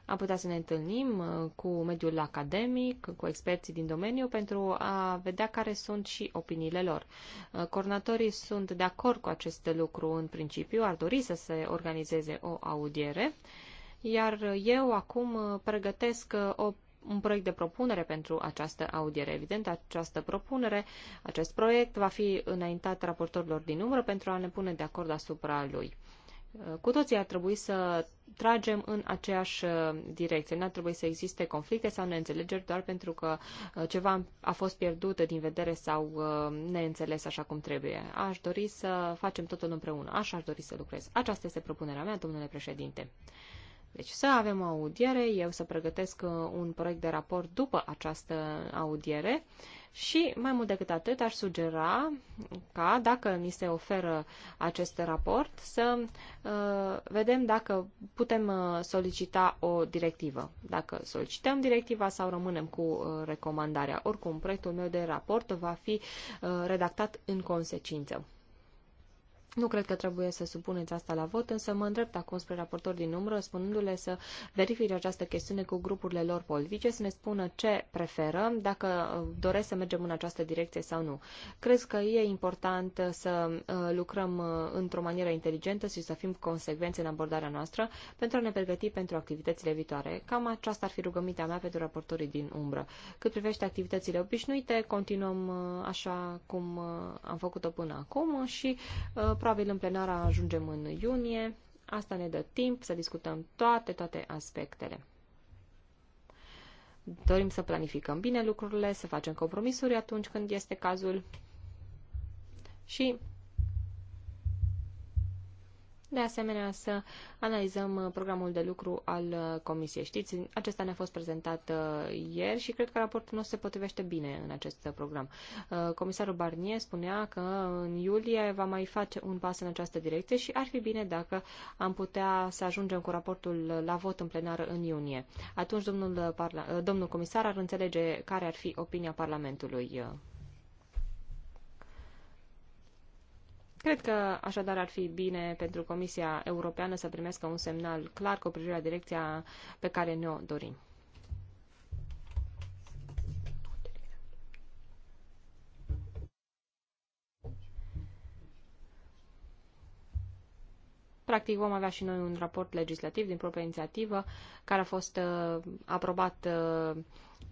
Am putea să ne întâlnim uh, cu mediul academic, cu experții din domeniu, pentru a vedea care sunt și opiniile lor. Uh, coordonatorii sunt de acord cu acest lucru în principiu, ar dori să se organizeze o audiere, iar eu acum uh, pregătesc o un proiect de propunere pentru această audiere. Evident, această propunere, acest proiect va fi înaintat raportorilor din umbră pentru a ne pune de acord asupra lui. Cu toții ar trebui să tragem în aceeași uh, direcție. N-ar trebui să existe conflicte sau neînțelegeri doar pentru că uh, ceva a fost pierdută din vedere sau uh, neînțeles așa cum trebuie. Aș dori să facem totul împreună. Așa aș dori să lucrez. Aceasta este propunerea mea, domnule președinte. Deci să avem o audiere, eu să pregătesc uh, un proiect de raport după această audiere și mai mult decât atât aș sugera ca dacă ni se oferă acest raport să uh, vedem dacă putem uh, solicita o directivă. Dacă solicităm directiva sau rămânem cu uh, recomandarea. Oricum, proiectul meu de raport va fi uh, redactat în consecință. Nu cred că trebuie să supuneți asta la vot, însă mă îndrept acum spre raportori din umbră, spunându le să verifice această chestiune cu grupurile lor politice, să ne spună ce preferă, dacă uh, doresc să mergem în această direcție sau nu. Cred că e important să uh, lucrăm uh, într-o manieră inteligentă și să fim consecvenți în abordarea noastră pentru a ne pregăti pentru activitățile viitoare. Cam aceasta ar fi rugămintea mea pentru raportorii din umbră. Cât privește activitățile obișnuite, continuăm așa cum am făcut-o până acum și Probabil în plenara ajungem în iunie. Asta ne dă timp să discutăm toate, toate aspectele. Dorim să planificăm bine lucrurile, să facem compromisuri atunci când este cazul și de asemenea să analizăm uh, programul de lucru al uh, Comisiei. Știți, acesta ne-a fost prezentat uh, ieri și cred că raportul nostru se potrivește bine în acest program. Comisarul Barnier spunea că în iulie va mai face un pas în această direcție și ar fi bine dacă am putea să ajungem cu raportul la vot în plenară în iunie. Atunci domnul, parla- domnul comisar ar înțelege care ar fi opinia Parlamentului Cred că așadar ar fi bine pentru Comisia Europeană să primească un semnal clar cu privire la direcția pe care ne-o dorim. Practic vom avea și noi un raport legislativ din propria inițiativă care a fost uh, aprobat uh,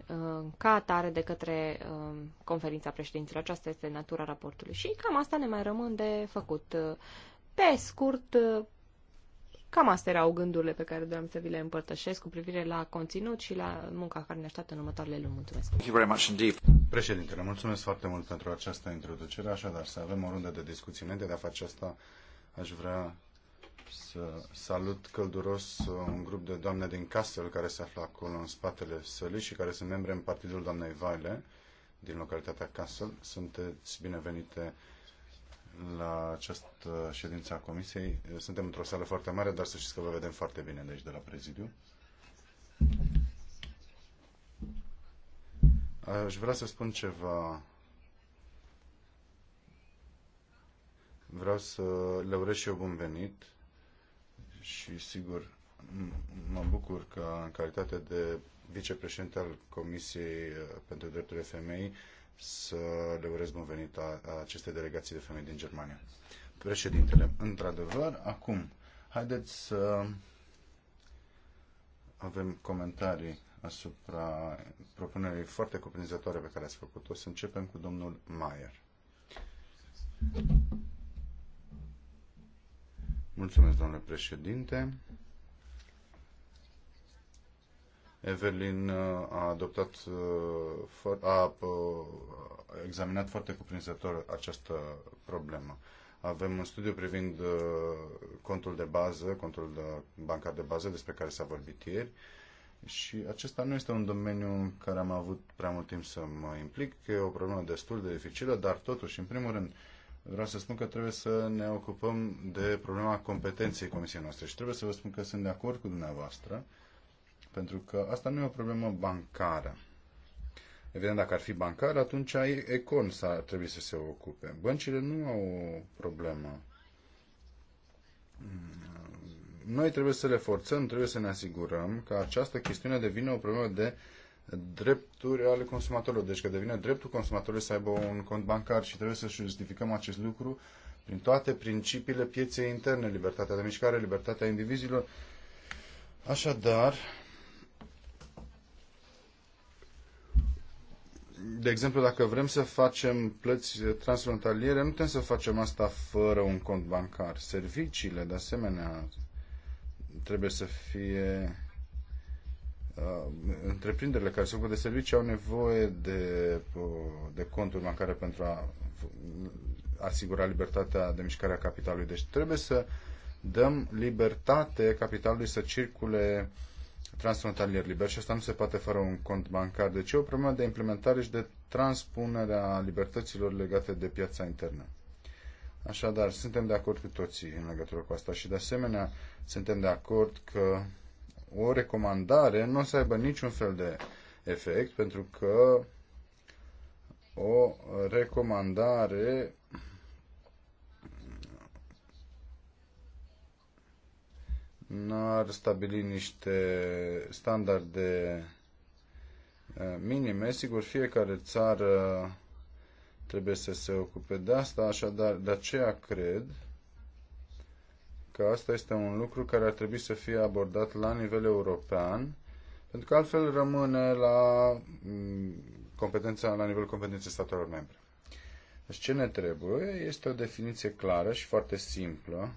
Uh, ca atare de către uh, conferința președinților. Aceasta este natura raportului. Și cam asta ne mai rămân de făcut. Uh, pe scurt, cam astea erau gândurile pe care doream să vi le împărtășesc cu privire la conținut și la munca care ne așteaptă în următoarele luni. Mulțumesc! Thank you very much indeed. Președintele, mulțumesc foarte mult pentru această introducere. Așadar, să avem o rundă de discuții înainte de a face asta. Aș vrea să salut călduros uh, un grup de doamne din Castel care se află acolo în spatele sălii și care sunt membre în partidul doamnei Vaile din localitatea Castel. Sunteți binevenite la această ședință a comisiei. Suntem într-o sală foarte mare, dar să știți că vă vedem foarte bine de aici, de la prezidiu. Aș vrea să spun ceva Vreau să le urez și eu bun venit și sigur mă bucur că în calitate de vicepreședinte al Comisiei uh, pentru Drepturile Femei să le urez bun venit a, a acestei delegații de femei din Germania. Președintele, într-adevăr, acum, haideți să avem comentarii asupra propunerii foarte cuprinzătoare pe care ați făcut-o. Să începem cu domnul Maier. Mulțumesc, domnule președinte. Evelyn uh, a adoptat, uh, uh, a examinat foarte cuprinzător această problemă. Avem un studiu privind contul de bază, contul de bancar de bază despre care s-a vorbit ieri și acesta nu este un domeniu în care am avut prea mult timp să mă implic. E o problemă destul de dificilă, dar totuși, în primul rând, vreau să spun că trebuie să ne ocupăm de problema competenței comisiei noastre și trebuie să vă spun că sunt de acord cu dumneavoastră, pentru că asta nu e o problemă bancară. Evident, dacă ar fi bancar, atunci Econ ar trebui să se ocupe. Băncile nu au o problemă. Noi trebuie să le forțăm, trebuie să ne asigurăm că această chestiune devine o problemă de uh, drepturi ale consumatorilor. Deci că devine dreptul consumatorului să aibă un cont bancar și trebuie să justificăm acest lucru prin toate principiile pieței interne, libertatea de mișcare, libertatea indivizilor. Așadar, de exemplu, dacă vrem să facem plăți transfrontaliere, nu putem să facem asta fără un cont bancar. Serviciile, de asemenea, trebuie să fie Uh, întreprinderile care se ocupă de servicii au nevoie de, uh, de conturi bancare pentru a asigura libertatea de mișcare a capitalului. Deci trebuie să dăm libertate capitalului să circule transfrontalier liber și asta nu se poate fără un cont bancar. Deci e o problemă de implementare și de transpunerea libertăților legate de piața internă. Așadar, suntem de acord cu toții în legătură cu asta și de asemenea suntem de acord că o recomandare nu o să aibă niciun fel de efect, pentru că o recomandare n-ar stabili niște standarde minime. Sigur, fiecare țară trebuie să se ocupe de asta, așadar, de aceea cred că asta este un lucru care ar trebui să fie abordat la nivel european, pentru că altfel rămâne la mm, competența, la nivelul competenței statelor membre. Deci ce ne trebuie este o definiție clară și foarte simplă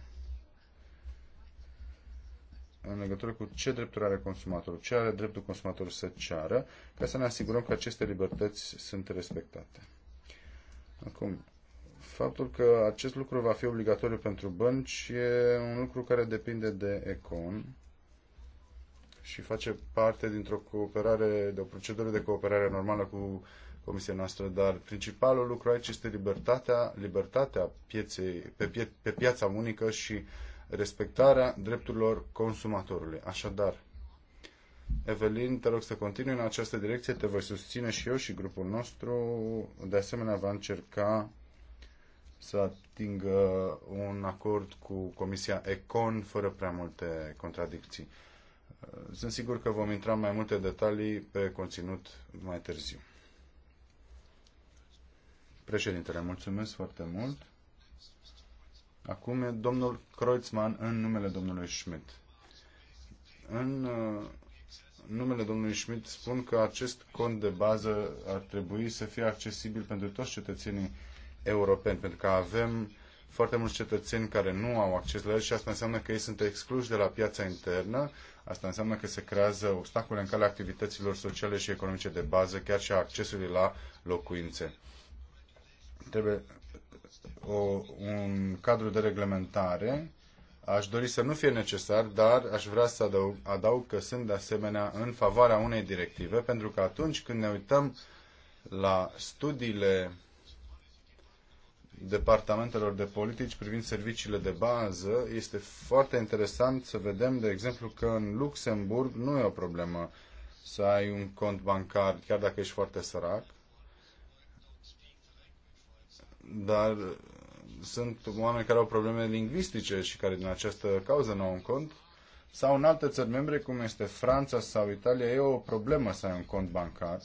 în legătură cu ce drepturi are consumatorul, ce are dreptul consumatorului să ceară, ca să ne asigurăm că aceste libertăți sunt respectate. Acum, faptul că acest lucru va fi obligatoriu pentru bănci e un lucru care depinde de Econ și face parte dintr-o cooperare, de o procedură de cooperare normală cu comisia noastră, dar principalul lucru aici este libertatea, libertatea pieței, pe, pie, pe piața unică și respectarea drepturilor consumatorului. Așadar, Evelin, te rog să continui în această direcție, te voi susține și eu și grupul nostru. De asemenea, va încerca să atingă un acord cu Comisia Econ fără prea multe contradicții. Sunt sigur că vom intra mai multe detalii pe conținut mai târziu. Președintele, mulțumesc foarte mult. Acum e domnul Kreutzmann în numele domnului Schmidt. În uh, numele domnului Schmidt spun că acest cont de bază ar trebui să fie accesibil pentru toți cetățenii europeni, pentru că avem foarte mulți cetățeni care nu au acces la el și asta înseamnă că ei sunt excluși de la piața internă, asta înseamnă că se creează obstacole în calea activităților sociale și economice de bază, chiar și a accesului la locuințe. Trebuie o, un cadru de reglementare. Aș dori să nu fie necesar, dar aș vrea să adaug, adaug că sunt de asemenea în favoarea unei directive, pentru că atunci când ne uităm la studiile departamentelor de politici privind serviciile de bază, este foarte interesant să vedem, de exemplu, că în Luxemburg nu e o problemă să ai un cont bancar, chiar dacă ești foarte sărac, dar sunt oameni care au probleme lingvistice și care din această cauză nu au un cont, sau în alte țări membre, cum este Franța sau Italia, e o problemă să ai un cont bancar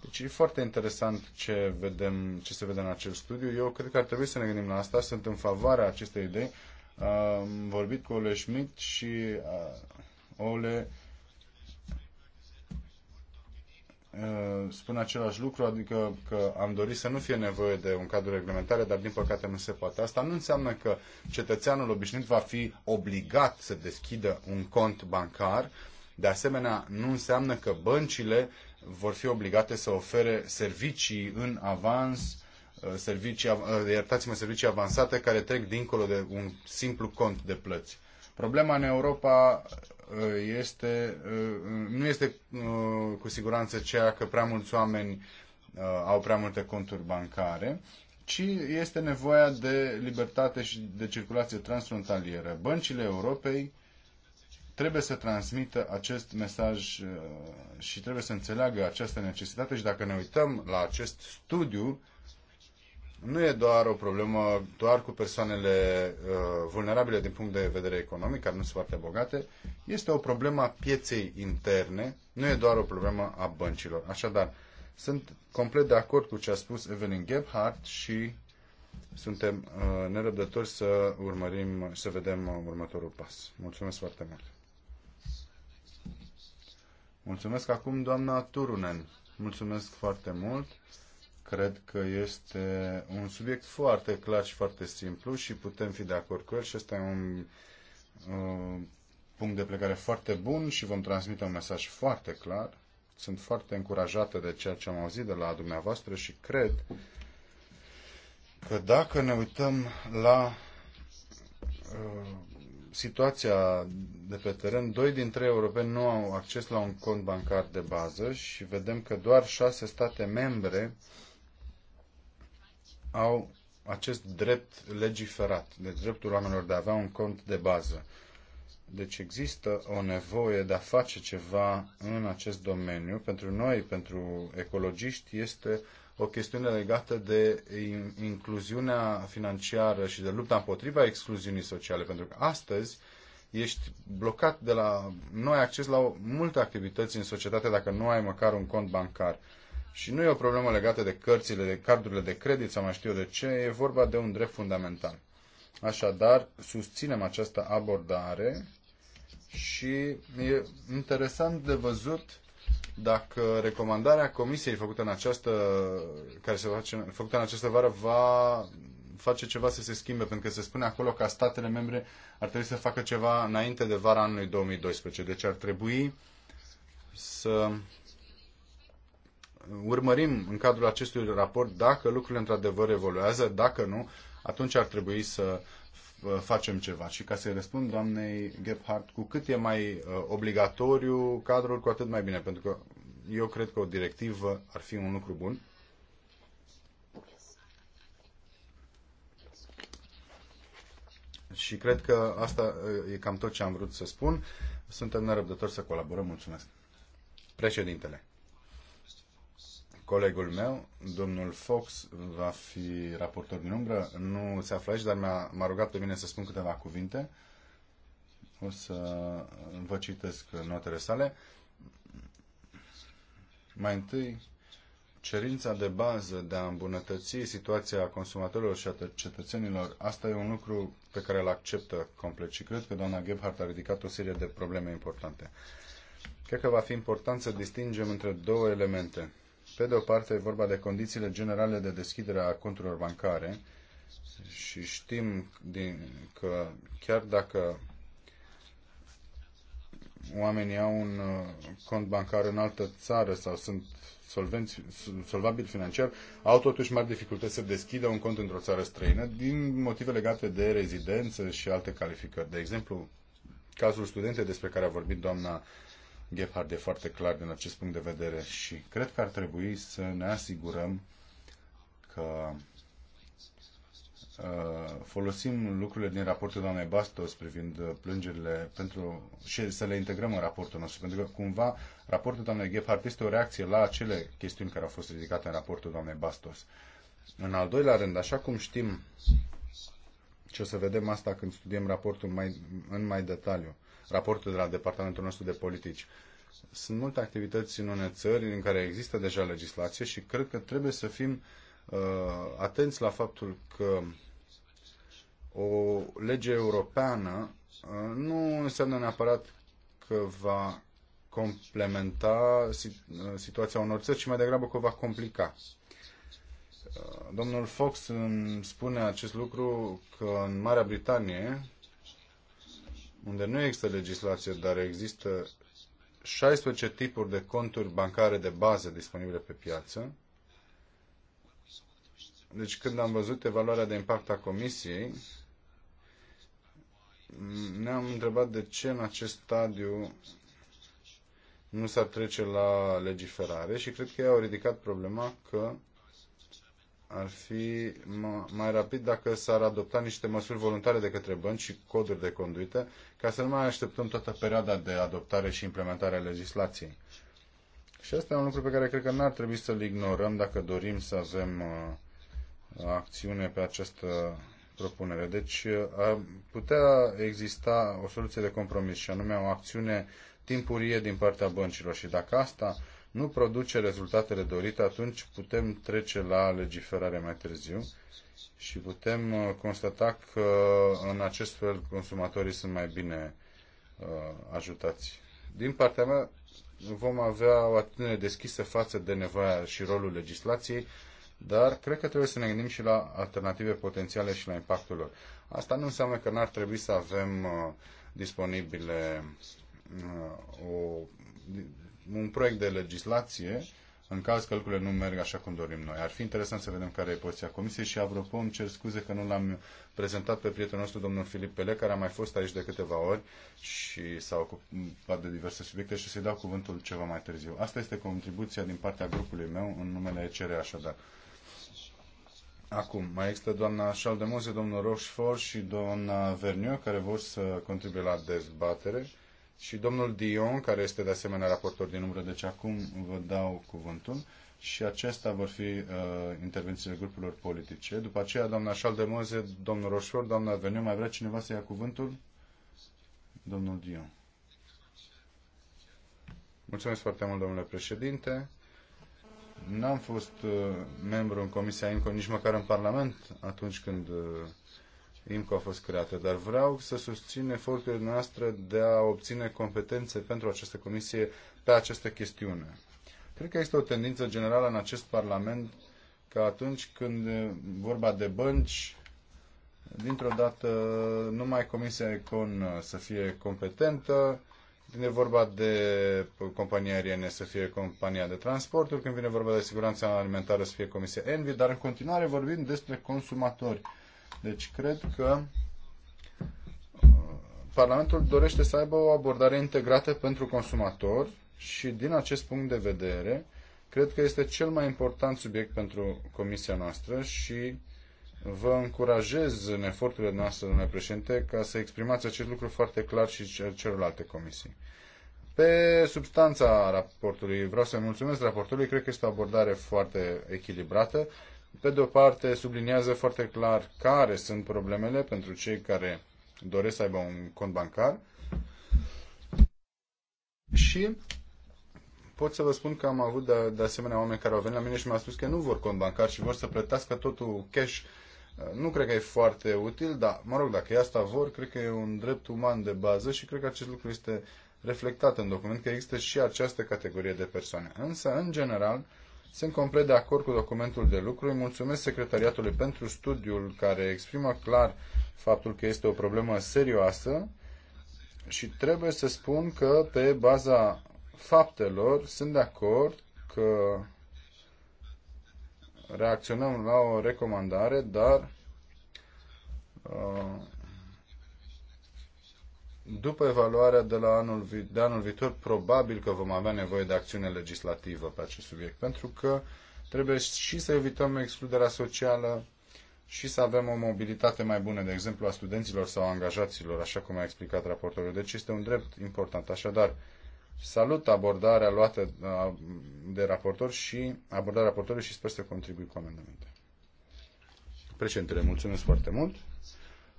deci e foarte interesant ce, vedem, ce se vede în acel studiu. Eu cred că ar trebui să ne gândim la asta. Sunt în favoarea acestei idei. Am vorbit cu Ole Schmidt și uh, Ole uh, spun același lucru, adică că am dorit să nu fie nevoie de un cadru reglementar, dar din păcate nu se poate. Asta nu înseamnă că cetățeanul obișnuit va fi obligat să deschidă un cont bancar. De asemenea, nu înseamnă că băncile vor fi obligate să ofere servicii în avans, uh, servicii, uh, iertați-mă, servicii avansate care trec dincolo de un simplu cont de plăți. Problema în Europa uh, este, nu este cu siguranță ceea că prea mulți oameni au prea multe conturi bancare, ci este nevoia de libertate și de circulație transfrontalieră. Băncile Europei trebuie să transmită acest mesaj uh, și trebuie să înțeleagă această necesitate și dacă ne uităm la acest studiu, nu e doar o problemă doar cu persoanele uh, vulnerabile din punct de vedere economic, care nu sunt foarte bogate, este o problemă a pieței interne, nu e doar o problemă a băncilor. Așadar, sunt complet de acord cu ce a spus Evelyn Gebhardt și suntem uh, nerăbdători să urmărim, să vedem următorul pas. Mulțumesc foarte mult! Mulțumesc acum doamna Turunen. Mulțumesc foarte mult. Cred că este un subiect foarte clar și foarte simplu și putem fi de acord cu el și este un uh, punct de plecare foarte bun și vom transmite un mesaj foarte clar. Sunt foarte încurajată de ceea ce am auzit de la dumneavoastră și cred că dacă ne uităm la uh, situația de pe teren, doi din trei europeni nu au acces la un cont bancar de bază și vedem că doar șase state membre au acest drept legiferat, deci dreptul oamenilor de a avea un cont de bază. Deci există o nevoie de a face ceva în acest domeniu. Pentru noi, pentru ecologiști, este o chestiune legată de incluziunea financiară și de lupta împotriva excluziunii sociale, pentru că astăzi ești blocat de la... nu ai acces la multe activități în societate dacă nu ai măcar un cont bancar. Și nu e o problemă legată de cărțile, de cardurile de credit sau mai știu eu de ce, e vorba de un drept fundamental. Așadar, susținem această abordare și e interesant de văzut dacă recomandarea comisiei făcută în această, care se face, făcută în această vară va face ceva să se schimbe, pentru că se spune acolo că statele membre ar trebui să facă ceva înainte de vara anului 2012. Deci ar trebui să urmărim în cadrul acestui raport dacă lucrurile într-adevăr evoluează, dacă nu, atunci ar trebui să facem ceva. Și ca să-i răspund doamnei Gebhardt, cu cât e mai uh, obligatoriu cadrul, cu atât mai bine, pentru că eu cred că o directivă ar fi un lucru bun. Și cred că asta uh, e cam tot ce am vrut să spun. Suntem nerăbdători să colaborăm. Mulțumesc. Președintele. Colegul meu, domnul Fox, va fi raportor din umbră. Nu se află aici, dar m-a, m-a rugat pe mine să spun câteva cuvinte. O să vă citesc notele sale. Mai întâi, cerința de bază de a îmbunătăți situația consumatorilor și a cetățenilor, asta e un lucru pe care îl acceptă complet și cred că doamna Gebhardt a ridicat o serie de probleme importante. Cred că va fi important să distingem între două elemente. Pe de o parte, e vorba de condițiile generale de deschidere a conturilor bancare și știm din, că chiar dacă oamenii au un uh, cont bancar în altă țară sau sunt solvenți, solvabil financiar, au totuși mari dificultăți să deschidă un cont într-o țară străină din motive legate de rezidență și alte calificări. De exemplu, cazul studentei despre care a vorbit doamna Gephardt e foarte clar din acest punct de vedere și cred că ar trebui să ne asigurăm că uh, folosim lucrurile din raportul doamnei Bastos privind plângerile pentru, și să le integrăm în raportul nostru, pentru că cumva raportul doamnei Gephardt este o reacție la acele chestiuni care au fost ridicate în raportul doamnei Bastos. În al doilea rând, așa cum știm, și o să vedem asta când studiem raportul mai, în mai detaliu, raportul de la departamentul nostru de politici. Sunt multe activități în unele țări în care există deja legislație și cred că trebuie să fim uh, atenți la faptul că o lege europeană uh, nu înseamnă neapărat că va complementa uh, situația unor țări, ci mai degrabă că o va complica. Uh, domnul Fox îmi spune acest lucru că în Marea Britanie unde nu există legislație, dar există 16 tipuri de conturi bancare de bază disponibile pe piață. Deci când am văzut evaluarea de impact a comisiei, ne-am întrebat de ce în acest stadiu nu s-ar trece la legiferare și cred că ei au ridicat problema că ar fi mai rapid dacă s-ar adopta niște măsuri voluntare de către bănci și coduri de conduită, ca să nu mai așteptăm toată perioada de adoptare și implementare a legislației. Și asta e un lucru pe care cred că n-ar trebui să-l ignorăm dacă dorim să avem uh, acțiune pe această propunere. Deci uh, ar putea exista o soluție de compromis și anume o acțiune timpurie din partea băncilor și dacă asta nu produce rezultatele dorite, atunci putem trece la legiferare mai târziu și putem uh, constata că uh, în acest fel consumatorii sunt mai bine uh, ajutați. Din partea mea vom avea o atitudine deschisă față de nevoia și rolul legislației, dar cred că trebuie să ne gândim și la alternative potențiale și la impactul lor. Asta nu înseamnă că n-ar trebui să avem uh, disponibile uh, o un proiect de legislație în caz că lucrurile nu merg așa cum dorim noi. Ar fi interesant să vedem care e poziția Comisiei și, apropo, îmi cer scuze că nu l-am prezentat pe prietenul nostru, domnul Filip Pele, care a mai fost aici de câteva ori și s-a ocupat de diverse subiecte și să-i dau cuvântul ceva mai târziu. Asta este contribuția din partea grupului meu în numele ECR, așadar. Acum, mai există doamna Charles de domnul Rochefort și doamna Verniu, care vor să contribuie la dezbatere și domnul Dion, care este de asemenea raportor din umbră, deci acum vă dau cuvântul și acestea vor fi uh, intervențiile grupurilor politice. După aceea, doamna Șaldemoze, domnul Roșor, doamna Veniu, mai vrea cineva să ia cuvântul? Domnul Dion. Mulțumesc foarte mult, domnule președinte. N-am fost uh, membru în Comisia INCO, nici măcar în Parlament, atunci când uh, IMCO a fost creată, dar vreau să susțin eforturile noastre de a obține competențe pentru această comisie pe această chestiune. Cred că este o tendință generală în acest Parlament că atunci când vorba de bănci, dintr-o dată numai Comisia Econ să fie competentă, când e vorba de compania aeriene să fie compania de transporturi, când vine vorba de siguranța alimentară să fie Comisia Envi, dar în continuare vorbim despre consumatori. Deci cred că uh, Parlamentul dorește să aibă o abordare integrată pentru consumator și din acest punct de vedere cred că este cel mai important subiect pentru comisia noastră și vă încurajez în eforturile noastre, domnule președinte, ca să exprimați acest lucru foarte clar și celorlalte comisii. Pe substanța raportului, vreau să mulțumesc raportului, cred că este o abordare foarte echilibrată. Pe de o parte, subliniază foarte clar care sunt problemele pentru cei care doresc să aibă un cont bancar și pot să vă spun că am avut de, de asemenea oameni care au venit la mine și mi-au spus că nu vor cont bancar și vor să plătească totul cash. Nu cred că e foarte util, dar, mă rog, dacă e asta vor, cred că e un drept uman de bază și cred că acest lucru este reflectat în document, că există și această categorie de persoane. Însă, în general, sunt complet de acord cu documentul de lucru. Îi mulțumesc secretariatului pentru studiul care exprimă clar faptul că este o problemă serioasă și trebuie să spun că pe baza faptelor sunt de acord că reacționăm la o recomandare, dar uh, după evaluarea de, la anul, de anul viitor, probabil că vom avea nevoie de acțiune legislativă pe acest subiect, pentru că trebuie și să evităm excluderea socială și să avem o mobilitate mai bună, de exemplu, a studenților sau a angajaților, așa cum a explicat raportorul. Deci este un drept important. Așadar, salut abordarea luată uh, de raportor și abordarea raportorului și sper să contribui cu amendamente. Președintele, mulțumesc foarte mult.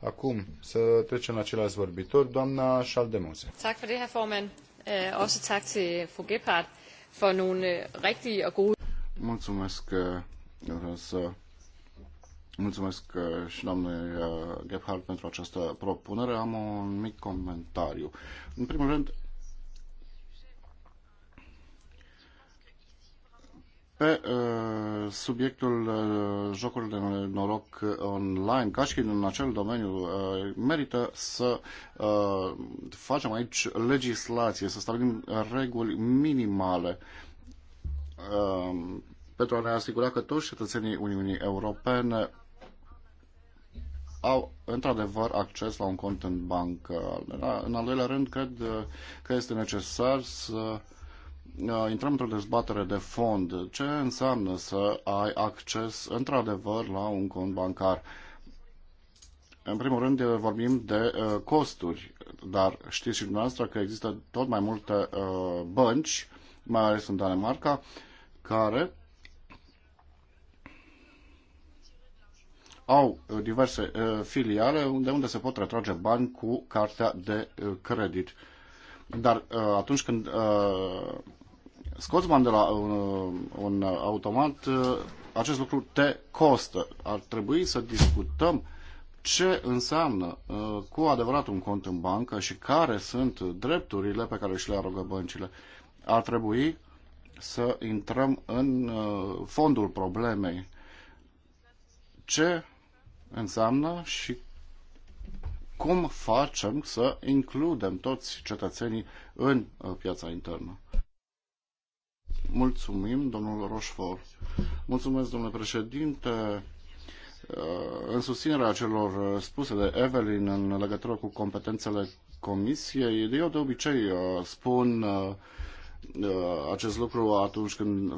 Acum să trecem la ceilalți vorbitori, doamna Șaldemose. Tak for det, herr formand. Eh, også tak til fru Gebhardt for nogle eh, rigtige og gode... Mulțumesc, eh, vreau să Mulțumesc și doamnei Gebhardt pentru această propunere. Am un mic comentariu. În primul rând, pe uh, subiectul uh, jocurilor de noroc online, ca și în acel domeniu, uh, merită să uh, facem aici legislație, să stabilim reguli minimale uh, pentru a ne asigura că toți cetățenii Uniunii Europene au într-adevăr acces la un cont în bancă. În al doilea rând, cred uh, că este necesar să uh, Uh, intrăm într-o dezbatere de fond. Ce înseamnă să ai acces într-adevăr la un cont bancar? În primul rând uh, vorbim de uh, costuri, dar știți și dumneavoastră că există tot mai multe bănci, mai ales în Danemarca, care au diverse filiale unde, unde se pot retrage bani cu cartea de credit. Dar atunci când scoți bani de la un, un automat, acest lucru te costă. Ar trebui să discutăm ce înseamnă uh, cu adevărat un cont în bancă și care sunt drepturile pe care își le arogă băncile. Ar trebui să intrăm în uh, fondul problemei. Ce înseamnă și cum facem să includem toți cetățenii în uh, piața internă. Mulțumim, domnul Rochefort. Mulțumesc, domnule președinte. Uh, în susținerea celor spuse de Evelyn în legătură cu competențele comisiei, eu de obicei uh, spun uh, acest lucru atunci când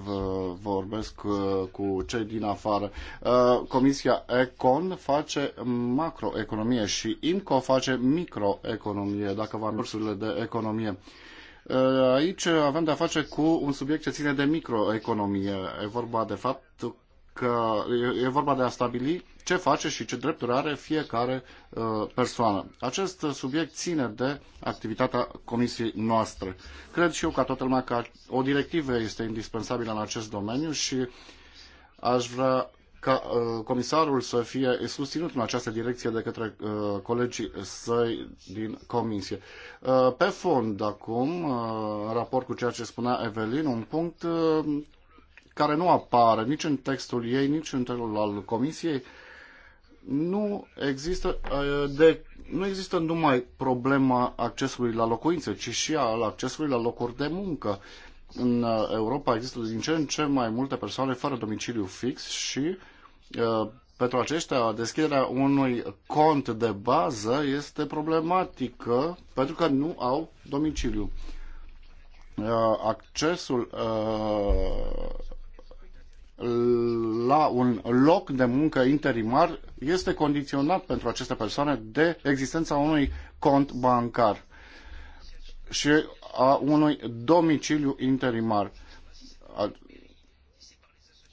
vorbesc cu cei din afară. Comisia Econ face macroeconomie și IMCO face microeconomie, dacă v-am cursurile de economie. Eh, aici avem de-a face cu un subiect ce ține de microeconomie. E vorba de fapt că e vorba de a stabili ce face și ce drepturi are fiecare eh, persoană. Acest subiect ține de activitatea comisiei noastre. Cred și eu ca toată lumea că o directivă este indispensabilă în acest domeniu și aș vrea ca uh, comisarul să fie susținut în această direcție de către uh, colegii săi din comisie. Uh, pe fond, acum, în raport cu ceea ce spunea Evelin, un punct care nu apare nici în textul ei, nici în textul al comisiei, nu există, de, nu există numai problema accesului la locuințe, ci și al accesului la locuri de muncă. În Europa există din ce în ce mai multe persoane fără domiciliu fix și Uh, pentru aceștia deschiderea unui cont de bază este problematică pentru că nu au domiciliu. Uh, accesul uh, la un loc de muncă interimar este condiționat pentru aceste persoane de existența unui cont bancar și a unui domiciliu interimar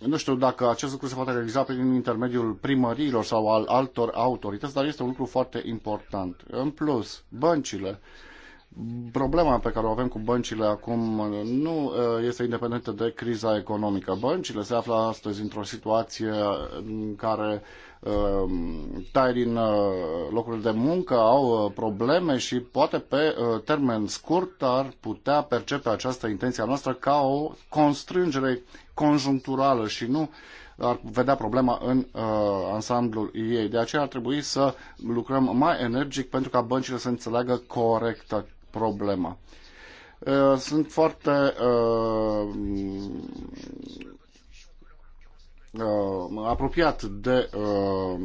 nu știu dacă acest lucru se poate realiza prin intermediul primăriilor sau al altor autorități, dar este un lucru foarte important. În plus, băncile. Problema pe care o avem cu băncile acum nu uh, este independentă de criza economică. Băncile se află astăzi într-o situație în care uh, Ehm, tai din eh, locurile de muncă au eh, probleme și poate pe eh, termen scurt ar putea percepe această intenția a noastră ca o constrângere conjuncturală și nu ar vedea problema în uh, ansamblul ei. De aceea ar trebui să lucrăm mai energic pentru ca băncile să înțeleagă corect problema. Uh, sunt foarte uh, uh, apropiat de uh,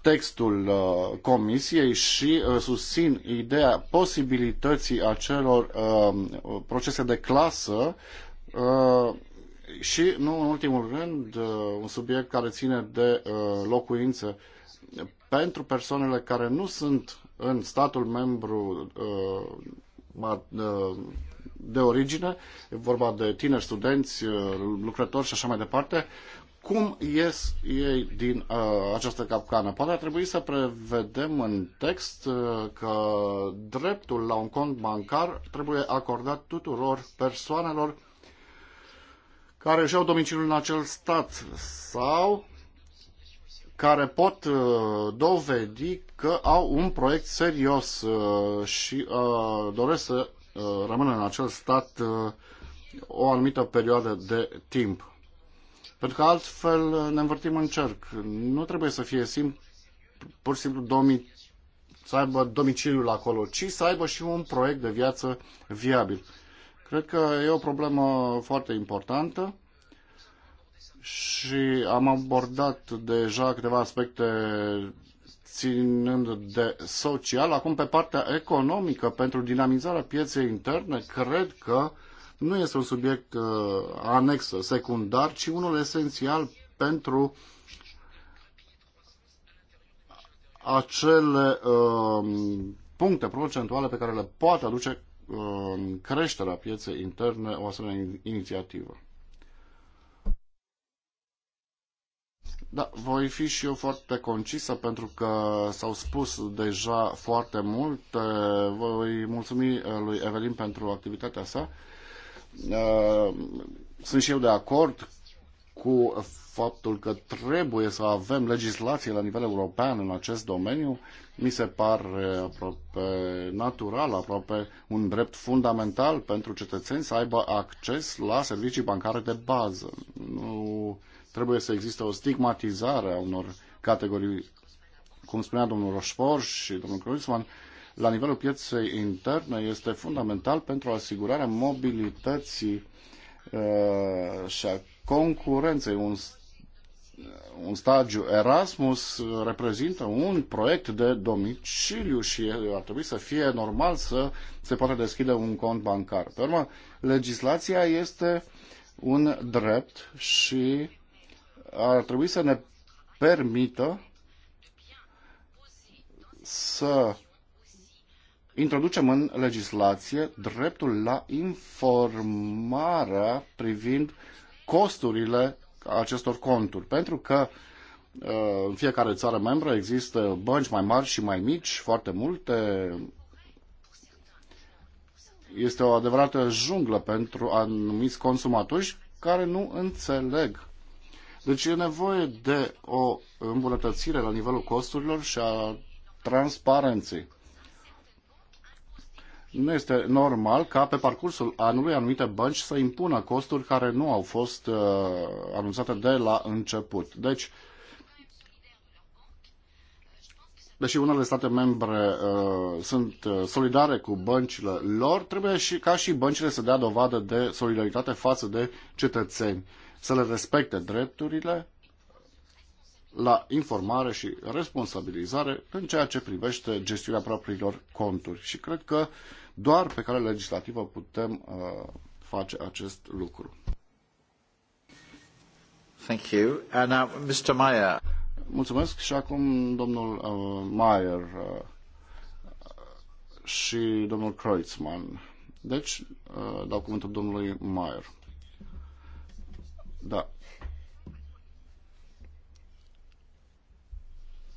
textul uh, comisiei și uh, susțin ideea posibilității acelor uh, procese de clasă uh, și, nu în ultimul rând, uh, un subiect care ține de uh, locuințe pentru persoanele care nu sunt în statul membru uh, uh de origine, e vorba de tineri studenți, uh, lucrători și așa mai departe, cum ies ei din uh, această capcană. Poate ar trebui să prevedem în text uh, că dreptul la un cont bancar trebuie acordat tuturor persoanelor care își au domiciliul în acel stat sau care pot uh, dovedi că au un proiect serios uh, și uh, doresc să Uh, rămână în acel stat uh, o anumită perioadă de timp. Pentru că altfel uh, ne învârtim în cerc. Nu trebuie să fie simplu, pur și simplu domi, să aibă domiciliul acolo, ci să aibă și un proiect de viață viabil. Cred că e o problemă foarte importantă și am abordat deja câteva aspecte ținând de social. Acum, pe partea economică, pentru dinamizarea pieței interne, cred că nu este un subiect uh, anex, secundar, ci unul esențial pentru acele uh, puncte procentuale pe care le poate aduce uh, creșterea pieței interne o asemenea inițiativă. Da, voi fi și eu foarte concisă pentru că s-au spus deja foarte mult. Voi mulțumi uh, lui Evelin pentru activitatea sa. Uh, sunt și eu de acord cu faptul că trebuie să avem legislație la nivel european în acest domeniu. Mi se pare aproape natural, aproape un drept fundamental pentru cetățeni să aibă acces la servicii bancare de bază. Nu trebuie să existe o stigmatizare a unor categorii, cum spunea domnul Roșfor și domnul Croisman, la nivelul pieței interne este fundamental pentru asigurarea mobilității uh, și a concurenței. Un, un stagiu Erasmus uh, reprezintă un proiect de domiciliu și ar trebui să fie normal să se poată deschide un cont bancar. Pe urmă, legislația este un drept și ar trebui să ne permită să introducem în legislație dreptul la informarea privind costurile acestor conturi, pentru că uh, în fiecare țară membră există bănci mai mari și mai mici, foarte multe. Este o adevărată junglă pentru anumiți consumatori care nu înțeleg deci e nevoie de o îmbunătățire la nivelul costurilor și a transparenței. Nu este normal ca pe parcursul anului anumite bănci să impună costuri care nu au fost uh, anunțate de la început. Deci, deși unele state membre uh, sunt uh, solidare cu băncile lor, trebuie și ca și băncile să dea dovadă de solidaritate față de cetățeni. Uh, să le respecte drepturile la informare și responsabilizare în ceea ce privește gestiunea propriilor conturi. Și cred că doar pe cale legislativă putem uh, face acest lucru. Thank you. And now, Mr. Meyer. Mulțumesc și acum domnul uh, Mayer uh, și domnul Kreutzmann. Deci, uh, dau cuvântul domnului Mayer. Da.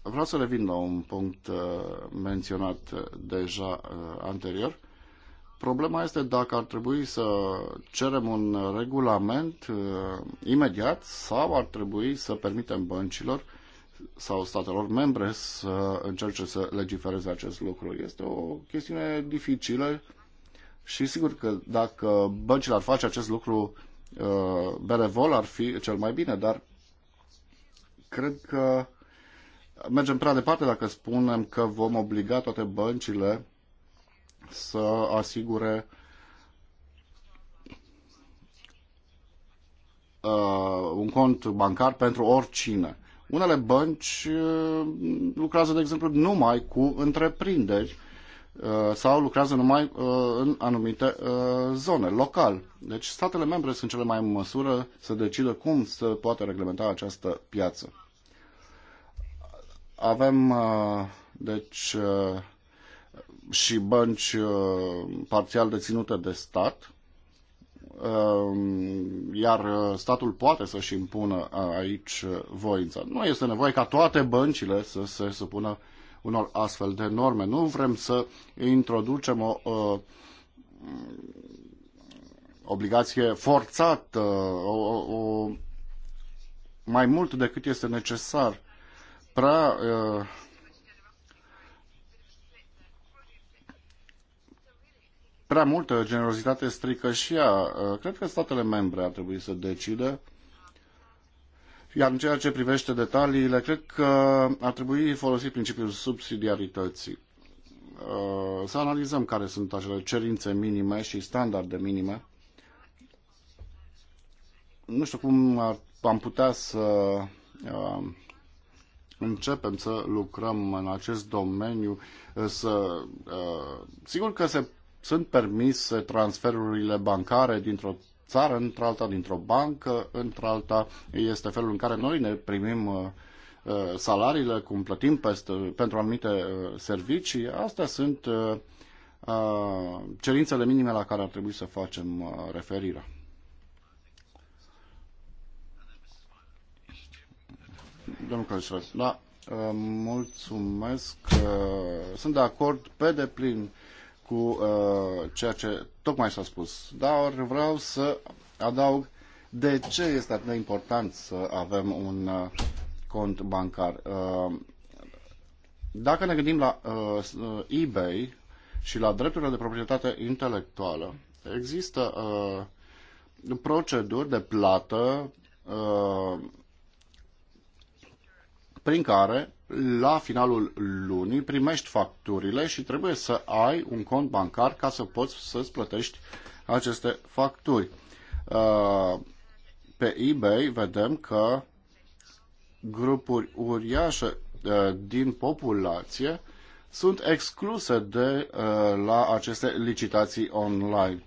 Vreau să revin la un punct uh, menționat uh, deja uh, anterior. Problema este dacă ar trebui să cerem un regulament imediat sau ar trebui să permitem băncilor sau statelor membre să încerce să legifereze acest lucru. Este o chestiune dificilă și sigur că dacă băncile ar face acest lucru Uh, Berevol ar fi cel mai bine, dar cred că mergem prea departe dacă spunem că vom obliga toate băncile să asigure uh, un cont bancar pentru oricine. Unele bănci uh, lucrează, de exemplu, numai cu întreprinderi Uh, sau lucrează numai uh, în anumite uh, zone, local. Deci statele membre sunt cele mai în măsură să decidă cum se poate reglementa această piață. Avem, deci, și bănci parțial deținute de stat, um, iar statul poate să-și impună aici voința. Nu este nevoie ca toate băncile să se supună uh, unor astfel de norme. Nu vrem să introducem o, uh, obligație forțată, o, o, mai mult decât este necesar. Prea, uh, prea multă generozitate strică și ea. Cred că statele membre ar trebui să decide uh, iar în ceea ce privește detaliile, cred că ar trebui folosit principiul subsidiarității. Uh, să analizăm care sunt acele cerințe minime și standarde minime. Nu știu cum ar, am putea să uh, începem să lucrăm în acest domeniu, să, uh, sigur că se, sunt permise transferurile bancare dintr-o țară, într-alta dintr-o bancă, într-alta este felul în care noi ne primim uh, uh, salariile, cum plătim peste, pentru anumite uh, servicii. Astea sunt cerințele minime la care ar trebui să facem referirea. Domnul Călșor, da, mulțumesc. Sunt de acord pe deplin cu ceea ce Tocmai s-a spus. Dar vreau să adaug de ce este atât de important să avem un uh, cont bancar. Uh, dacă ne gândim la uh, eBay și la drepturile de proprietate intelectuală, există proceduri de plată prin care la finalul lunii primești facturile și trebuie să ai un cont bancar ca să poți să-ți plătești aceste facturi. Uh, pe eBay vedem că grupuri uriașe uh, din populație sunt excluse de uh, la aceste licitații online.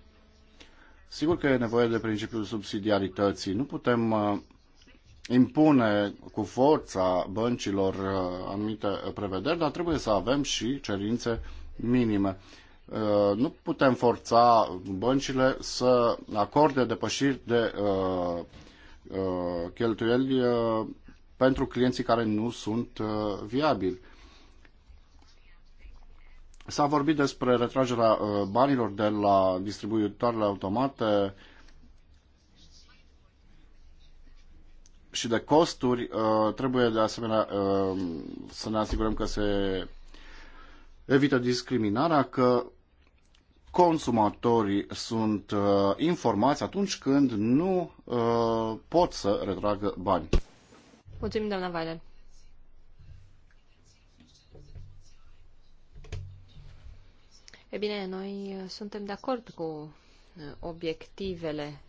Sigur că e nevoie de principiul subsidiarității. Nu putem impune cu forța băncilor uh, anumite prevederi, dar trebuie să avem și cerințe minime. Uh, nu putem forța băncile să acorde depășiri de uh, cheltuieli pentru clienții care nu sunt viabili. S-a vorbit despre retragerea banilor de la distribuitoarele automate, și de costuri, uh, trebuie de asemenea uh, să ne asigurăm că se evită discriminarea, că consumatorii sunt uh, informați atunci când nu uh, pot să retragă bani. Mulțumim, doamna Valen. E bine, noi suntem de acord cu uh, obiectivele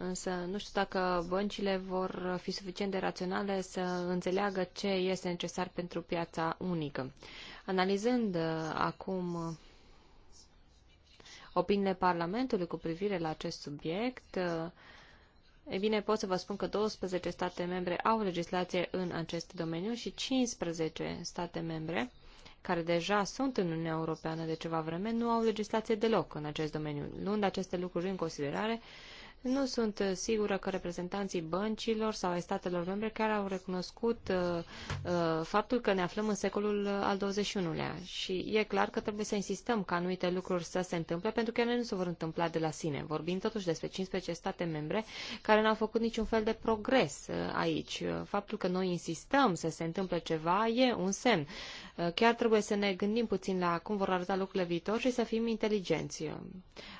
Însă nu știu dacă băncile vor fi suficient de raționale să înțeleagă ce este necesar pentru piața unică. Analizând uh, acum uh, opiniile Parlamentului cu privire la acest subiect, uh, e bine, pot să vă spun că 12 state membre au legislație în acest domeniu și 15 state membre care deja sunt în Uniunea Europeană de ceva vreme, nu au legislație deloc în acest domeniu. Luând aceste lucruri în considerare, uh, nu sunt uh, sigură că reprezentanții băncilor sau ai statelor membre care au recunoscut uh, uh, faptul că ne aflăm în secolul al XXI-lea. Și e clar că trebuie să insistăm ca anumite lucruri să se întâmple, pentru că ele nu se vor întâmpla de la sine. Vorbim totuși despre 15 state membre care n-au făcut niciun fel de progres aici. Faptul că noi insistăm să se întâmple ceva e un semn. Uh, chiar trebuie să ne gândim puțin la cum vor arăta lucrurile viitor și să fim inteligenți.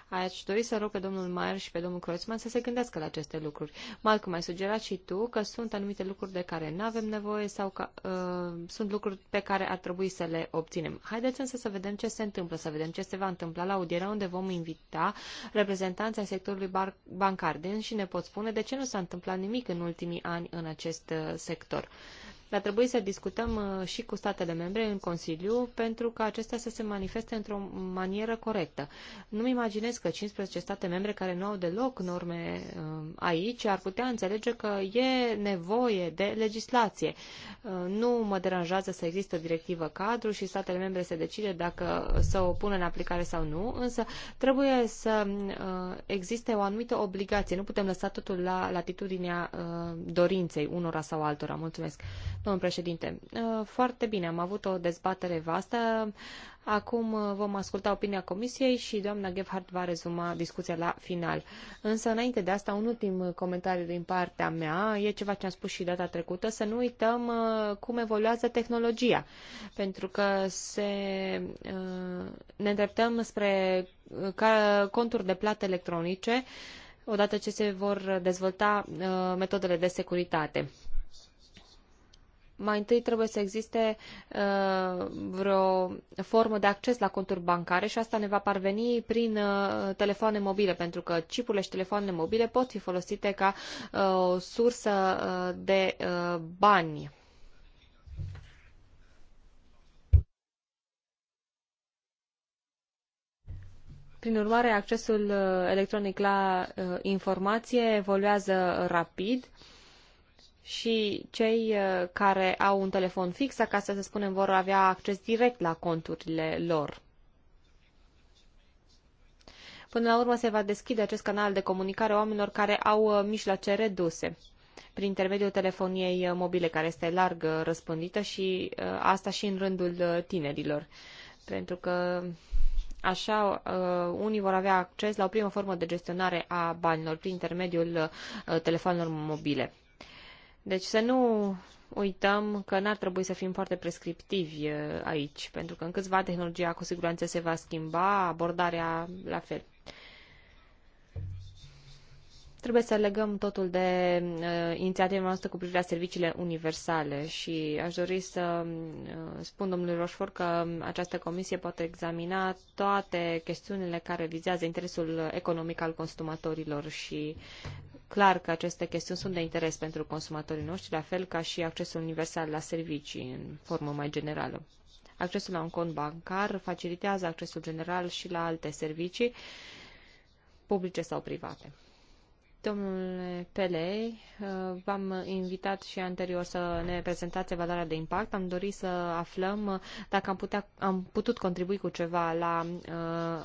Aș dori să rog pe domnul Maier și pe domnul Kreutzmann să se gândească la aceste lucruri. Malcolm, ai sugerat și tu că sunt anumite lucruri de care nu avem nevoie sau că uh, sunt lucruri pe care ar trebui să le obținem. Haideți însă să vedem ce se întâmplă, să vedem ce se va întâmpla la audierea unde vom invita reprezentanții sectorului bar- bancar. Din și ne pot spune de ce nu s-a întâmplat nimic în ultimii ani în acest uh, sector. Uh, Va trebui să discutăm uh, și cu statele membre în Consiliu pentru ca acestea să se manifeste într-o manieră corectă. Nu-mi imaginez că 15 state membre care nu au deloc norme uh, aici ar putea înțelege că e nevoie de legislație. Uh, nu mă deranjează să există o directivă cadru și statele membre se decide dacă să o pună în aplicare sau nu, însă trebuie să existe o anumită obligație. Nu putem lăsa totul la latitudinea dorinței unora sau altora. Mulțumesc. Domnul președinte, uh, foarte bine, am avut o dezbatere vastă. Acum uh, vom asculta opinia comisiei și doamna Gebhardt va rezuma discuția la final. Însă, înainte de asta, un ultim comentariu din partea mea. E ceva ce am spus și data trecută. Să nu uităm uh, cum evoluează tehnologia. Pentru că se, ne îndreptăm spre conturi de plată electronice odată ce se vor dezvolta metodele de securitate mai întâi trebuie să existe uh, vreo formă de acces la conturi bancare și asta ne va parveni prin uh, telefoane mobile, pentru că chipurile și telefoanele mobile pot fi folosite ca uh, o sursă uh, de uh, bani. Prin urmare, accesul uh, electronic la uh, informație evoluează uh, rapid. Uh, și cei uh, care au un telefon fix acasă, să spunem, vor avea acces direct la conturile lor. Până la urmă se va deschide acest canal de comunicare oamenilor care au uh, mijloace reduse prin intermediul telefoniei uh, mobile, care este larg răspândită și asta și în rândul tinerilor. Pentru că Așa, unii vor avea acces la o primă formă de gestionare a banilor prin intermediul telefonelor mobile. Deci să nu uităm că n-ar trebui să fim foarte prescriptivi eh, aici, pentru că în câțiva tehnologia cu siguranță se va schimba, abordarea la fel. Trebuie să legăm totul de uh, inițiativa noastră cu privire la serviciile universale și aș dori să uh, spun domnului Roșfor că această comisie poate examina toate chestiunile care vizează interesul economic al consumatorilor și clar că aceste chestiuni sunt de interes pentru consumatorii noștri, la fel ca și accesul universal la servicii în formă mai generală. Accesul la un cont bancar facilitează accesul general și la alte servicii publice sau private. Domnule Pele, uh, v-am invitat și anterior să ne prezentați evaluarea de impact. Am dorit să aflăm dacă am, putea, am putut contribui cu ceva la uh,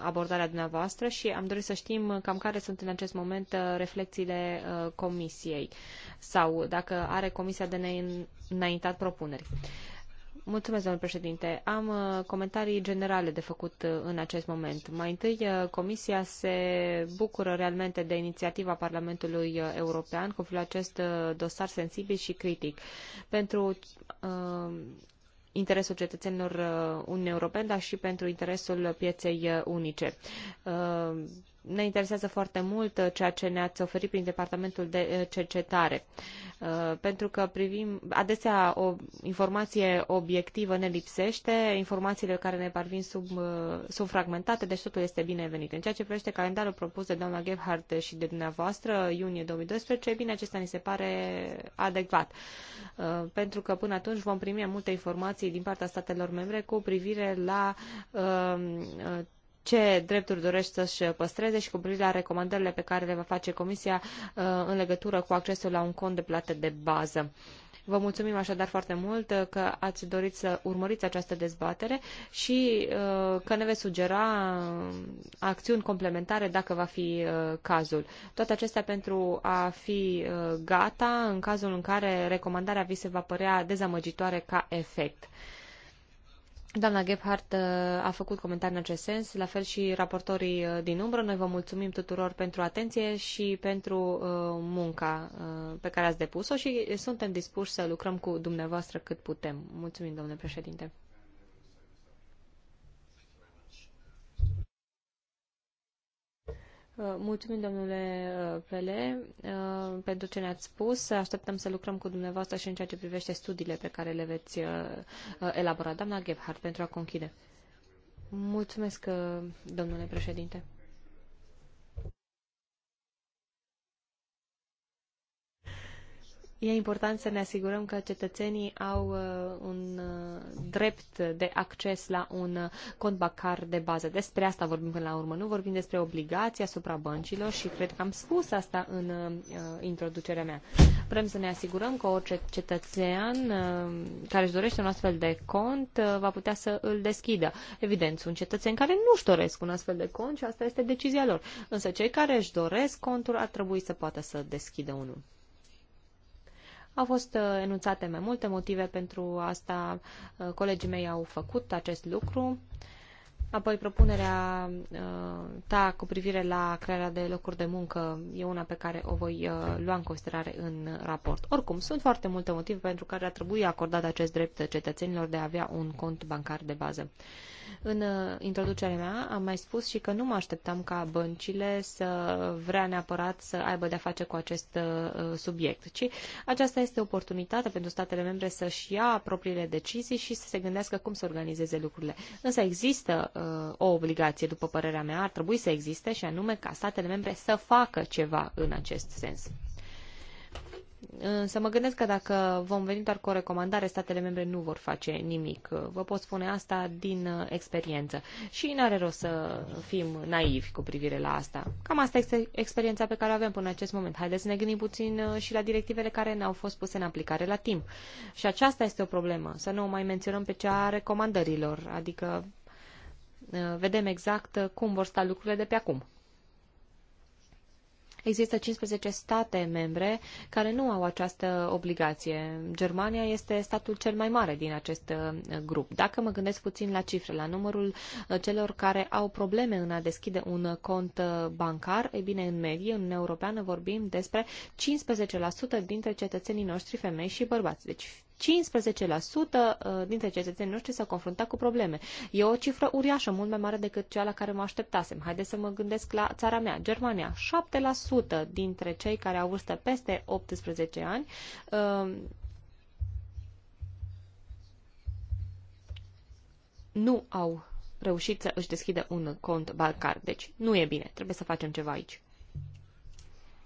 abordarea dumneavoastră și am dorit să știm cam care sunt în acest moment uh, reflexiile comisiei sau dacă are comisia de neînaintat propuneri. Mulțumesc, domnul președinte. Am uh, comentarii generale de făcut uh, în acest moment. Mai întâi, uh, Comisia se bucură realmente de inițiativa Parlamentului European cu acest dosar sensibil și critic. Pentru uh, interesul cetățenilor Uniunii Europene, dar și pentru interesul pieței unice. Uh, ne interesează foarte mult uh, ceea ce ne-ați oferit prin Departamentul de uh, Cercetare, uh, pentru că privim, adesea o informație obiectivă ne lipsește, informațiile care ne parvin sub, sunt fragmentate, deci totul este binevenit. În ceea ce privește calendarul propus de doamna Gebhardt și de dumneavoastră, iunie 2012, bine, acesta ni se pare adecvat, pentru că până atunci vom primi multe informații din partea statelor membre cu privire la ce drepturi dorește să-și păstreze și cu privire la recomandările pe care le va face Comisia uh, în legătură cu accesul la un cont de plată de bază. Vă mulțumim așadar foarte mult uh, că ați dorit să urmăriți această dezbatere și uh, că ne veți sugera acțiuni complementare dacă va fi cazul. Toate acestea pentru a fi gata în cazul în care recomandarea vi se va părea dezamăgitoare ca efect. Doamna Gebhardt uh, a făcut comentarii în acest sens, la fel și raportorii uh, din umbră. Noi vă mulțumim tuturor pentru atenție și pentru uh, munca pe care ați depus-o și suntem dispuși să lucrăm cu dumneavoastră cât putem. Mulțumim, domnule președinte. Uh, mulțumim, domnule uh, Pele, uh, pentru ce ne-ați spus. Așteptăm să lucrăm cu dumneavoastră și în ceea ce privește studiile pe care le veți elabora. Doamna Gebhardt, pentru a conchide. Mulțumesc, domnule președinte. E important să ne asigurăm că cetățenii au uh, un uh, drept de acces la un uh, cont bancar de bază. Despre asta vorbim până la urmă. Nu vorbim despre obligații asupra băncilor și cred că am spus asta în introducerea mea. Vrem să ne asigurăm că orice cetățean care își dorește un astfel de cont va putea să îl deschidă. Evident, sunt cetățeni care nu își doresc un astfel de cont și asta este decizia lor. Însă cei care își doresc contul ar trebui să poată să deschidă unul. Au fost uh, enunțate mai multe motive pentru asta. Uh, colegii mei au făcut acest lucru. Apoi, propunerea uh, ta cu privire la crearea de locuri de muncă e una pe care o voi uh, lua în considerare în raport. Oricum, sunt foarte multe motive pentru care ar trebui acordat acest drept cetățenilor de a avea un cont bancar de bază. În uh, introducerea mea am mai spus și că nu mă așteptam ca băncile să vrea neapărat să aibă de-a face cu acest subiect, ci aceasta este oportunitatea pentru statele membre să-și ia propriile decizii și să se gândească cum să organizeze lucrurile. Însă există o obligație, după părerea mea, ar trebui să existe și anume ca statele membre să facă ceva în acest sens. Însă mă gândesc că dacă vom veni doar cu o recomandare, statele membre nu vor face nimic. Vă pot spune asta din uh, experiență. Și nu are rost să fim naivi cu privire la asta. Cam asta este experiența pe care o avem până în acest moment. Haideți să ne gândim puțin uh, și la directivele care ne-au fost puse în aplicare la timp. Și aceasta este o problemă. Să nu o mai menționăm pe cea a recomandărilor, adică Uh, vedem exact uh, cum vor sta lucrurile de pe acum. Există 15 state membre care nu au această obligație. Germania este statul cel mai mare din acest uh, grup. Dacă mă gândesc puțin la cifre, la numărul celor care au probleme în a deschide un cont bancar, e bine, în medie, în Europeană vorbim despre 15% dintre cetățenii noștri femei și bărbați. Deci 15% uh, dintre cetățenii noștri s-au confruntat cu probleme. E o cifră uriașă, mult mai mare decât cea la care mă așteptasem. Haideți să mă gândesc la țara mea, Germania. 7% dintre cei care au vârstă peste 18 ani uh, nu au reușit să își deschidă un cont bancar. Deci nu e bine, trebuie să facem ceva aici.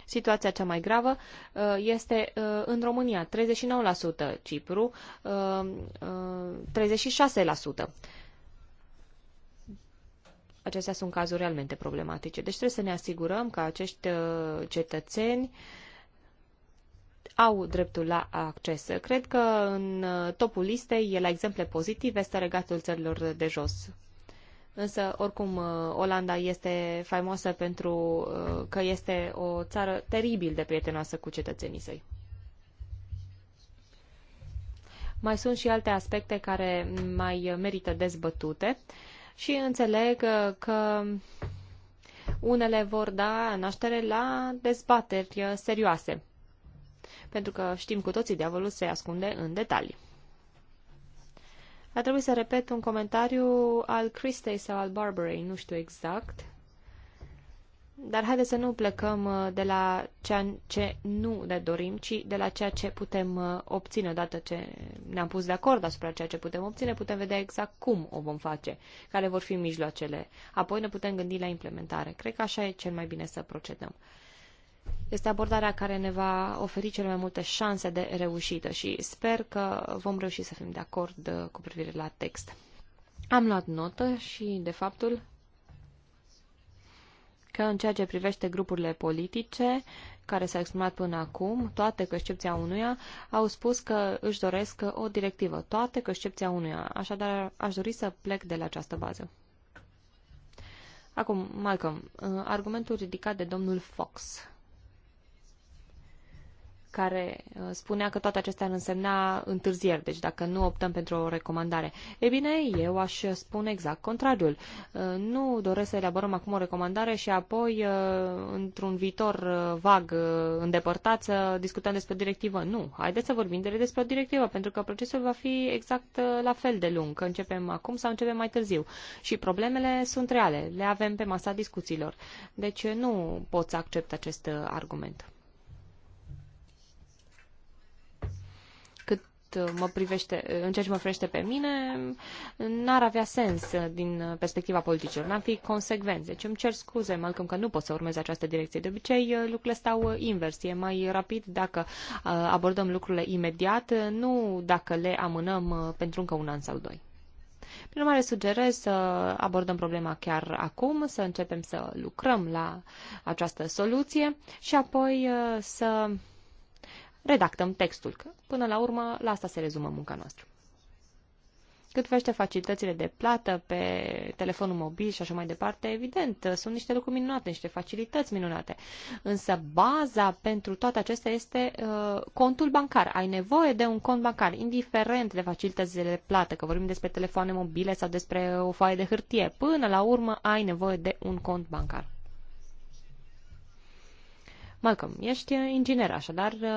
Situația cea mai gravă uh, este uh, în România, 39%, Cipru, 36%. Uh, Acestea sunt cazuri realmente problematice. Deci trebuie să ne asigurăm că acești cetățeni au dreptul la acces. Cred că în topul listei, la exemple pozitive, este regatul țărilor de jos, Însă, oricum, uh, Olanda este faimoasă pentru uh, că este o țară teribil de prietenoasă cu cetățenii săi. Mai sunt și alte aspecte care mai merită dezbătute și înțeleg uh, că unele vor da naștere la dezbateri serioase, pentru că știm cu toții diavolul se ascunde în detalii. A trebuit să repet un comentariu al Christei sau al Barbary, nu știu exact. Dar haideți să nu plecăm uh, de la ceea ce nu ne dorim, ci de la ceea ce putem uh, obține. Odată ce ne-am pus de acord asupra ceea ce putem obține, putem vedea exact cum o vom face, care vor fi mijloacele. Apoi ne putem gândi la implementare. Cred că așa e cel mai bine să procedăm. Este abordarea care ne va oferi cele mai multe șanse de reușită și sper că vom reuși să fim de acord uh, cu privire la text. Am luat notă și de faptul că în ceea ce privește grupurile politice care s-au exprimat până acum, toate cu excepția unuia, au spus că își doresc o directivă, toate cu excepția unuia. Așadar, aș dori să plec de la această bază. Acum, Malcolm, uh, argumentul ridicat de domnul Fox care uh, spunea că toate acestea ar însemna întârzieri, deci dacă nu optăm pentru o recomandare. e bine, eu aș spune exact contrariul. Uh, nu doresc să elaborăm acum o recomandare și apoi, uh, într-un viitor vag, îndepărtat, să discutăm despre o directivă. Nu, haideți să vorbim de despre o directivă, pentru că procesul va fi exact la fel de lung, că începem acum sau începem mai târziu. Și problemele sunt reale, le avem pe masa discuțiilor. Deci nu pot să accept acest argument. mă privește, în ceea ce mă privește pe mine, n-ar avea sens din perspectiva politicilor, n-am fi consecvenți. Deci îmi cer scuze, Malcolm, că nu pot să urmez această direcție. De obicei, eh, lucrurile stau eh, invers. E mai rapid dacă eh, abordăm lucrurile imediat, nu dacă le amânăm pentru încă un an sau doi. Prin urmare, sugerez să abordăm problema chiar acum, să începem să lucrăm la această soluție și apoi să redactăm textul, că până la urmă la asta se rezumă munca noastră. Cât vește facilitățile de plată pe telefonul mobil și așa mai departe, evident, sunt niște lucruri minunate, niște facilități minunate. Însă baza pentru toate acestea este uh, contul bancar. Ai nevoie de un cont bancar, indiferent de facilitățile de plată, că vorbim despre telefoane mobile sau despre o foaie de hârtie. Până la urmă ai nevoie de un cont bancar. Malcolm, ești uh, inginer, așadar uh,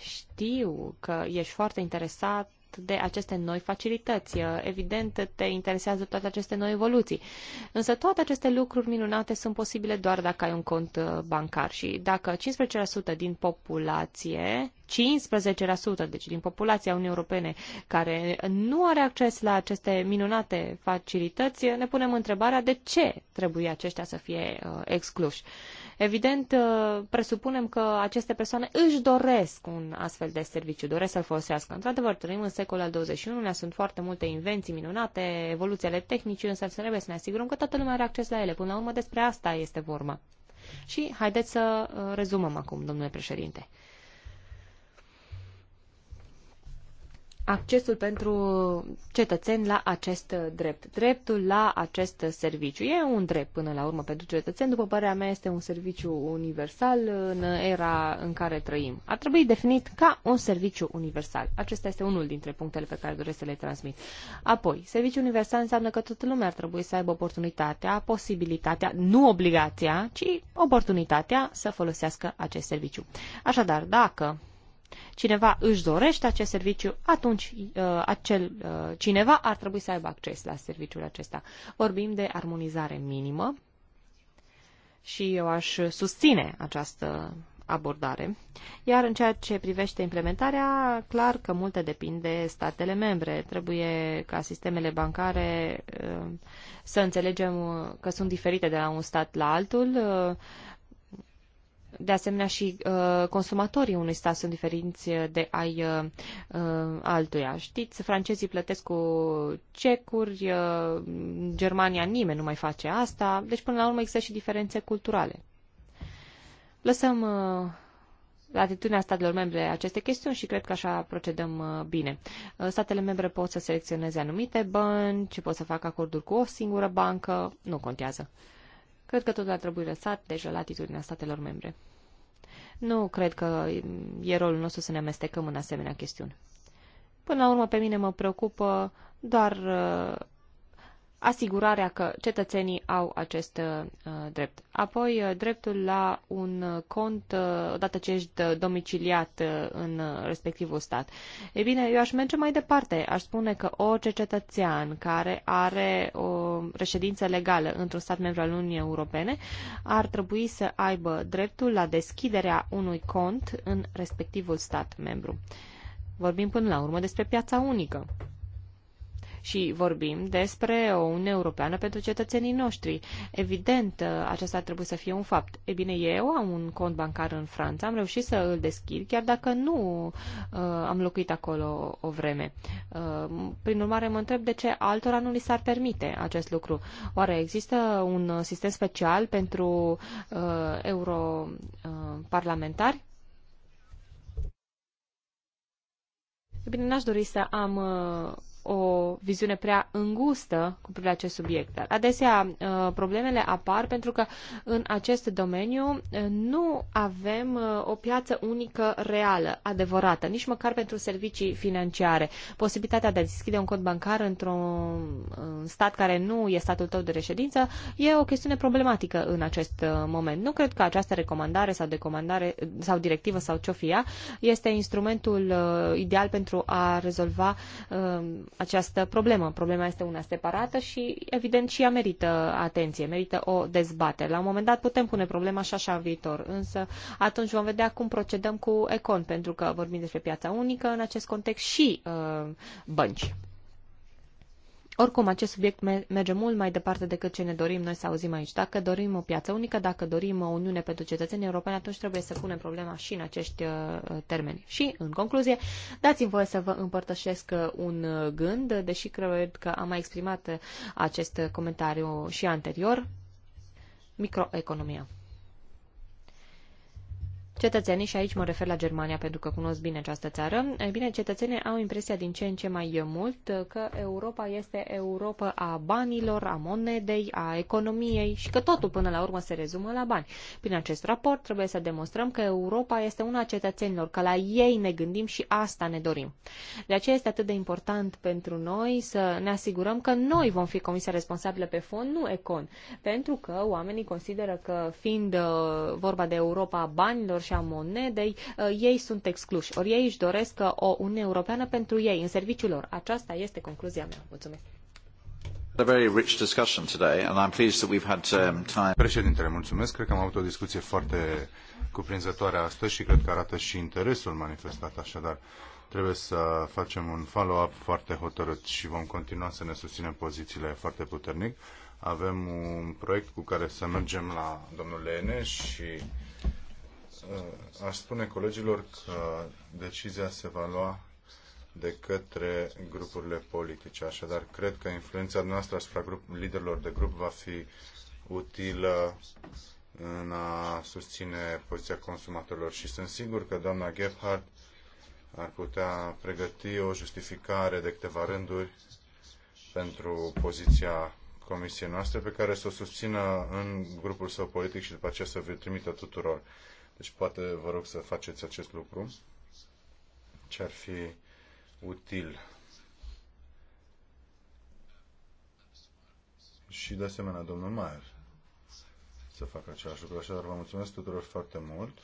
știu că ești foarte interesat de aceste noi facilități. Uh, evident, te interesează toate aceste noi evoluții. Însă toate aceste lucruri minunate sunt posibile doar dacă ai un cont bancar și dacă 15% din populație 15%, deci din populația Uniunii Europene care nu are acces la aceste minunate facilități, ne punem întrebarea de ce trebuie aceștia să fie excluși. Evident, uh, presupunem că aceste persoane își doresc un astfel de serviciu, doresc să-l folosească. Într-adevăr, trăim în secolul al XXI-lea, sunt foarte multe invenții minunate, evoluțiile tehnicii, însă trebuie să ne asigurăm că toată lumea are acces la ele. Până la urmă, despre asta este vorba. Și haideți să uh, rezumăm acum, domnule președinte. accesul pentru cetățeni la acest drept. Dreptul la acest serviciu e un drept până la urmă pentru cetățeni. După părerea mea, este un serviciu universal în era în care trăim. Ar trebui definit ca un serviciu universal. Acesta este unul dintre punctele pe care doresc să le transmit. Apoi, serviciu universal înseamnă că toată lumea ar trebui să aibă oportunitatea, posibilitatea, nu obligația, ci oportunitatea să folosească acest serviciu. Așadar, dacă cineva își dorește acest serviciu, atunci uh, acel uh, cineva ar trebui să aibă acces la serviciul acesta. Vorbim de armonizare minimă și eu aș susține această abordare. Iar în ceea ce privește implementarea, clar că multe depinde de statele membre. Trebuie ca sistemele bancare uh, să înțelegem că sunt diferite de la un stat la altul de asemenea, și uh, consumatorii unui stat sunt diferiți de ai uh, uh altuia. Știți, francezii plătesc cu cecuri, uh, Germania nimeni nu mai face asta, deci până la urmă există și diferențe culturale. Lăsăm uh, atitudinea statelor membre aceste chestiuni și cred că așa procedăm uh, bine. Uh, statele membre pot să selecționeze anumite bănci, pot să facă acorduri cu o singură bancă, nu contează. Cred că totul ar trebui lăsat deja la atitudinea statelor membre. Nu cred că e rolul nostru să ne amestecăm în asemenea chestiuni. Până la urmă, pe mine mă preocupă doar uh, asigurarea că cetățenii au acest uh, drept. Apoi, uh, dreptul la un uh, cont uh, odată ce ești uh, domiciliat uh, în uh, respectivul stat. Ei bine, eu aș merge mai departe. Aș spune că orice cetățean care are o reședință legală într-un stat membru al Uniunii Europene ar trebui să aibă dreptul la deschiderea unui cont în respectivul stat membru. Vorbim până la urmă despre piața unică și vorbim despre o Uniune Europeană pentru cetățenii noștri. Evident, uh, aceasta trebuie să fie un fapt. E bine, eu am un cont bancar în Franța, am reușit să îl deschid, chiar dacă nu uh, am locuit acolo o vreme. Uh, prin urmare, mă întreb de ce altora nu li s-ar permite acest lucru. Oare există un sistem special pentru uh, europarlamentari? Uh, Bine, n-aș dori să am uh, o viziune prea îngustă cu privire la acest subiect. Dar adesea uh, problemele apar pentru că în acest domeniu uh, nu avem uh, o piață unică reală, adevărată, nici măcar pentru servicii financiare. Posibilitatea de a deschide un cont bancar într-un stat care nu e statul tău de reședință e o chestiune problematică în acest moment. Nu cred că această recomandare sau decomandare sau directivă sau ce este instrumentul ideal pentru a rezolva această problemă. Problema este una separată și, evident, și ea merită atenție, merită o dezbatere. La un moment dat putem pune problema și așa în viitor, însă atunci vom vedea cum procedăm cu Econ, pentru că vorbim despre piața unică în acest context și uh, bănci. Oricum, acest subiect merge mult mai departe decât ce ne dorim noi să auzim aici. Dacă dorim o piață unică, dacă dorim o Uniune pentru cetățenii europeni, atunci trebuie să punem problema și în acești uh, termeni. Și, în concluzie, dați-mi voie să vă împărtășesc uh, un uh, gând, deși cred că am mai exprimat acest comentariu și anterior, microeconomia cetățenii, și aici mă refer la Germania pentru că cunosc bine această țară, e bine, cetățenii au impresia din ce în ce mai mult că Europa este Europa a banilor, a monedei, a economiei și că totul până la urmă se rezumă la bani. Prin acest raport trebuie să demonstrăm că Europa este una a cetățenilor, că la ei ne gândim și asta ne dorim. De aceea este atât de important pentru noi să ne asigurăm că noi vom fi comisia responsabilă pe fond, nu Econ, pentru că oamenii consideră că fiind uh, vorba de Europa a banilor și a monedei, uh, ei sunt excluși. Ori ei își doresc uh, o Uniune Europeană pentru ei, în serviciul lor. Aceasta este concluzia mea. Mulțumesc. Um, Președintele, mulțumesc. Cred că am avut o discuție foarte cuprinzătoare astăzi și cred că arată și interesul manifestat. Așadar, trebuie să facem un follow-up foarte hotărât și vom continua să ne susținem pozițiile foarte puternic. Avem un proiect cu care să mergem la domnul Lene și Eh, aș spune colegilor că decizia se va lua de către grupurile politice. Așadar, cred că influența noastră asupra grup, liderilor de grup va fi utilă în a susține poziția consumatorilor și sunt sigur că doamna Gebhardt ar putea pregăti o justificare de câteva rânduri pentru poziția comisiei noastre pe care să o susțină în grupul său politic și după aceea să o trimită tuturor. Deci poate vă rog să faceți acest lucru, ce ar fi util. Și de asemenea domnul Maier să facă același lucru. Așadar, vă mulțumesc tuturor foarte mult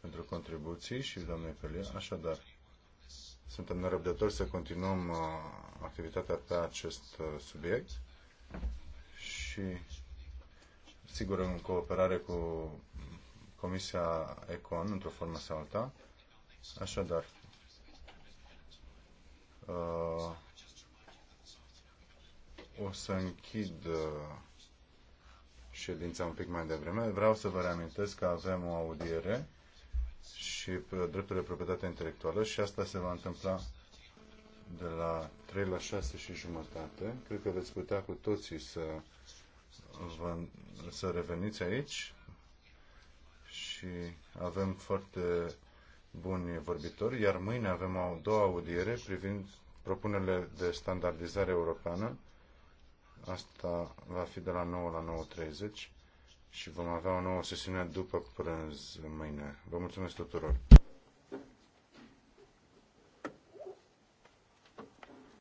pentru contribuții și doamnei Pelia. Așadar, suntem nerăbdători să continuăm uh, activitatea pe acest uh, subiect și sigur în cooperare cu Comisia Econ, într-o formă sau alta. Așadar, uh, o să închid uh, ședința un pic mai devreme. Vreau să vă reamintesc că avem o audiere și uh, drepturile proprietate intelectuală și asta se va întâmpla de la 3 la 6 și jumătate. Cred că veți putea cu toții să, vă, să reveniți aici și avem foarte buni vorbitori, iar mâine avem o doua audiere privind propunerile de standardizare europeană. Asta va fi de la 9 la 9.30 și vom avea o nouă sesiune după prânz mâine. Vă mulțumesc tuturor!